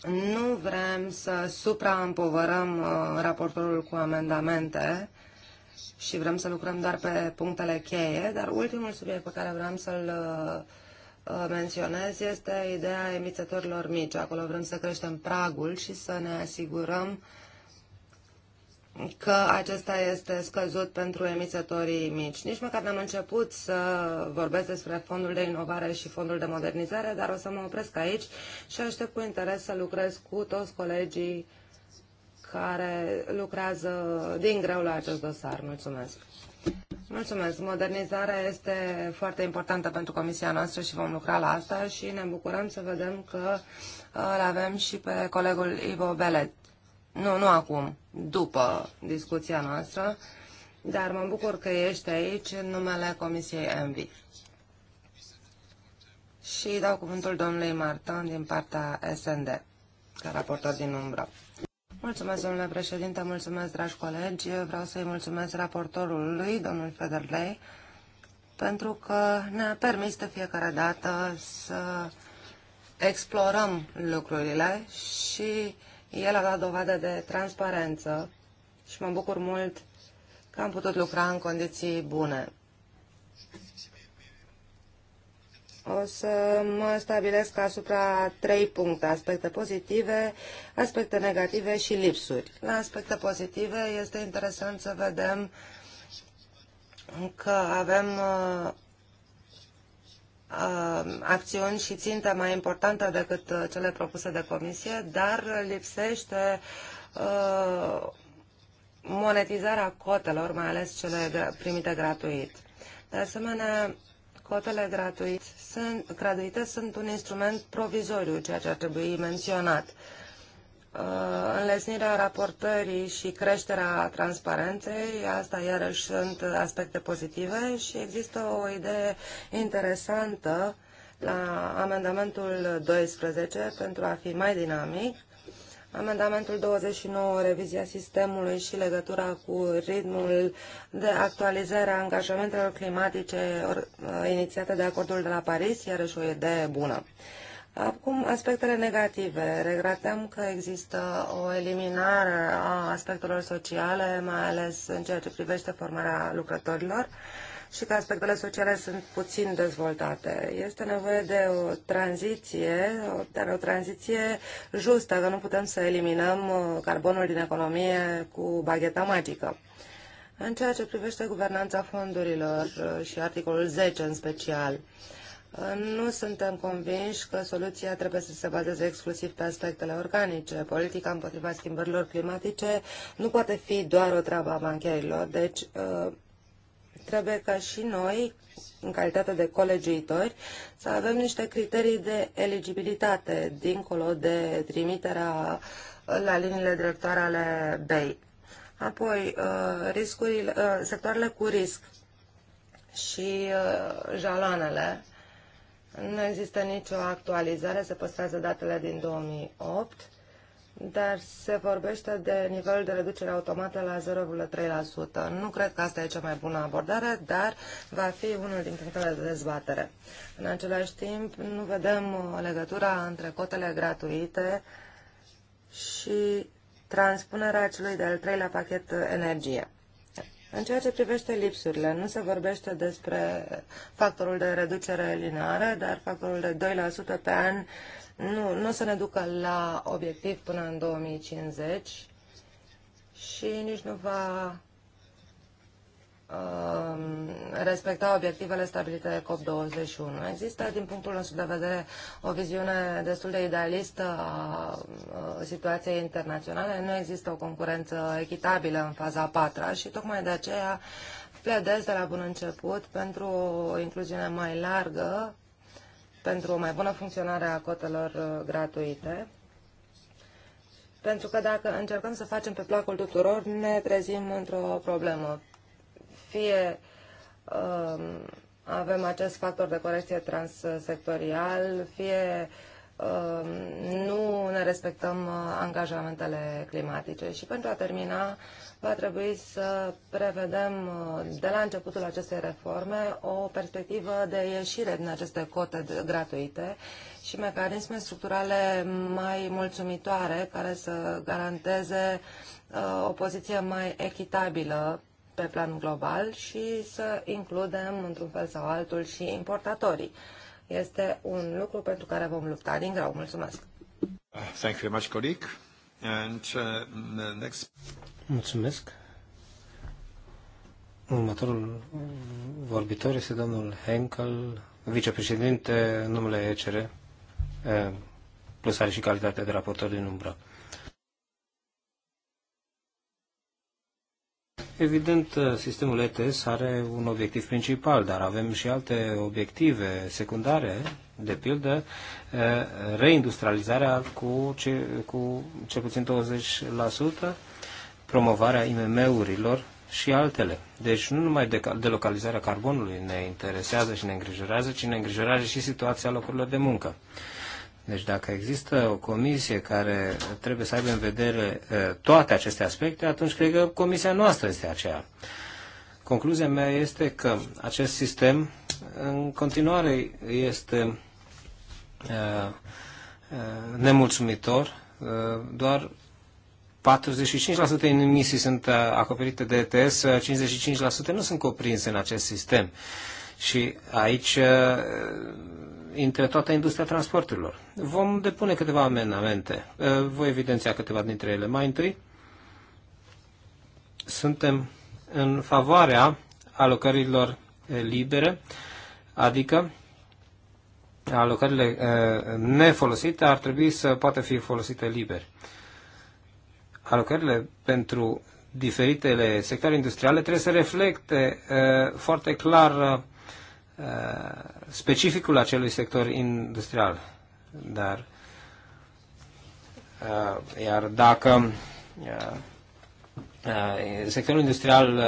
Nu vrem să supraîmpovărăm uh, raportorul cu amendamente și vrem să lucrăm doar pe punctele cheie, dar ultimul subiect pe care vreau să-l uh, uh, menționez este ideea emițătorilor mici. Acolo vrem să creștem pragul și să ne asigurăm că acesta este scăzut pentru emițătorii mici. Nici măcar n-am început să vorbesc despre fondul de inovare și fondul de modernizare, dar o să mă opresc aici și aștept cu interes să lucrez cu toți colegii care lucrează din greu la acest dosar. Mulțumesc! Mulțumesc! Modernizarea este foarte importantă pentru comisia noastră și vom lucra la asta și ne bucurăm să vedem că îl avem și pe colegul Ivo Belet nu, nu acum, după discuția noastră, dar mă bucur că ești aici în numele Comisiei MV. Și dau cuvântul domnului Martin din partea SND, ca raportor din umbră. Mulțumesc, domnule președinte, mulțumesc, dragi colegi. Vreau să-i mulțumesc raportorului, domnul Federley, pentru că ne-a permis de fiecare dată să explorăm lucrurile și el a dat dovadă de transparență și mă bucur mult că am putut lucra în condiții bune. O să mă stabilesc asupra trei puncte, aspecte pozitive, aspecte negative și lipsuri. La aspecte pozitive este interesant să vedem că avem uh, Uh, acțiuni și ținte mai importantă decât uh, cele propuse de comisie, dar lipsește uh, monetizarea cotelor, mai ales cele primite gratuit. De asemenea, cotele gratuite sunt, gratuite sunt un instrument provizoriu, ceea ce ar trebui menționat. Uh, înlesnirea raportării și creșterea transparenței, asta iarăși sunt aspecte pozitive și există o idee interesantă la amendamentul 12 pentru a fi mai dinamic. Amendamentul 29, revizia sistemului și legătura cu ritmul de actualizare a angajamentelor climatice uh, inițiate de acordul de la Paris, iarăși o idee bună. Acum, aspectele negative. Regretăm că există o eliminare a aspectelor sociale, mai ales în ceea ce privește formarea lucrătorilor și că aspectele sociale sunt puțin dezvoltate. Este nevoie de o tranziție, dar o tranziție justă, că nu putem să eliminăm uh, carbonul din economie cu bagheta magică. În ceea ce privește guvernanța fondurilor uh, și articolul 10 în special, uh, nu suntem convinși că soluția trebuie să se bazeze exclusiv pe aspectele organice. Politica împotriva schimbărilor climatice nu poate fi doar o treabă a bancherilor, deci ă, trebuie ca și noi, în calitate de colegiuitori, să avem niște criterii de eligibilitate, dincolo de trimiterea la liniile directoare ale BEI. Apoi, ă, riscurile, ă, sectoarele cu risc și jalanele nu există nicio actualizare, se păstrează datele din 2008, dar se vorbește de nivelul de reducere automată la 0,3%. Nu cred că asta e cea mai bună abordare, dar va fi unul din punctele de dezbatere. În același timp, nu vedem uh, legătura între cotele gratuite și transpunerea celui de-al treilea pachet uh, energie. În ceea ce privește lipsurile, nu se vorbește despre factorul de reducere lineară, dar factorul de 2% pe an nu, nu se ne ducă la obiectiv până în 2050 și nici nu va Um, respecta obiectivele stabilite de COP21. Există, din punctul nostru de vedere, o viziune destul de idealistă a situației internaționale. Nu există o concurență echitabilă în faza a patra și tocmai de aceea pledez de la bun început pentru o incluziune mai largă, pentru o mai bună funcționare a cotelor uh, gratuite. Pentru că dacă încercăm să facem pe placul tuturor, ne trezim într-o problemă fie uh, avem acest factor de corecție transsectorial, fie uh, nu ne respectăm uh, angajamentele climatice. Și pentru a termina, va trebui să prevedem uh, de la începutul acestei reforme o perspectivă de ieșire din aceste cote gratuite și mecanisme structurale mai mulțumitoare care să garanteze uh, o poziție mai echitabilă pe plan global și să includem într-un fel sau altul și importatorii. Este un lucru pentru care vom lupta din greu. Mulțumesc! Thank you very much, colleague. And uh, next. Mulțumesc. Următorul vorbitor este domnul Henkel, vicepreședinte numele ECR, uh, plus are și calitate de raportor din umbră. Evident, uh, sistemul ETS are un obiectiv principal, dar avem și alte obiective secundare, de pildă uh, reindustrializarea cu, ce, cu cel puțin 20%, promovarea IMM-urilor și altele. Deci nu numai de, localizarea carbonului ne interesează și ne îngrijorează, ci ne îngrijorează și situația locurilor de muncă. Deci dacă există o comisie care trebuie să aibă în vedere toate aceste aspecte, atunci cred că comisia noastră este aceea. Concluzia mea este că acest sistem în continuare este nemulțumitor, doar 45% emisii sunt acoperite de ETS, 55% nu sunt coprinse în acest sistem. Și aici între toată industria transporturilor. Vom depune câteva amendamente. Uh, voi evidenția câteva dintre ele. Mai întâi, suntem în favoarea alocărilor uh, libere, adică alocările uh, nefolosite ar trebui să poată fi folosite liber. Alocările pentru diferitele sectoare industriale trebuie să reflecte foarte clar Uh, specificul acelui sector industrial. Dar, uh, iar dacă uh, sectorul industrial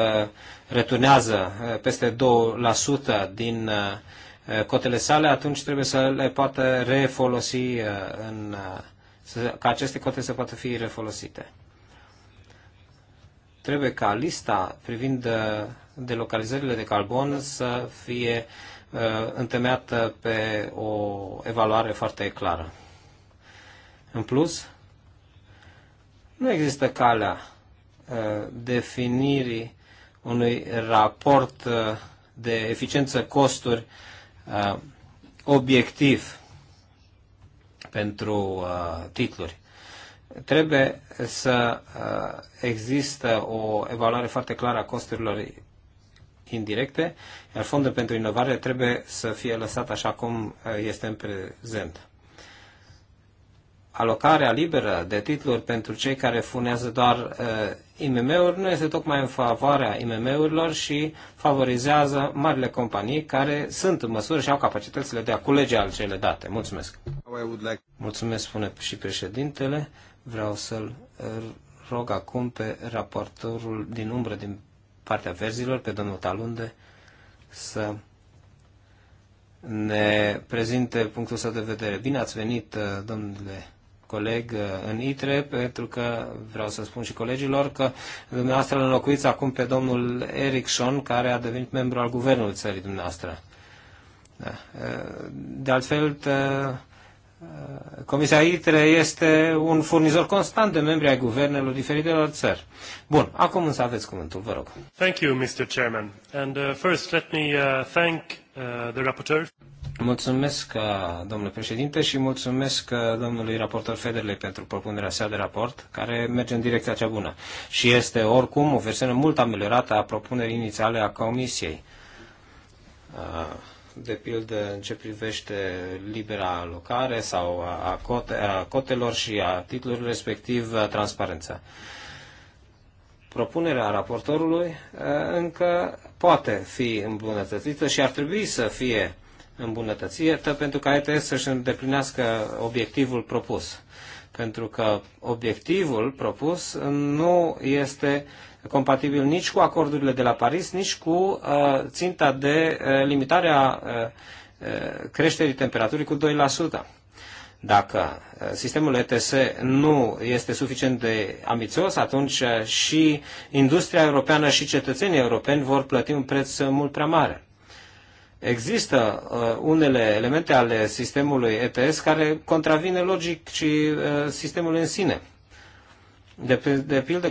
returnează peste 2% din cotele sale, atunci trebuie să le poată refolosi în, ca aceste cote să poată fi refolosite. Trebuie ca lista privind de localizările de carbon să fie uh, întemeiată pe o evaluare foarte clară. În plus, nu există calea uh, definirii unui raport uh, de eficiență costuri uh, obiectiv pentru uh, titluri. Trebuie să uh, există o evaluare foarte clară a costurilor indirecte, iar fondul pentru inovare trebuie să fie lăsat așa cum uh, este în prezent. Alocarea liberă de titluri pentru cei care funează doar uh, IMM-uri nu este tocmai în favoarea IMM-urilor și favorizează marile companii care sunt în măsură și au capacitățile de a culege acele date. Mulțumesc! Mulțumesc, spune și președintele. Vreau să-l uh, rog acum pe raportorul din umbră din partea verzilor, pe domnul Talunde, să ne prezinte punctul său de vedere. Bine ați venit, uh, domnule coleg uh, în ITRE, pentru că vreau să spun și colegilor că dumneavoastră îl înlocuiți acum pe domnul Ericsson, care a devenit membru al guvernului țării dumneavoastră. Da. Uh, de altfel, Comisia ITRE este un furnizor constant de membri ai guvernelor diferitelor țări. Bun, acum însă aveți cuvântul, vă rog. Thank you, Mr. Chairman. And uh, first let me uh, thank uh, the rapporteur. Mulțumesc, uh, domnule președinte, și mulțumesc uh, domnului raportor Federle pentru propunerea sa de raport, care merge în direcția cea bună. Și este, oricum, o versiune mult ameliorată a propunerii inițiale a Comisiei. Uh, de pildă în ce privește libera alocare sau a, cote, a cotelor și a titlurilor, respectiv a transparența. Propunerea raportorului încă poate fi îmbunătățită și ar trebui să fie îmbunătățită pentru ca ETS să-și îndeplinească obiectivul propus. Pentru că obiectivul propus nu este uh, compatibil nici cu acordurile de la Paris, nici cu uh, ținta de uh, limitare a uh, uh creșterii temperaturii cu 2%. Dacă uh, sistemul ETS nu este suficient de ambițios, atunci uh, și industria europeană și cetățenii europeni vor plăti un preț mult prea mare. Există uh, unele elemente ale sistemului ETS care contravine logic și uh, sistemului în sine. De, de pildă,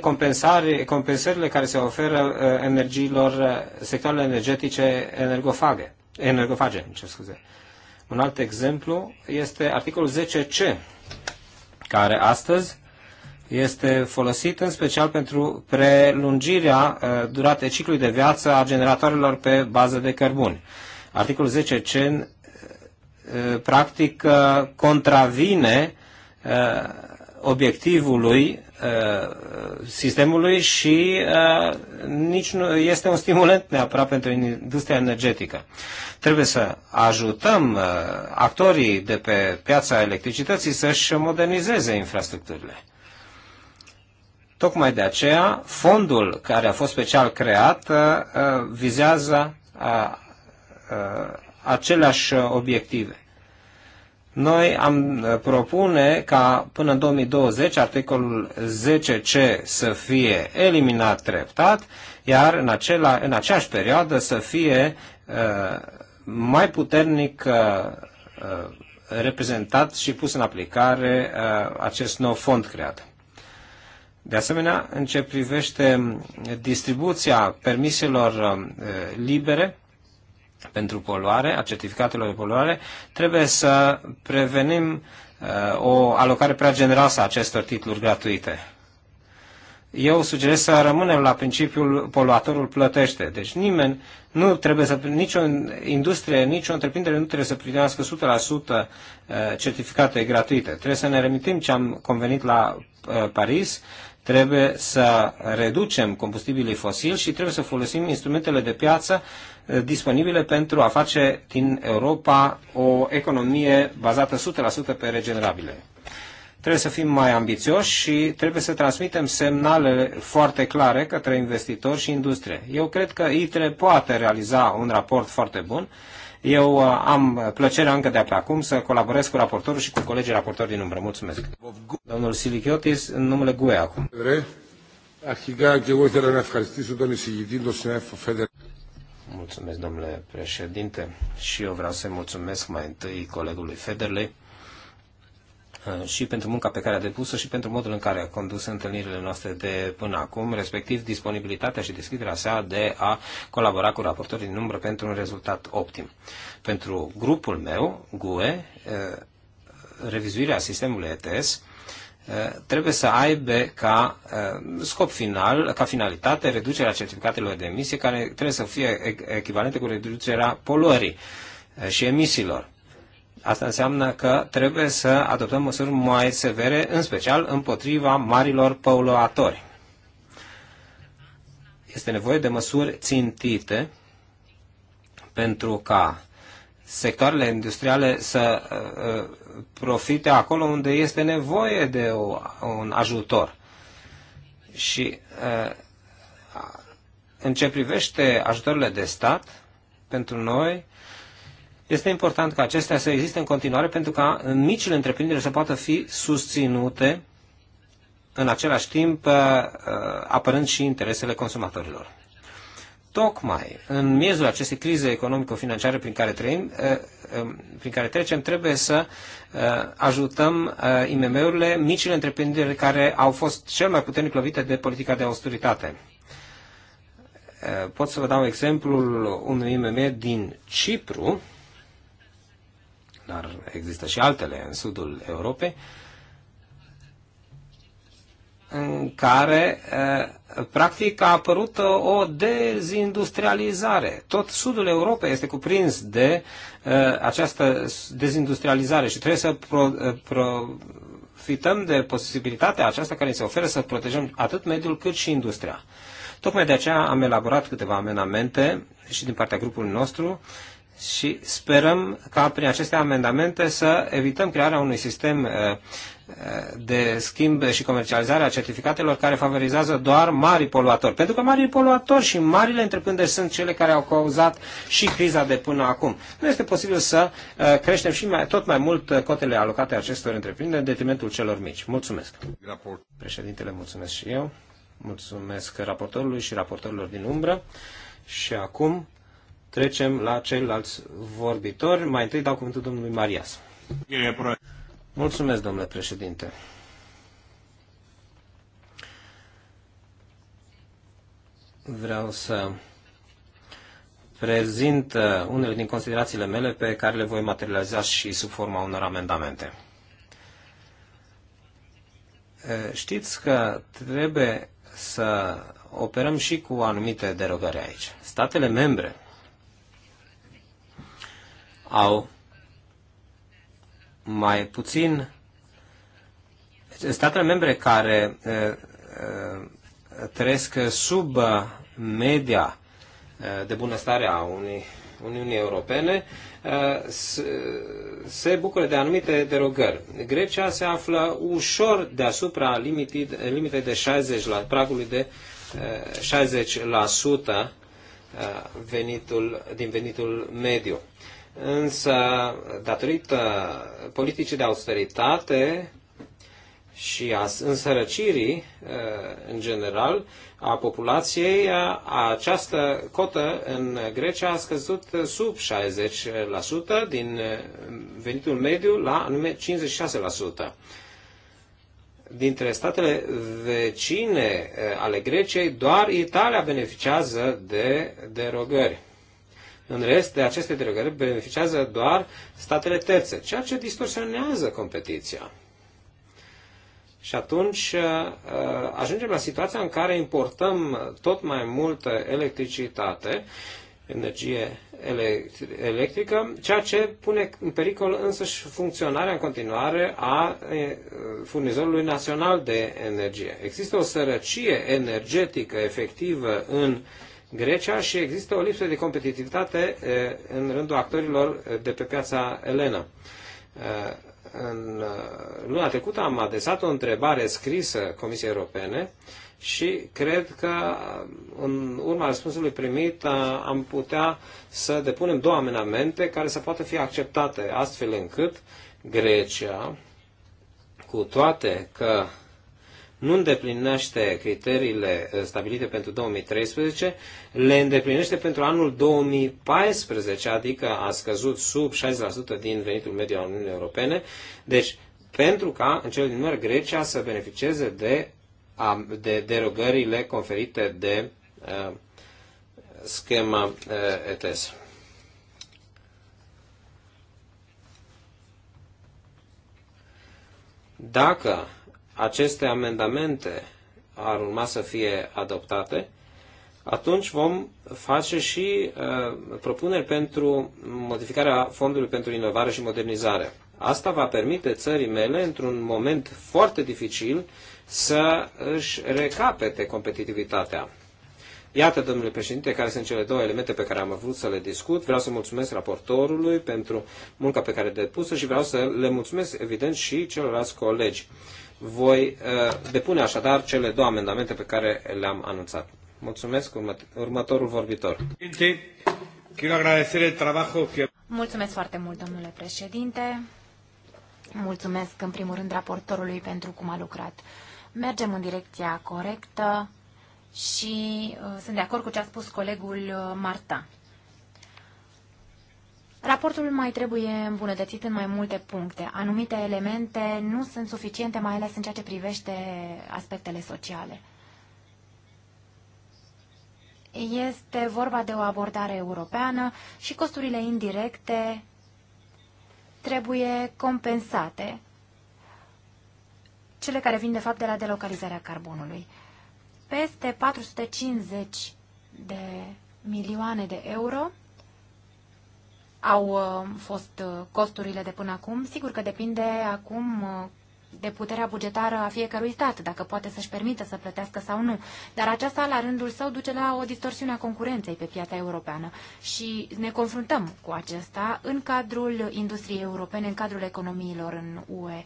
compensările care se oferă uh, energiilor, uh, sectoarele energetice energofage, energofage ce scuze. Un alt exemplu este articolul 10C, care astăzi este folosit în special pentru prelungirea uh, duratei ciclului de viață a generatoarelor pe bază de cărbuni. Articolul 10C practic contravine obiectivului Uh, sistemului și uh, nici nu este un stimulant neapărat pentru industria energetică. Trebuie să ajutăm uh, actorii de pe piața electricității să-și modernizeze infrastructurile. Tocmai de aceea, fondul care a fost special creat vizează aceleași obiective. Noi am uh, propune ca până în 2020 articolul 10C să fie eliminat treptat, iar în, acela, în aceeași perioadă să fie uh, mai puternic uh, uh, reprezentat și pus în aplicare uh, acest nou fond creat. De asemenea, în ce privește distribuția permiselor uh, libere, pentru poluare, a certificatelor de poluare, trebuie să prevenim uh, o alocare prea generoasă a acestor titluri gratuite. Eu sugerez să rămânem la principiul poluatorul plătește. Deci nimeni nu trebuie să, nicio industrie, nicio întreprindere nu trebuie să primească 100% uh, certificate gratuite. Trebuie să ne remitim ce am convenit la uh, Paris, trebuie să reducem combustibilii fosili și trebuie să folosim instrumentele de piață disponibile pentru a face din Europa o economie bazată 100% pe regenerabile. Trebuie să fim mai ambițioși și trebuie să transmitem semnale foarte clare către investitori și industrie. Eu cred că ITRE poate realiza un raport foarte bun. Eu am plăcerea încă de pe acum să colaborez cu raportorul și cu colegii raportori din umbră. Mulțumesc. Domnul Silichiotis, în numele GUE acum. Αρχικά και εγώ ήθελα να ευχαριστήσω τον εισηγητή, τον συνάδελφο Φέντερ. Mulțumesc, domnule președinte, și eu vreau să-i mulțumesc mai întâi colegului Federley uh, și pentru munca pe care a depus-o și pentru modul în care a condus întâlnirile noastre de până acum, respectiv disponibilitatea și deschiderea sa de a colabora cu raportorii din umbră pentru un rezultat optim. Pentru grupul meu, GUE, uh, revizuirea sistemului ETS Eh, trebuie să aibă ca eh, scop final, ca finalitate, reducerea certificatelor de emisie, care trebuie să fie echivalente cu reducerea poluării eh, și emisiilor. Asta înseamnă că trebuie să adoptăm măsuri mai severe, în special împotriva marilor poluatori. Este nevoie de măsuri țintite pentru ca sectoarele industriale să profite acolo unde este nevoie de o, un ajutor. Și în ce privește ajutorile de stat, pentru noi este important ca acestea să existe în continuare pentru ca în micile întreprinderi să poată fi susținute în același timp apărând și interesele consumatorilor tocmai în miezul acestei crize economico-financiare prin care trăim, eh, eh, prin care trecem, trebuie să eh, ajutăm IMM-urile, micile întreprinderi care au fost cel mai puternic lovite de politica de austeritate. Pot să vă dau exemplul unui IMM din Cipru, dar există și altele în sudul Europei, în care eh, practic a apărut eh, o dezindustrializare. Tot sudul Europei este cuprins de eh, această dezindustrializare și trebuie să pro, pro, profităm de posibilitatea aceasta care se oferă să protejăm atât mediul cât și industria. Tocmai de aceea am elaborat câteva amenamente și din partea grupului nostru și sperăm ca prin aceste amendamente să evităm crearea unui sistem uh, uh, de schimb și comercializare a certificatelor care favorizează doar mari poluatori. Pentru că marii poluatori și marile întreprinderi sunt cele care au cauzat și criza de până acum. Nu este posibil să uh, creștem și mai, tot mai mult cotele alocate acestor întreprinderi în detrimentul celor mici. Mulțumesc. Raport. Președintele, mulțumesc și eu. Mulțumesc raportorului și raportorilor din umbră. Și acum trecem la ceilalți vorbitori. Mai întâi dau cuvântul domnului Marias. Mulțumesc, domnule președinte. Vreau să prezint uh, unele din considerațiile mele pe care le voi materializa și sub forma unor amendamente. Uh, știți că trebuie să operăm și cu anumite derogări aici. Statele membre au mai puțin statele membre care trăiesc sub media de bunăstare a unei Uniunii Europene se bucură de anumite derogări. Grecia se află ușor deasupra limitei, limitei de 60 la pragului de 60% venitul, din venitul mediu. Însă, datorită politicii de austeritate și a însărăcirii, uh, în general, a populației, uh, această cotă în Grecia a scăzut sub 60% din uh, venitul mediu la anume 56%. Dintre statele vecine ale Greciei, doar Italia beneficiază de derogări. În rest, de aceste derogări beneficiază doar statele terțe, ceea ce distorsionează competiția. Și atunci uh, uh, ajungem la situația în care importăm tot mai multă electricitate, energie electrică, ceea ce pune în pericol însăși funcționarea în continuare a uh, furnizorului național de energie. Există o sărăcie energetică efectivă în Grecia și există o lipsă de competitivitate în rândul actorilor de pe piața Elena. În luna trecută am adresat o întrebare scrisă Comisiei Europene și cred că în urma răspunsului primit am putea să depunem două amenamente care să poată fi acceptate, astfel încât Grecia, cu toate că nu îndeplinește criteriile uh, stabilite pentru 2013, le îndeplinește pentru anul 2014, adică a scăzut sub 60% din venitul mediu al Uniunii Europene, deci pentru ca în cel din urmă Grecia să beneficieze de, de derogările conferite de uh, schema uh, ETS. Dacă aceste amendamente ar urma să fie adoptate, atunci vom face și uh, propuneri pentru modificarea Fondului pentru Inovare și Modernizare. Asta va permite țării mele, într-un moment foarte dificil, să își recapete competitivitatea. Iată, domnule președinte, care sunt cele două elemente pe care am vrut să le discut. Vreau să mulțumesc raportorului pentru munca pe care a depusă și vreau să le mulțumesc, evident, și celorlalți colegi. Voi uh, depune așadar cele două amendamente pe care le-am anunțat. Mulțumesc, următorul vorbitor. Mulțumesc foarte mult, domnule președinte. Mulțumesc, în primul rând, raportorului pentru cum a lucrat. Mergem în direcția corectă și uh, sunt de acord cu ce a spus colegul uh, Marta. Raportul mai trebuie îmbunătățit în mai multe puncte. Anumite elemente nu sunt suficiente, mai ales în ceea ce privește aspectele sociale. Este vorba de o abordare europeană și costurile indirecte trebuie compensate, cele care vin de fapt de la delocalizarea carbonului. Peste 450 de milioane de euro au uh, fost uh, costurile de până acum. Sigur că depinde acum uh, de puterea bugetară a fiecărui stat, dacă poate să-și permită să plătească sau nu. Dar aceasta, la rândul său, duce la o distorsiune a concurenței pe piața europeană și ne confruntăm cu acesta în cadrul industriei europene, în cadrul economiilor în UE.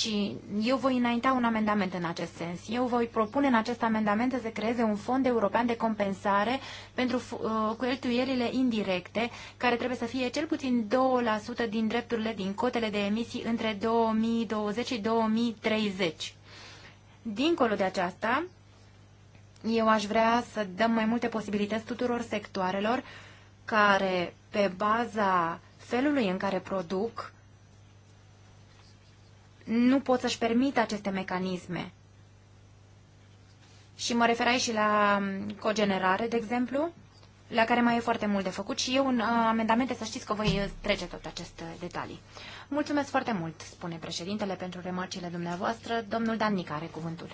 Și eu voi înainta un amendament în acest sens. Eu voi propune în acest amendament să se creeze un fond european de compensare pentru uh, cheltuielile indirecte, care trebuie să fie cel puțin 2% din drepturile din cotele de emisii între 2020 și 2030. Dincolo de aceasta, eu aș vrea să dăm mai multe posibilități tuturor sectoarelor care, pe baza felului în care produc, nu pot să-și permită aceste mecanisme. Și mă referai și la um, cogenerare, de exemplu, la care mai e foarte mult de făcut și eu în uh, amendamente să știți că voi uh, trece tot aceste uh, detalii. Mulțumesc foarte mult, spune președintele, pentru remarcile dumneavoastră. Domnul Nica are cuvântul.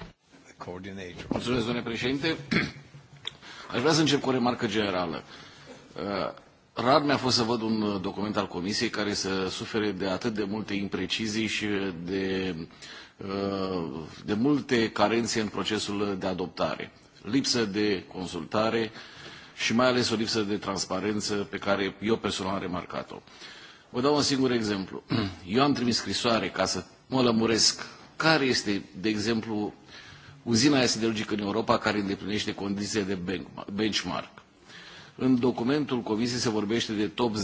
Mulțumesc, domnule președinte. Aș vrea să încep cu o remarcă generală. Rar mi-a fost să văd un uh, document al Comisiei care să sufere de atât de multe imprecizii și de, uh, de multe carențe în procesul de adoptare. Lipsă de consultare și mai ales o lipsă de transparență pe care eu personal am remarcat-o. Vă dau un singur exemplu. Eu am trimis scrisoare ca să mă lămuresc care este, de exemplu, uzina siderurgică în Europa care îndeplinește condițiile de benchmark. În documentul Comisiei se vorbește de top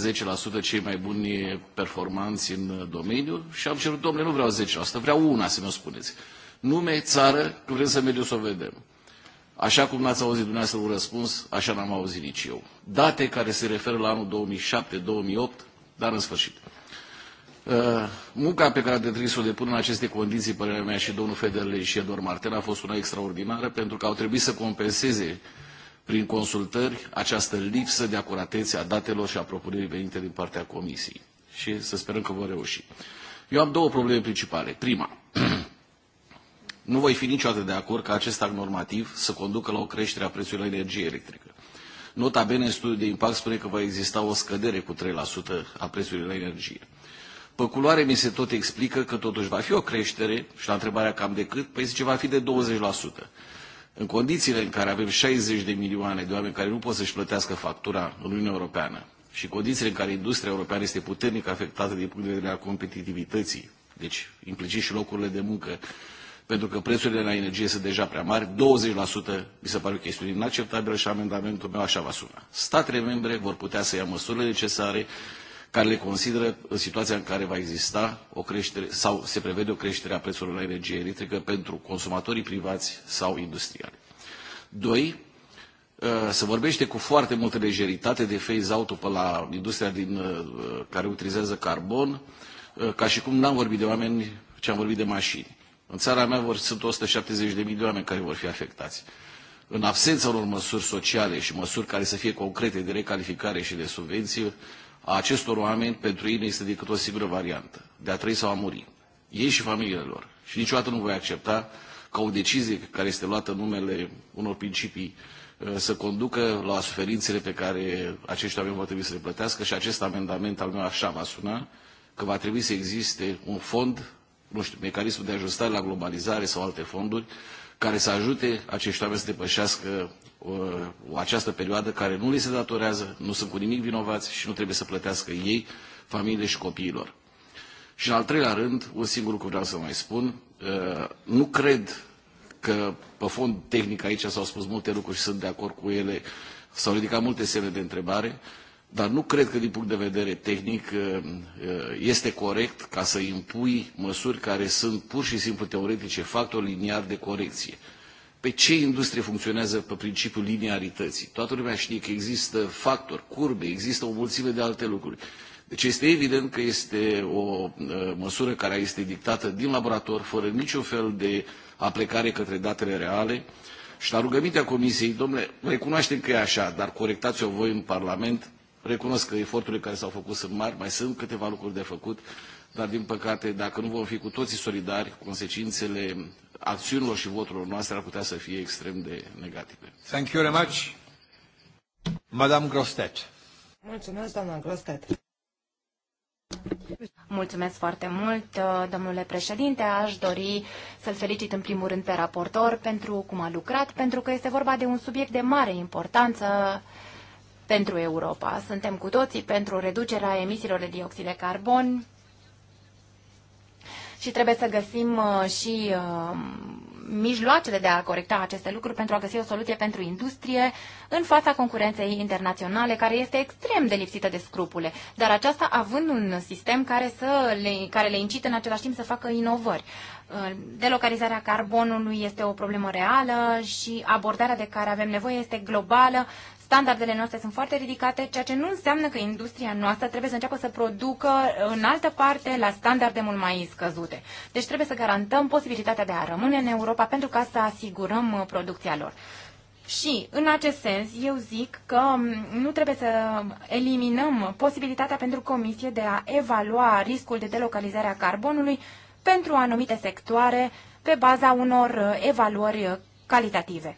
10% cei mai buni performanți în domeniu și am cerut, domnule, nu vreau 10%, vreau una să mi-o spuneți. Nume, țară, că vrem să mergem să o vedem. Așa cum n-ați auzit dumneavoastră un răspuns, așa n-am auzit nici eu. Date care se referă la anul 2007-2008, dar în sfârșit. Uh, munca pe care a trebuit să o depun în aceste condiții, părerea mea și domnul Federle și Edor Martel, a fost una extraordinară pentru că au trebuit să compenseze uh, prin consultări această lipsă de acuratețe a datelor și a propunerii venite din partea Comisiei. Și să sperăm că vom reuși. Eu am două probleme principale. Prima, nu voi fi niciodată de acord ca acest act normativ să conducă la o creștere a prețului la energie electrică. Nota bene în studiul de impact spune că va exista o scădere cu 3% a prețului la energie. Pe culoare mi se tot explică că totuși va fi o creștere și la întrebarea cam de cât, păi zice va fi de 20% în condițiile în care avem 60 de milioane de oameni care nu pot să-și plătească factura în Uniunea Europeană și condițiile în care industria europeană este puternic afectată din punct de vedere al competitivității, deci implicit și locurile de muncă, pentru că prețurile la energie sunt deja prea mari, 20% mi se pare o chestiune inacceptabilă și amendamentul meu așa va suna. Statele membre vor putea să ia măsurile necesare care le consideră în situația în care va exista o creștere sau se prevede o creștere a prețurilor la energie electrică pentru consumatorii privați sau industriali. Doi, uh, se vorbește cu foarte multă lejeritate de phase-out-ul pe la industria din, uh, care utilizează carbon, uh, ca și cum n-am vorbit de oameni, ci am vorbit de mașini. În țara mea vor, sunt 170.000 de oameni care vor fi afectați. În absența unor măsuri sociale și măsuri care să fie concrete de recalificare și de subvenții, a acestor oameni pentru ei nu este decât o singură variantă, de a trăi sau a muri. Ei și familiile lor. Și niciodată nu voi accepta ca o decizie care este luată în numele unor principii uh, să conducă la suferințele pe care acești oameni vor trebui să le plătească și acest amendament al meu așa va suna, că va trebui să existe un fond, nu știu, mecanismul de ajustare la globalizare sau alte fonduri, care să ajute acești oameni să depășească Uh, această perioadă care nu li se datorează, nu sunt cu nimic vinovați și nu trebuie să plătească ei, familiile și copiilor. Și în al treilea rând, un singur lucru vreau să mai spun, uh, nu cred că pe fond tehnic aici s-au spus multe lucruri și sunt de acord cu ele, s-au ridicat multe semne de întrebare, dar nu cred că din punct de vedere tehnic uh, este corect ca să impui măsuri care sunt pur și simplu teoretice, factor liniar de corecție pe ce industrie funcționează pe principiul linearității. Toată lumea știe că există factori, curbe, există o mulțime de alte lucruri. Deci este evident că este o ă, măsură care este dictată din laborator, fără niciun fel de aplecare către datele reale. Și la rugămintea Comisiei, domnule, recunoaștem că e așa, dar corectați-o voi în Parlament. Recunosc că eforturile care s-au făcut sunt mari, mai sunt câteva lucruri de făcut, dar din păcate, dacă nu vom fi cu toții solidari, consecințele acțiunilor și voturilor noastre ar putea să fie extrem de negative. Thank you very much. Madame Grostet. Mulțumesc, doamna Grostet. Mulțumesc foarte mult, uh, domnule președinte. Aș dori să-l felicit în primul rând pe raportor pentru cum a lucrat, pentru că este vorba de un subiect de mare importanță pentru Europa. Suntem cu toții pentru reducerea emisiilor de dioxid de carbon și trebuie să găsim uh, și uh, mijloacele de a corecta aceste lucruri pentru a găsi o soluție pentru industrie în fața concurenței internaționale, care este extrem de lipsită de scrupule, dar aceasta având un sistem care, să le, care le incite în același timp să facă inovări. Uh, delocalizarea carbonului este o problemă reală și abordarea de care avem nevoie este globală Standardele noastre sunt foarte ridicate, ceea ce nu înseamnă că industria noastră trebuie să înceapă să producă în altă parte la standarde mult mai scăzute. Deci trebuie să garantăm posibilitatea de a rămâne în Europa pentru ca să asigurăm uh, producția lor. Și, în acest sens, eu zic că um, nu trebuie să eliminăm posibilitatea pentru Comisie de a evalua riscul de delocalizare a carbonului pentru anumite sectoare pe baza unor uh, evaluări uh, calitative.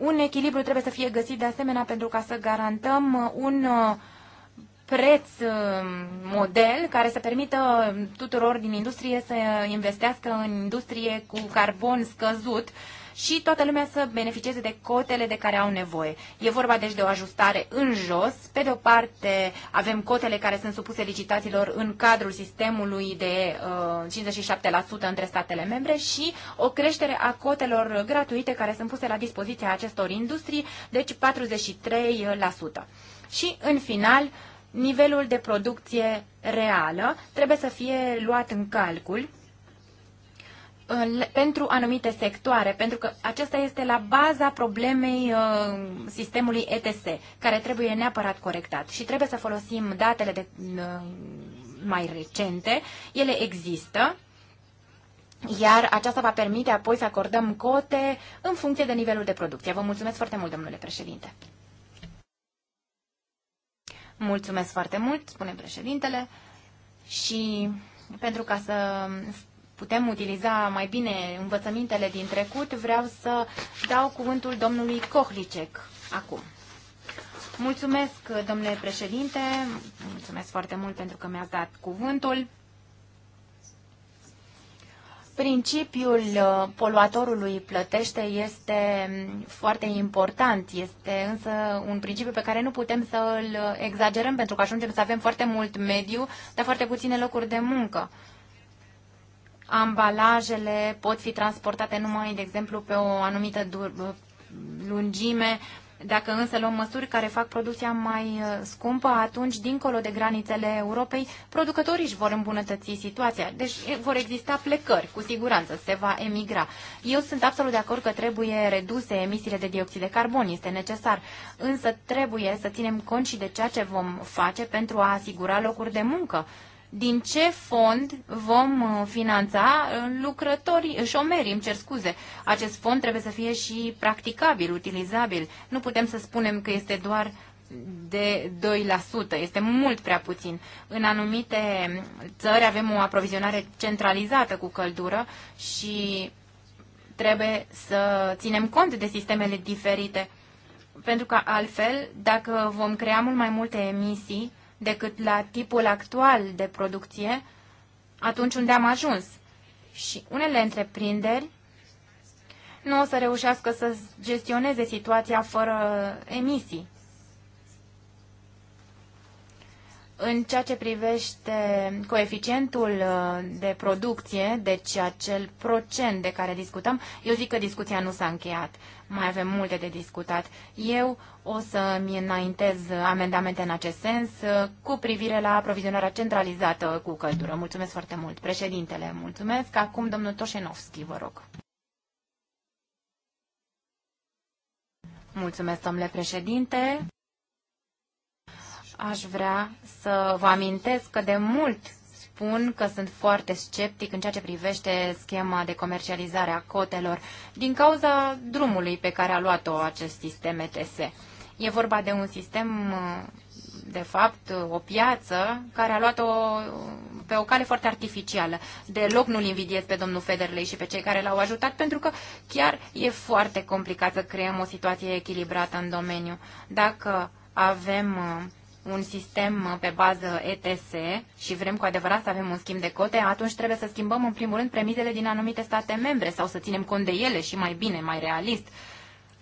Un echilibru trebuie să fie găsit de asemenea pentru ca să garantăm un uh, preț uh, model care să permită tuturor din industrie să investească în industrie cu carbon scăzut și toată lumea să beneficieze de cotele de care au nevoie. E vorba deci de o ajustare în jos. Pe de o parte avem cotele care sunt supuse licitațiilor în cadrul sistemului de uh, 57% între statele membre și o creștere a cotelor gratuite care sunt puse la dispoziția acestor industrii, deci 43%. Și în final, nivelul de producție reală trebuie să fie luat în calcul pentru anumite sectoare, pentru că acesta este la baza problemei uh, sistemului ETS, care trebuie neapărat corectat și trebuie să folosim datele de, uh, mai recente. Ele există, iar aceasta va permite apoi să acordăm cote în funcție de nivelul de producție. Vă mulțumesc foarte mult, domnule președinte. Mulțumesc foarte mult, spune președintele, și pentru ca să putem utiliza mai bine învățămintele din trecut, vreau să dau cuvântul domnului Kohlicek acum. Mulțumesc, domnule președinte, mulțumesc foarte mult pentru că mi-ați dat cuvântul. Principiul uh, poluatorului plătește este foarte important, este însă un principiu pe care nu putem să îl exagerăm pentru că ajungem să avem foarte mult mediu, dar foarte puține locuri de muncă ambalajele pot fi transportate numai, de exemplu, pe o anumită lungime. Dacă însă luăm măsuri care fac producția mai uh, scumpă, atunci, dincolo de granițele Europei, producătorii își vor îmbunătăți situația. Deci vor exista plecări, cu siguranță, se va emigra. Eu sunt absolut de acord că trebuie reduse emisiile de dioxid de carbon, este necesar. Însă trebuie să ținem cont și de ceea ce vom face pentru a asigura locuri de muncă din ce fond vom uh, finanța uh, lucrătorii, uh, șomerii, îmi cer scuze. Acest fond trebuie să fie și practicabil, utilizabil. Nu putem să spunem că este doar de 2%. Este mult prea puțin. În anumite țări avem o aprovizionare centralizată cu căldură și trebuie să ținem cont de sistemele diferite. Pentru că altfel, dacă vom crea mult mai multe emisii, decât la tipul actual de producție, atunci unde am ajuns. Și unele întreprinderi nu o să reușească să gestioneze situația fără emisii. În ceea ce privește coeficientul uh, de producție, deci acel procent de care discutăm, eu zic că discuția nu s-a încheiat. Mai avem multe de discutat. Eu o să-mi înaintez amendamente în acest sens uh, cu privire la aprovizionarea centralizată cu căldură. Mulțumesc foarte mult. Președintele, mulțumesc. Acum domnul Toșenovski, vă rog. Mulțumesc, domnule președinte aș vrea să vă amintesc că de mult spun că sunt foarte sceptic în ceea ce privește schema de comercializare a cotelor din cauza drumului pe care a luat-o acest sistem ETS. E vorba de un sistem, de fapt, o piață care a luat-o pe o cale foarte artificială. Deloc nu-l invidiez pe domnul Federley și pe cei care l-au ajutat, pentru că chiar e foarte complicat să creăm o situație echilibrată în domeniu. Dacă avem uh, un sistem uh, pe bază ETS și vrem cu adevărat să avem un schimb de cote, atunci trebuie să schimbăm în primul rând premizele din anumite state membre sau să ținem cont de ele și mai bine, mai realist.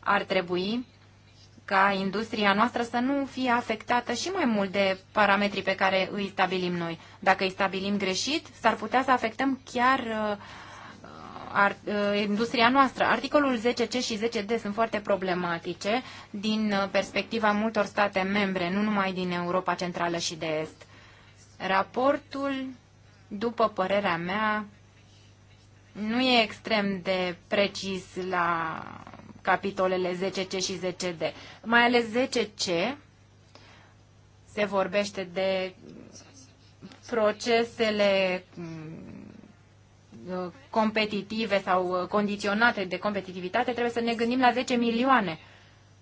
Ar trebui ca industria noastră să nu fie afectată și mai mult de parametrii pe care îi stabilim noi. Dacă îi stabilim greșit, s-ar putea să afectăm chiar uh, ar, uh, industria noastră. Articolul 10C și 10D sunt foarte problematice din uh, perspectiva multor state membre, nu numai din Europa Centrală și de Est. Raportul, după părerea mea, nu e extrem de precis la capitolele 10C și 10D. Mai ales 10C se vorbește de procesele Uh, competitive sau uh, condiționate de competitivitate, trebuie să ne gândim la 10 milioane.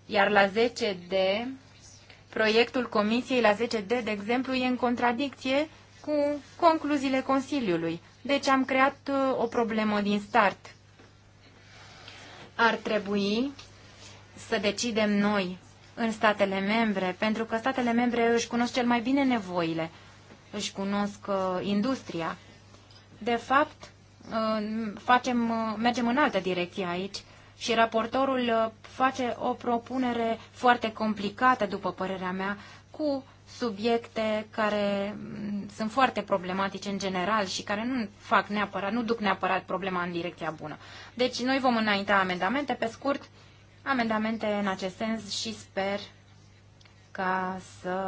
Iar la 10D, proiectul Comisiei la 10D, de exemplu, e în contradicție cu concluziile Consiliului. Deci am creat uh, o problemă din start. Ar trebui să decidem noi în statele membre, pentru că statele membre își cunosc cel mai bine nevoile, își cunosc industria. De fapt, facem, uh, mergem în altă direcție aici și raportorul uh, face o propunere foarte complicată, după părerea mea, cu subiecte care mm, sunt foarte problematice în general și care nu fac neapărat, nu duc neapărat problema în direcția bună. Deci noi vom înainta amendamente, pe scurt, amendamente în acest sens și sper ca să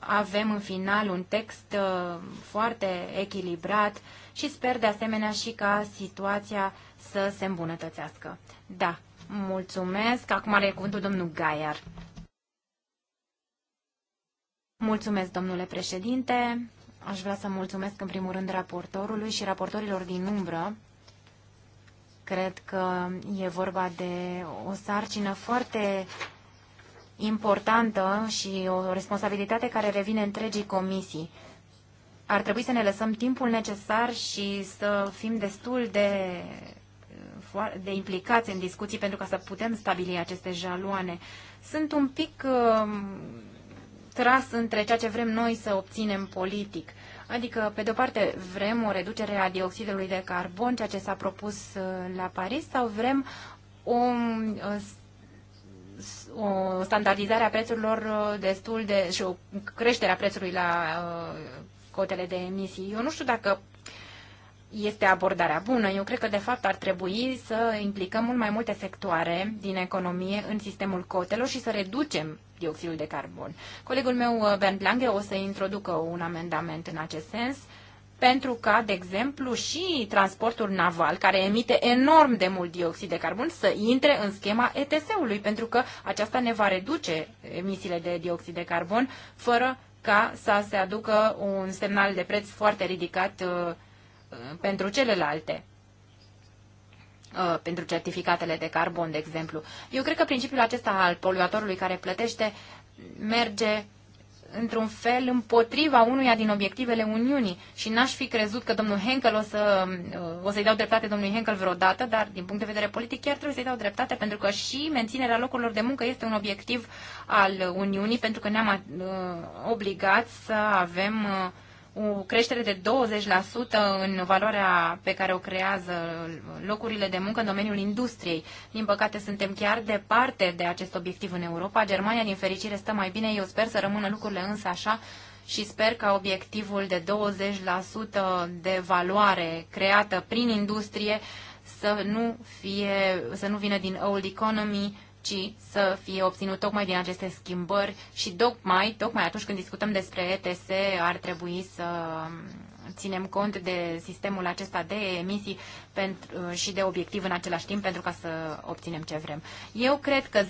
avem în final un text uh, foarte echilibrat și sper de asemenea și ca situația să se îmbunătățească. Da, mulțumesc. Acum are cuvântul domnul Gaiar. Mulțumesc, domnule președinte. Aș vrea să mulțumesc în primul rând raportorului și raportorilor din umbră. Cred că e vorba de o sarcină foarte importantă și o responsabilitate care revine întregii comisii ar trebui să ne lăsăm timpul necesar și să fim destul de, de implicați în discuții pentru ca să putem stabili aceste jaloane. Sunt un pic uh, tras între ceea ce vrem noi să obținem politic. Adică, pe de-o parte, vrem o reducere a dioxidului de carbon, ceea ce s-a propus uh, la Paris, sau vrem o, uh, o standardizare a prețurilor uh, destul de și o creștere a prețului la cotele de emisii. Eu nu știu dacă este abordarea bună. Eu cred că, de fapt, ar trebui să implicăm mult mai multe sectoare din economie în sistemul cotelor și să reducem dioxidul de carbon. Colegul meu, uh, Bernd Lange, o să introducă un amendament în acest sens pentru ca, de exemplu, și transportul naval, care emite enorm de mult dioxid de carbon, să intre în schema ETS-ului, pentru că aceasta ne va reduce emisiile de dioxid de carbon fără ca să se aducă un semnal de preț foarte ridicat uh, uh, pentru celelalte uh, pentru certificatele de carbon, de exemplu. Eu cred că principiul acesta al poluatorului care plătește merge într-un fel împotriva unuia din obiectivele Uniunii și n-aș fi crezut că domnul Henkel o, să, uh, o să-i dau dreptate domnului Henkel vreodată, dar din punct de vedere politic chiar trebuie să-i dau dreptate pentru că și menținerea locurilor de muncă este un obiectiv al Uniunii pentru că ne-am uh, obligat să avem uh, o creștere de 20% în valoarea pe care o creează locurile de muncă în domeniul industriei. Din păcate, suntem chiar departe de acest obiectiv în Europa. Germania, din fericire, stă mai bine. Eu sper să rămână lucrurile însă așa și sper ca obiectivul de 20% de valoare creată prin industrie să nu, fie, să nu vină din old economy, ci să fie obținut tocmai din aceste schimbări și tocmai, tocmai atunci când discutăm despre ETS ar trebui să um, ținem cont de sistemul acesta de emisii pentru, uh, și de obiectiv în același timp pentru ca să obținem ce vrem. Eu cred că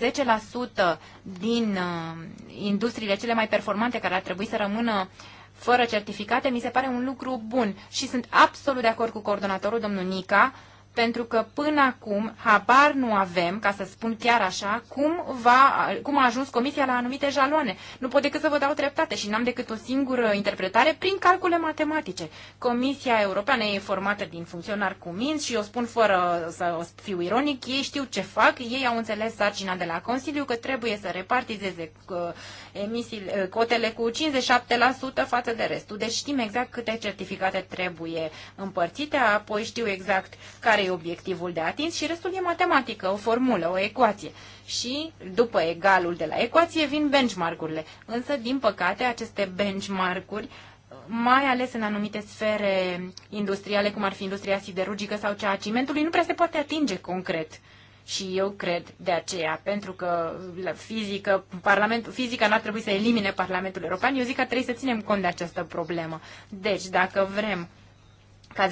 10% din uh, industriile cele mai performante care ar trebui să rămână fără certificate mi se pare un lucru bun și sunt absolut de acord cu coordonatorul domnul Nica pentru că până acum habar nu avem, ca să spun chiar așa, cum, va, cum a ajuns comisia la anumite jaloane. Nu pot decât să vă dau dreptate și n-am decât o singură interpretare prin calcule matematice. Comisia Europeană e formată din funcționari cu minți și o spun fără să fiu ironic, ei știu ce fac, ei au înțeles sarcina de la Consiliu că trebuie să repartizeze uh, emisiile, uh, cotele cu 57% față de restul. Deci știm exact câte certificate trebuie împărțite, apoi știu exact care care e obiectivul de atins și restul e matematică, o formulă, o ecuație. Și după egalul de la ecuație vin benchmark-urile. Însă, din păcate, aceste benchmark-uri mai ales în anumite sfere industriale, cum ar fi industria siderurgică sau cea a cimentului, nu prea se poate atinge concret. Și eu cred de aceea, pentru că fizică, parlamentul, fizica n-ar trebui să elimine Parlamentul European, eu zic că trebuie să ținem cont de această problemă. Deci, dacă vrem ca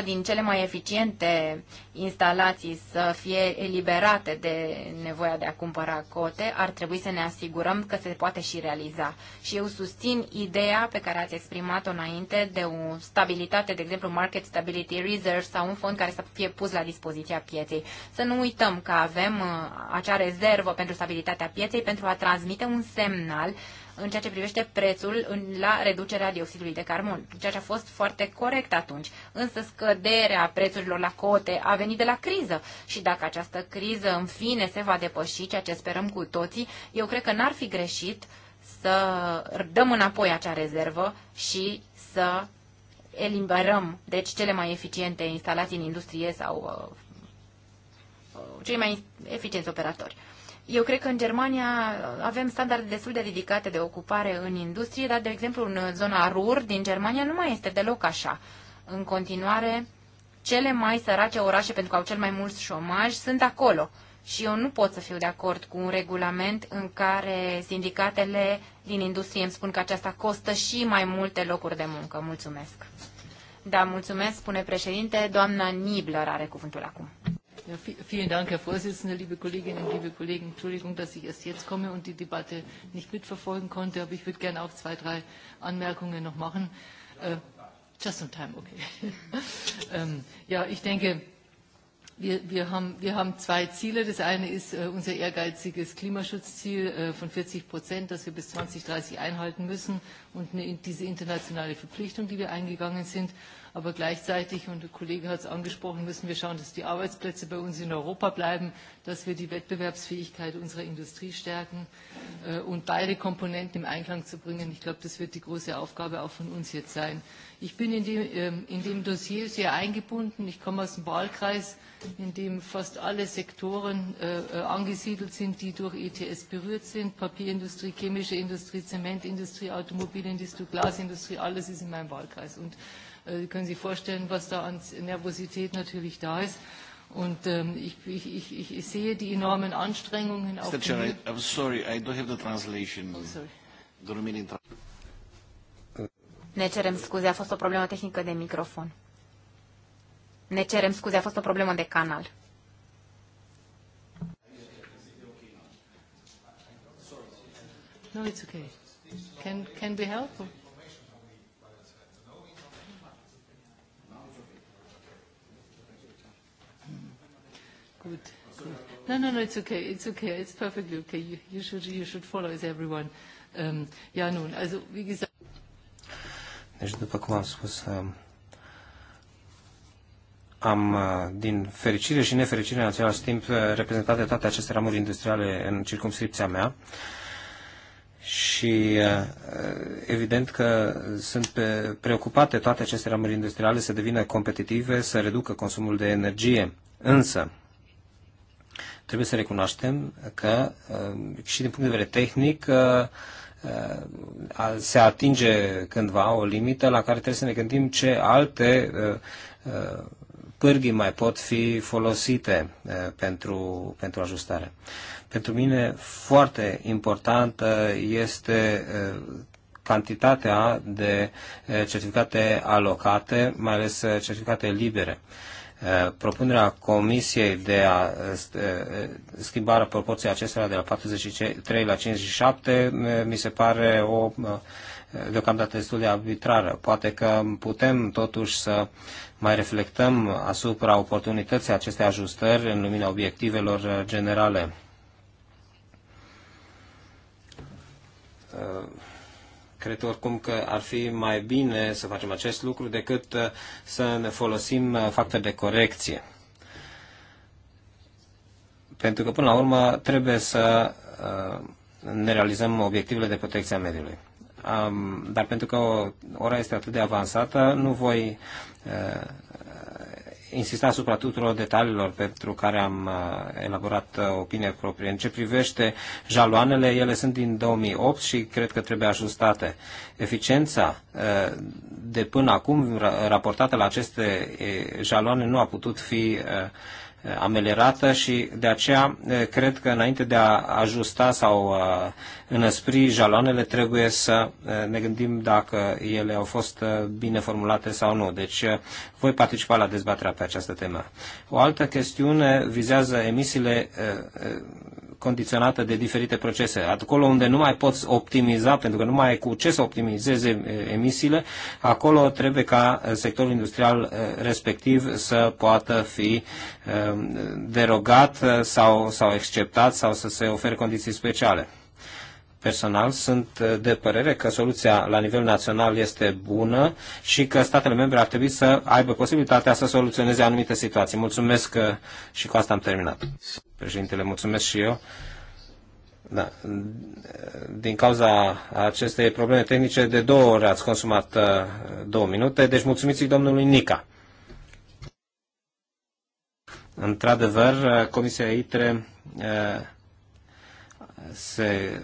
10% din cele mai eficiente instalații să fie eliberate de nevoia de a cumpăra cote, ar trebui să ne asigurăm că se poate și realiza. Și eu susțin ideea pe care ați exprimat-o înainte de o stabilitate, de exemplu Market Stability Reserve sau un fond care să fie pus la dispoziția pieței. Să nu uităm că avem uh, acea rezervă pentru stabilitatea pieței pentru a transmite un semnal uh, în ceea ce privește prețul în, la reducerea dioxidului de carbon, ceea ce a fost foarte corect atunci. Însă scăderea prețurilor la cote a venit de la criză și dacă această criză în fine se va depăși, ceea ce sperăm cu toții, eu cred că n-ar fi greșit să dăm înapoi acea rezervă și să eliberăm, deci, cele mai eficiente instalații în industrie sau uh, uh cei mai eficienți operatori. Eu cred că în Germania uh, avem standarde destul de ridicate de ocupare în industrie, dar, de exemplu, în uh, zona Rur din Germania nu mai este deloc așa. În continuare, cele mai sărace orașe, pentru că au cel mai mult șomaj, sunt acolo. Și eu nu pot să fiu de acord cu un regulament în care sindicatele din industrie îmi spun că aceasta costă și mai multe locuri de muncă. Mulțumesc. Da, mulțumesc, spune președinte. Doamna Nibler are cuvântul acum. Ja, vielen Dank, Herr Vorsitzender, liebe Kolleginnen, liebe Kollegen. Entschuldigung, dass ich erst jetzt komme und die Debatte nicht mitverfolgen konnte, aber ich würde gerne auch zwei, drei Anmerkungen noch machen. Äh, just in time, okay. ähm, ja, ich denke, Wir, wir, haben, wir haben zwei Ziele. Das eine ist äh, unser ehrgeiziges Klimaschutzziel äh, von 40 Prozent, das wir bis 2030 einhalten müssen und eine, diese internationale Verpflichtung, die wir eingegangen sind. Aber gleichzeitig, und der Kollege hat es angesprochen, müssen wir schauen, dass die Arbeitsplätze bei uns in Europa bleiben, dass wir die Wettbewerbsfähigkeit unserer Industrie stärken äh, und beide Komponenten im Einklang zu bringen. Ich glaube, das wird die große Aufgabe auch von uns jetzt sein. Ich bin in dem, ähm, in dem Dossier sehr eingebunden. Ich komme aus dem Wahlkreis, in dem fast alle Sektoren äh, äh angesiedelt sind, die durch ETS berührt sind. Papierindustrie, chemische Industrie, Zementindustrie, Automobilindustrie, Glasindustrie, alles ist in meinem Wahlkreis. Und äh, können Sie vorstellen, was da an Nervosität natürlich da ist. Und ähm, ich, ich, ich, ich sehe die enormen Anstrengungen auf Chair, I, I'm sorry, I don't have the translation. Oh, sorry. The Romanian tra ne cerem scuze, a fost o problemă tehnică de microfon. Ne cerem scuze, a fost o problemă de canal. No, it's okay. Can, can we help? Or? good. No, no, no, it's okay, it's okay, it's perfectly okay. You, you, should, you should follow as everyone. Um, ja, nun, also, wie gesagt... Deci, după cum am spus, um, am, uh, din fericire și nefericire în același timp, uh, reprezentate toate aceste ramuri industriale în circumscripția mea. Și uh, evident că sunt preocupate toate aceste ramuri industriale să devină competitive, să reducă consumul de energie. Însă, Trebuie să recunoaștem că uh, și din punct de vedere tehnic uh, uh, se atinge cândva o limită la care trebuie să ne gândim ce alte pârghii mai pot fi folosite pentru, pentru ajustare. Pentru mine foarte importantă este cantitatea de certificate alocate, mai ales certificate libere. Eh, propunerea Comisiei de a eh, eh, schimba proporției acestora de la 43 la 57 mi se pare o deocamdată destul de arbitrară. Poate că putem totuși să mai reflectăm asupra oportunității acestei ajustări în lumina obiectivelor generale. Cred oricum că ar fi mai bine să facem acest lucru decât uh, să ne folosim uh, factori de corecție. Pentru că, până la urmă, trebuie să uh, ne realizăm obiectivele de protecție a mediului. Um, dar pentru că ora este atât de avansată, nu voi insista asupra tuturor detaliilor pentru care am uh, elaborat uh, opinie proprie. În ce privește jaloanele, ele sunt din 2008 și cred că trebuie ajustate. Eficiența uh, de până acum raportată la aceste jaloane nu a putut fi uh, ameliorată și de aceea cred că înainte de a ajusta sau înăspri jaloanele trebuie să ne gândim dacă ele au fost bine formulate sau nu. Deci voi participa la dezbaterea pe această temă. O altă chestiune vizează emisiile condiționată de diferite procese. Acolo unde nu mai poți optimiza, pentru că nu mai ai cu ce să optimizeze emisiile, acolo trebuie ca sectorul industrial respectiv să poată fi derogat sau, sau exceptat sau să se ofere condiții speciale personal sunt uh, de părere că soluția la nivel național este bună și că statele membre ar trebui să aibă posibilitatea să soluționeze anumite situații. Mulțumesc uh, și cu asta am terminat. Președintele, mulțumesc și eu. Da. Din cauza acestei probleme tehnice, de două ori ați consumat uh, două minute, deci mulțumiți domnului Nica. Într-adevăr, Comisia ITRE se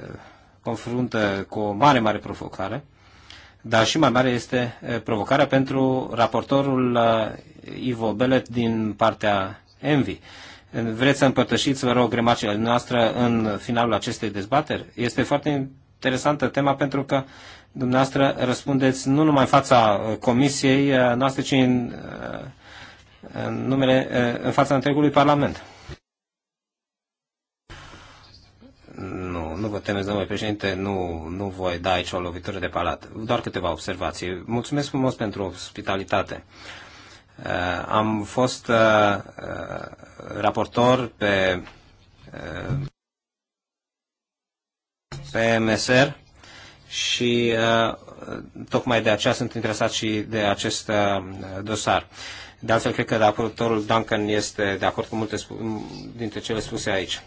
confruntă cu o mare, mare provocare, dar și mai mare este eh, provocarea pentru raportorul eh, Ivo Belet din partea Envi. Eh, vreți să împărtășiți, vă rog, remarcile noastre în finalul acestei dezbateri? Este foarte interesantă tema pentru că dumneavoastră răspundeți nu numai în fața comisiei noastre, ci în, în, numele, în fața întregului Parlament. Nu, nu vă temeți, domnule președinte, nu, nu voi da aici o lovitură de palat. Doar câteva observații. Mulțumesc frumos pentru ospitalitate. Uh, am fost uh, uh, raportor pe, pe MSR și tocmai de aceea sunt interesat și de acest dosar. De altfel, cred că raportorul Duncan este de acord cu multe dintre cele spuse aici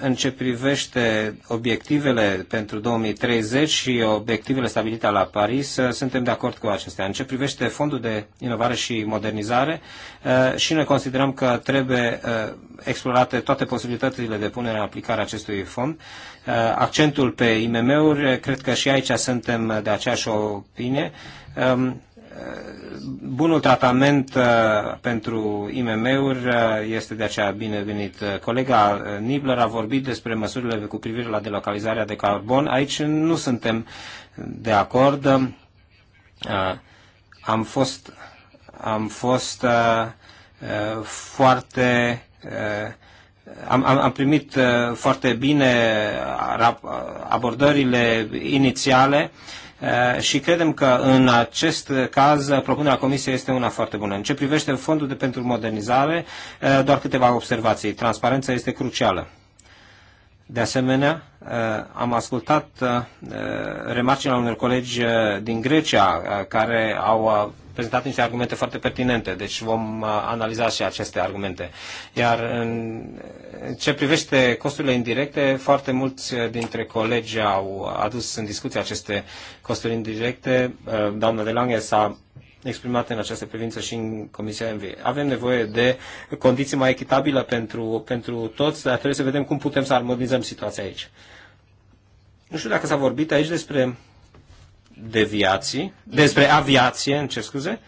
în ce privește obiectivele pentru 2030 și obiectivele stabilite la Paris, uh, suntem de acord cu acestea. În ce privește fondul de inovare și modernizare, uh, și noi considerăm că trebuie uh, explorate toate posibilitățile de punere în aplicare acestui fond. Accentul pe IMM-uri, cred că și aici suntem de aceeași opinie um, bunul tratament uh, pentru IMM-uri uh, este de aceea binevenit. Uh, colega Nibler a vorbit despre măsurile cu privire la delocalizarea de carbon. Aici nu suntem de acord. Am fost, am fost foarte am, am, am primit foarte bine abordările inițiale și credem că în acest caz propunerea Comisiei este una foarte bună. În ce privește fondul de pentru modernizare, doar câteva observații. Transparența este crucială. De asemenea, eh, am ascultat eh, remarcile unor colegi eh, din Grecia care au prezentat niște argumente foarte pertinente, deci vom analiza și aceste argumente. Iar în ce privește costurile indirecte, foarte mulți dintre colegi au adus în discuție aceste costuri indirecte. Doamna de Lange s-a exprimate în această privință și în Comisia MV. Avem nevoie de condiții mai echitabile pentru, pentru toți, dar trebuie să vedem cum putem să armonizăm situația aici. Nu știu dacă s-a vorbit aici despre deviații, despre aviație, în ce scuze,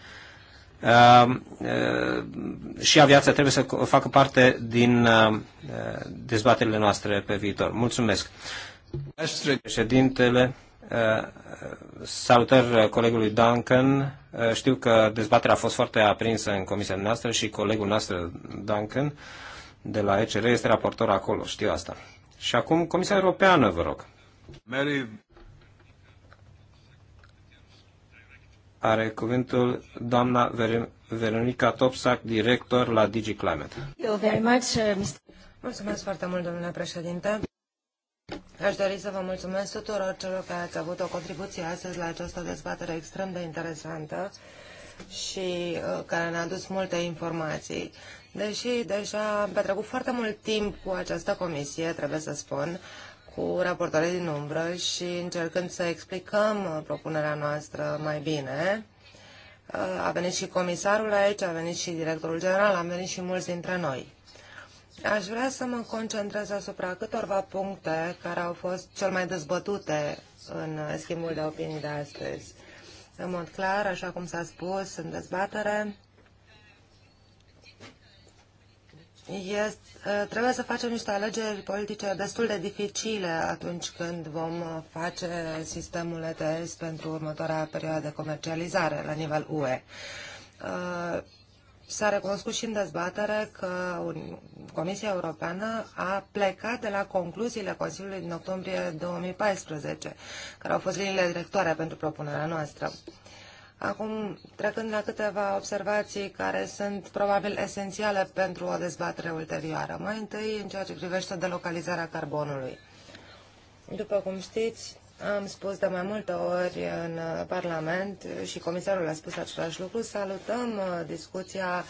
Uh, uh, și aviația trebuie să facă parte din uh, dezbaterile noastre pe viitor. Mulțumesc. Președintele. Salutări colegului Duncan. Știu că dezbaterea a fost foarte aprinsă în comisia noastră și colegul nostru Duncan de la ECR este raportor acolo, știu asta. Și acum Comisia Europeană, vă rog. Mary. Are cuvântul doamna Veronica Topsac, director la DigiClimate. Uh, Mulțumesc foarte mult, domnule președinte. Aș dori să vă mulțumesc tuturor celor care ați avut o contribuție astăzi la această dezbatere extrem de interesantă și uh, care ne-a adus multe informații. Deși deja am petrecut foarte mult timp cu această comisie, trebuie să spun, cu raportoare din umbră și încercând să explicăm uh, propunerea noastră mai bine. Uh, a venit și comisarul aici, a venit și directorul general, a venit și mulți dintre noi. Aș vrea să mă concentrez asupra câtorva puncte care au fost cel mai dezbătute în schimbul de opinii de astăzi. În mod clar, așa cum s-a spus în dezbatere, este, trebuie să facem niște alegeri politice destul de dificile atunci când vom face sistemul ETS pentru următoarea perioadă de comercializare la nivel UE. S-a recunoscut și în dezbatere că Comisia Europeană a plecat de la concluziile Consiliului din octombrie 2014, care au fost liniile directoare pentru propunerea noastră. Acum, trecând la câteva observații care sunt probabil esențiale pentru o dezbatere ulterioară. Mai întâi, în ceea ce privește delocalizarea carbonului. După cum știți, am spus de mai multe ori în uh, Parlament și comisarul a spus același lucru, salutăm uh, discuția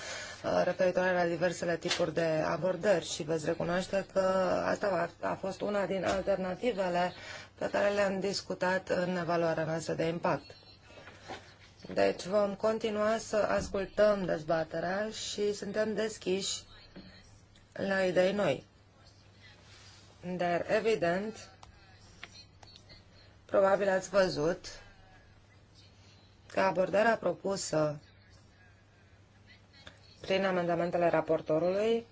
uh, referitoare la diversele tipuri de abordări și veți recunoaște că asta a fost una din alternativele pe care le-am discutat în evaluarea noastră de impact. Deci vom continua să ascultăm dezbaterea și suntem deschiși la idei noi. Dar, evident, Probabil ați văzut că abordarea propusă prin amendamentele raportorului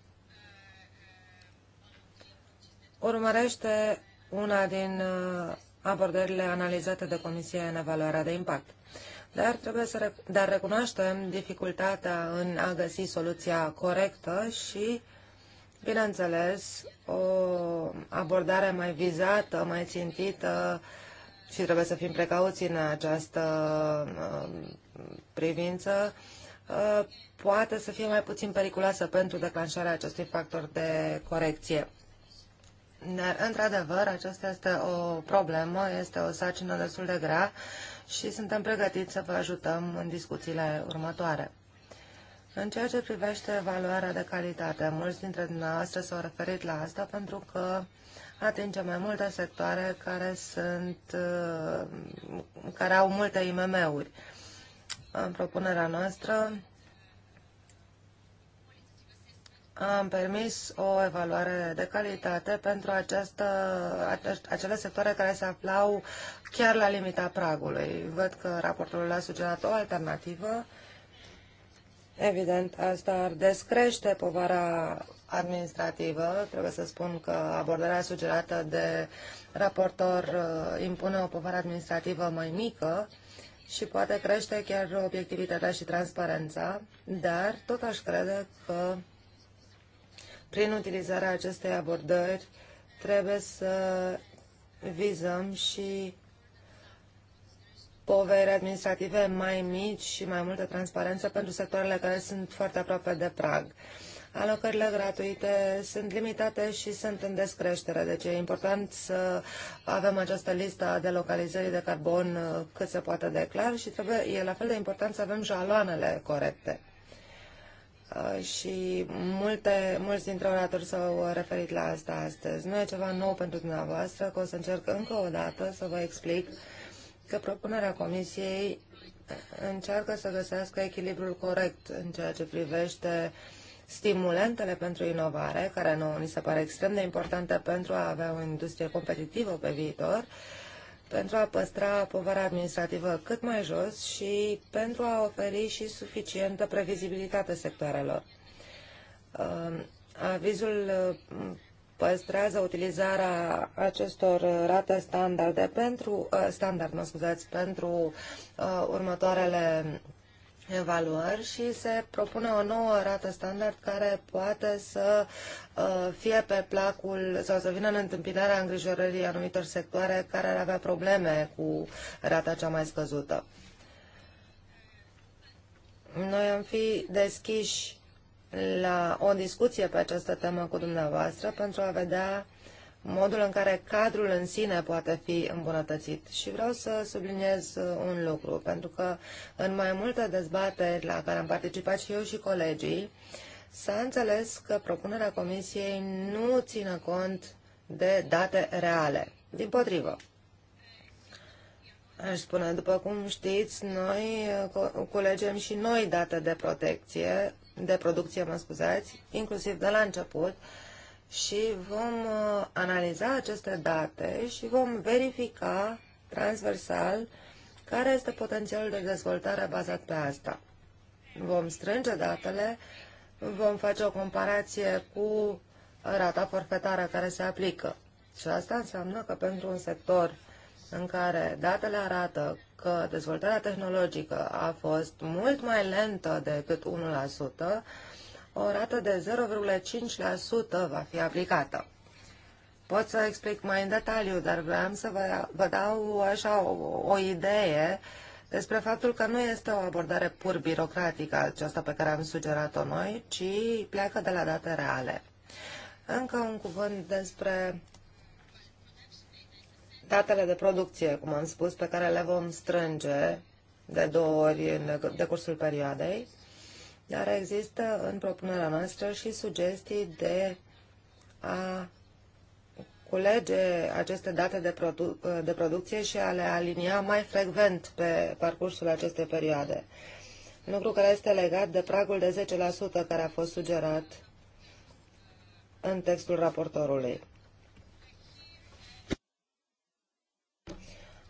urmărește una din uh, abordările analizate de Comisia în evaluarea de impact. Dar, trebuie să rec dar recunoaștem dificultatea în a găsi soluția corectă și, bineînțeles, o abordare mai vizată, mai țintită, uh, și trebuie să fim precauți în această um, privință, uh, poate să fie mai puțin periculoasă pentru declanșarea acestui factor de corecție. Dar, într-adevăr, aceasta este o problemă, este o sarcină destul de grea și suntem pregătiți să vă ajutăm în discuțiile următoare. În ceea ce privește evaluarea de calitate, mulți dintre dumneavoastră s-au referit la asta pentru că uh, atinge mai multe sectoare care, sunt, uh, care au multe IMM-uri. În propunerea noastră am permis o evaluare de calitate pentru această, acele sectoare care se aflau chiar la limita pragului. Văd că raportul a sugerat o alternativă. Evident, asta ar descrește povara administrativă. Trebuie să spun că abordarea sugerată de raportor uh, impune o povară administrativă mai mică și poate crește chiar obiectivitatea și transparența, dar tot aș crede că prin utilizarea acestei abordări trebuie să vizăm și povere administrative mai mici și mai multă transparență pentru sectoarele care sunt foarte aproape de prag alocările gratuite sunt limitate și sunt în descreștere. Deci e important să avem această listă de localizării de carbon uh, cât se poate de clar și trebuie, e la fel de important să avem jaloanele corecte uh, și multe, mulți dintre oratori s-au referit la asta astăzi. Nu e ceva nou pentru dumneavoastră, că o să încerc încă o dată să vă explic că propunerea Comisiei încearcă să găsească echilibrul corect în ceea ce privește uh, stimulentele pentru inovare, care nouă ni se pare extrem de importante pentru a avea o industrie competitivă pe viitor, pentru a păstra povara administrativă cât mai jos și pentru a oferi și suficientă previzibilitate sectoarelor. Um, avizul um, păstrează utilizarea acestor rate standarde pentru, uh, standard, mă scuzați, pentru uh, următoarele evaluări și se propune o nouă rată standard care poate să uh, fie pe placul sau să vină în întâmpinarea îngrijorării anumitor sectoare care ar avea probleme cu rata cea mai scăzută. Noi am fi deschiși la o discuție pe această temă cu dumneavoastră pentru a vedea modul în care cadrul în sine poate fi îmbunătățit. Și vreau să subliniez uh, un lucru, pentru că în mai multe dezbateri la care am participat și eu și colegii, s-a înțeles că propunerea Comisiei nu ține cont de date reale. Din potrivă, Aș spune, după cum știți, noi uh, culegem și noi date de protecție, de producție, mă scuzați, inclusiv de la început, uh, și vom uh, analiza aceste date și vom verifica transversal care este potențialul de dezvoltare bazat pe asta. Vom strânge datele, vom face o comparație cu rata forfetară care se aplică. Și asta înseamnă că pentru un sector în care datele arată că dezvoltarea tehnologică a fost mult mai lentă decât 1%, o rată de 0,5% va fi aplicată. Pot să explic mai în detaliu, dar vreau să vă, vă dau așa o, o idee despre faptul că nu este o abordare pur birocratică aceasta pe care am sugerat-o noi, ci pleacă de la date reale. Încă un cuvânt despre datele de producție, cum am spus, pe care le vom strânge de două ori în decursul perioadei. Dar există în propunerea noastră și sugestii de a culege aceste date de, produ de producție și a le alinia mai frecvent pe parcursul acestei perioade. Lucru care este legat de pragul de 10% care a fost sugerat în textul raportorului.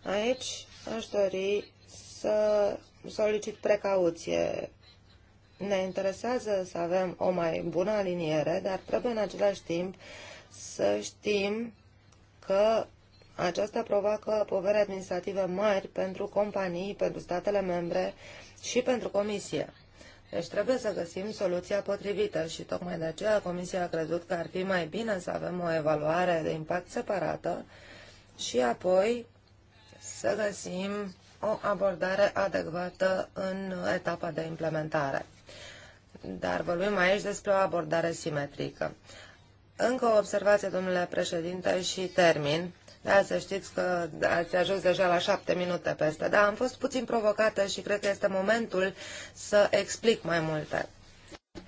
Aici aș dori să solicit precauție ne interesează să avem o mai bună aliniere, dar trebuie în același timp să știm că aceasta provoacă povere administrative mari pentru companii, pentru statele membre și pentru comisie. Deci trebuie să găsim soluția potrivită și tocmai de aceea Comisia a crezut că ar fi mai bine să avem o evaluare de impact separată și apoi să găsim o abordare adecvată în etapa de implementare dar vorbim aici despre o abordare simetrică. Încă o observație, domnule președinte, și termin. Da, să știți că ați ajuns deja la șapte minute peste, dar am fost puțin provocată și cred că este momentul să explic mai multe.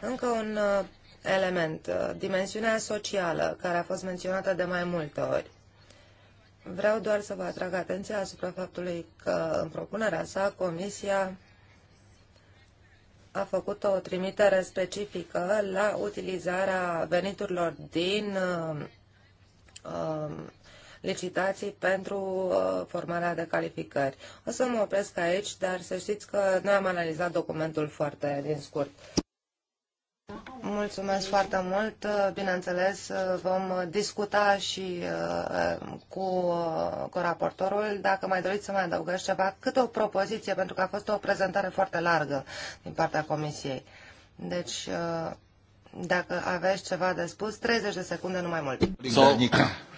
Încă un uh, element, uh, dimensiunea socială, care a fost menționată de mai multe ori. Vreau doar să vă atrag atenția asupra faptului că în propunerea sa Comisia a făcut o trimitere specifică la utilizarea veniturilor din uh, um, licitații pentru uh, formarea de calificări. O să mă opresc aici, dar să știți că noi am analizat documentul foarte din scurt. Mulțumesc foarte mult. Bineînțeles, vom discuta și uh, cu, uh, cu raportorul. Dacă mai doriți să mai adăugați ceva, câte o propoziție, pentru că a fost o prezentare foarte largă din partea Comisiei. Deci, uh, dacă aveți ceva de spus, 30 de secunde, nu mai mult. So,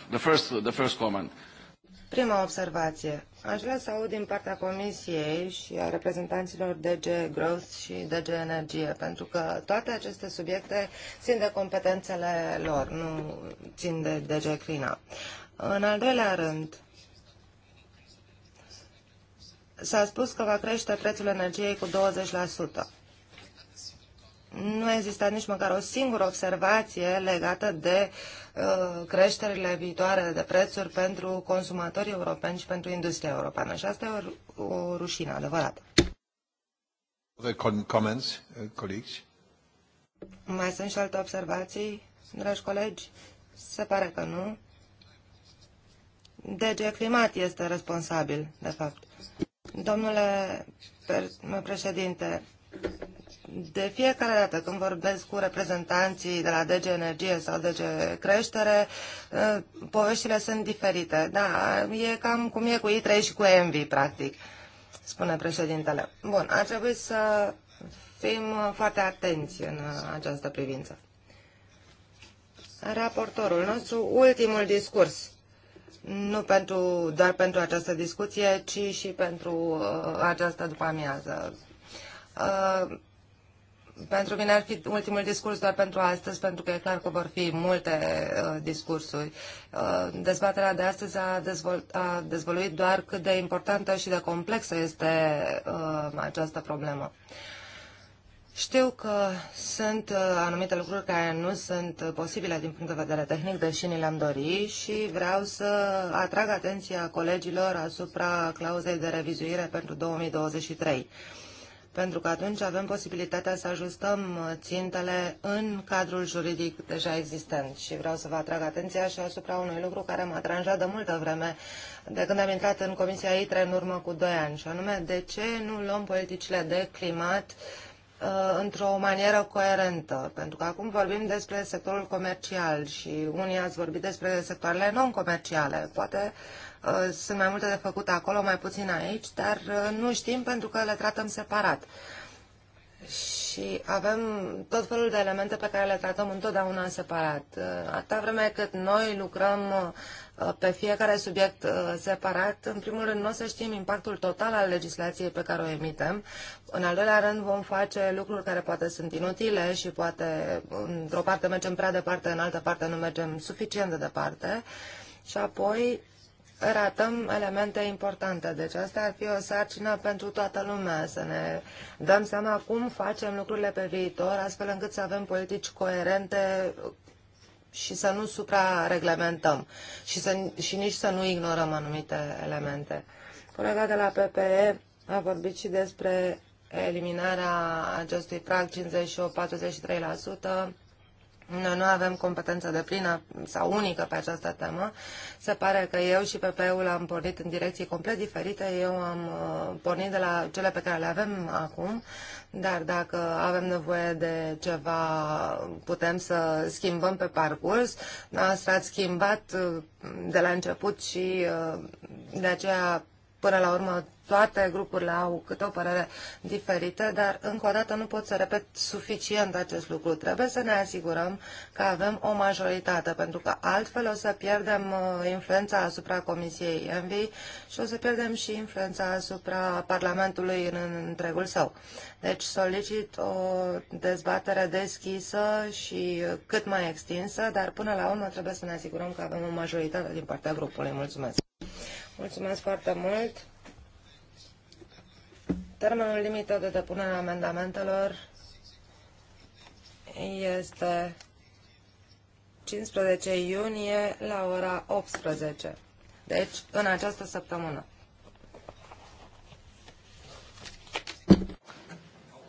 the first, the first comment. Prima observație. Aș vrea să aud din partea Comisiei și a reprezentanților DG Growth și DG Energie, pentru că toate aceste subiecte țin de competențele lor, nu țin de DG Crina. În al doilea rând, s-a spus că va crește prețul energiei cu 20%. Nu există nici măcar o singură observație legată de uh, Uh, creșterile viitoare de prețuri pentru consumatorii europeni și pentru industria europeană. Și asta e o, o rușină adevărată. Comments, uh, colleagues? Mai sunt și alte observații, dragi colegi? Se pare că nu. DG Climat este responsabil, de fapt. Domnule președinte, de fiecare dată când vorbesc cu reprezentanții de la DG Energie sau DG Creștere, uh, poveștile sunt diferite. Da, e cam cum e cu I3 și cu Envy, practic, spune președintele. Bun, ar trebui să fim foarte atenți în această privință. Raportorul nostru, ultimul discurs nu pentru, doar pentru această discuție, ci și pentru uh, această după amiază. Uh, pentru mine ar fi ultimul discurs doar pentru astăzi, pentru că e clar că vor fi multe uh, discursuri. Uh, dezbaterea de astăzi a, dezvol- a dezvoluit doar cât de importantă și de complexă este uh, această problemă. Știu că sunt uh, anumite lucruri care nu sunt posibile din punct de vedere tehnic, deși ni le-am dorit și vreau să atrag atenția colegilor asupra clauzei de revizuire pentru 2023 pentru că atunci avem posibilitatea să ajustăm uh, țintele în cadrul juridic deja existent. Și vreau să vă atrag atenția și asupra unui lucru care m-a tranjat de multă vreme, de când am intrat în Comisia ITRE în urmă cu 2 ani, și anume de ce nu luăm politicile de climat uh, într-o manieră coerentă, pentru că acum vorbim despre sectorul comercial și unii ați vorbit despre sectoarele non-comerciale. Poate Uh, sunt mai multe de făcut acolo, mai puțin aici, dar uh, nu știm pentru că le tratăm separat. Și avem tot felul de elemente pe care le tratăm întotdeauna separat. Uh, atâta vreme cât noi lucrăm pe fiecare subiect separat, în primul rând nu o să știm impactul total al legislației pe care o emitem. În al doilea rând vom face lucruri care poate sunt inutile și poate într-o parte mergem prea departe, în altă parte nu mergem suficient de departe. Și apoi ratăm elemente importante. Deci asta ar fi o sarcină pentru toată lumea, să ne dăm seama cum facem lucrurile pe viitor, astfel încât să avem politici coerente și să nu suprareglementăm și, să, și nici să nu ignorăm anumite elemente. Colega de la PPE a vorbit și despre eliminarea acestui prag 58-43%. Noi nu avem competență de plină sau unică pe această temă. Se pare că eu și PP-ul am pornit în direcții complet diferite. Eu am uh, pornit de la cele pe care le avem acum, dar dacă avem nevoie de ceva, putem să schimbăm pe parcurs. Noastră ați schimbat uh, de la început și uh, de aceea până la urmă toate grupurile au câte o părere diferită, dar încă o dată nu pot să repet suficient acest lucru. Trebuie să ne asigurăm că avem o majoritate, pentru că altfel o să pierdem uh, influența asupra Comisiei Envi și o să pierdem și influența asupra Parlamentului în întregul său. Deci solicit o dezbatere deschisă și cât mai extinsă, dar până la urmă trebuie să ne asigurăm că avem o majoritate din partea grupului. Mulțumesc! Mulțumesc foarte mult! Termenul limită de depunere a amendamentelor este 15 iunie la ora 18, deci în această săptămână.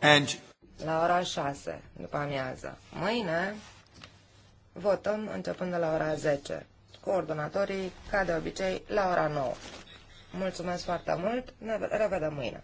And... La ora 6, după amiază. Mâine votăm începând de la ora 10. Coordonatorii, ca de obicei, la ora 9. Mulțumesc foarte mult, ne revedem mâine.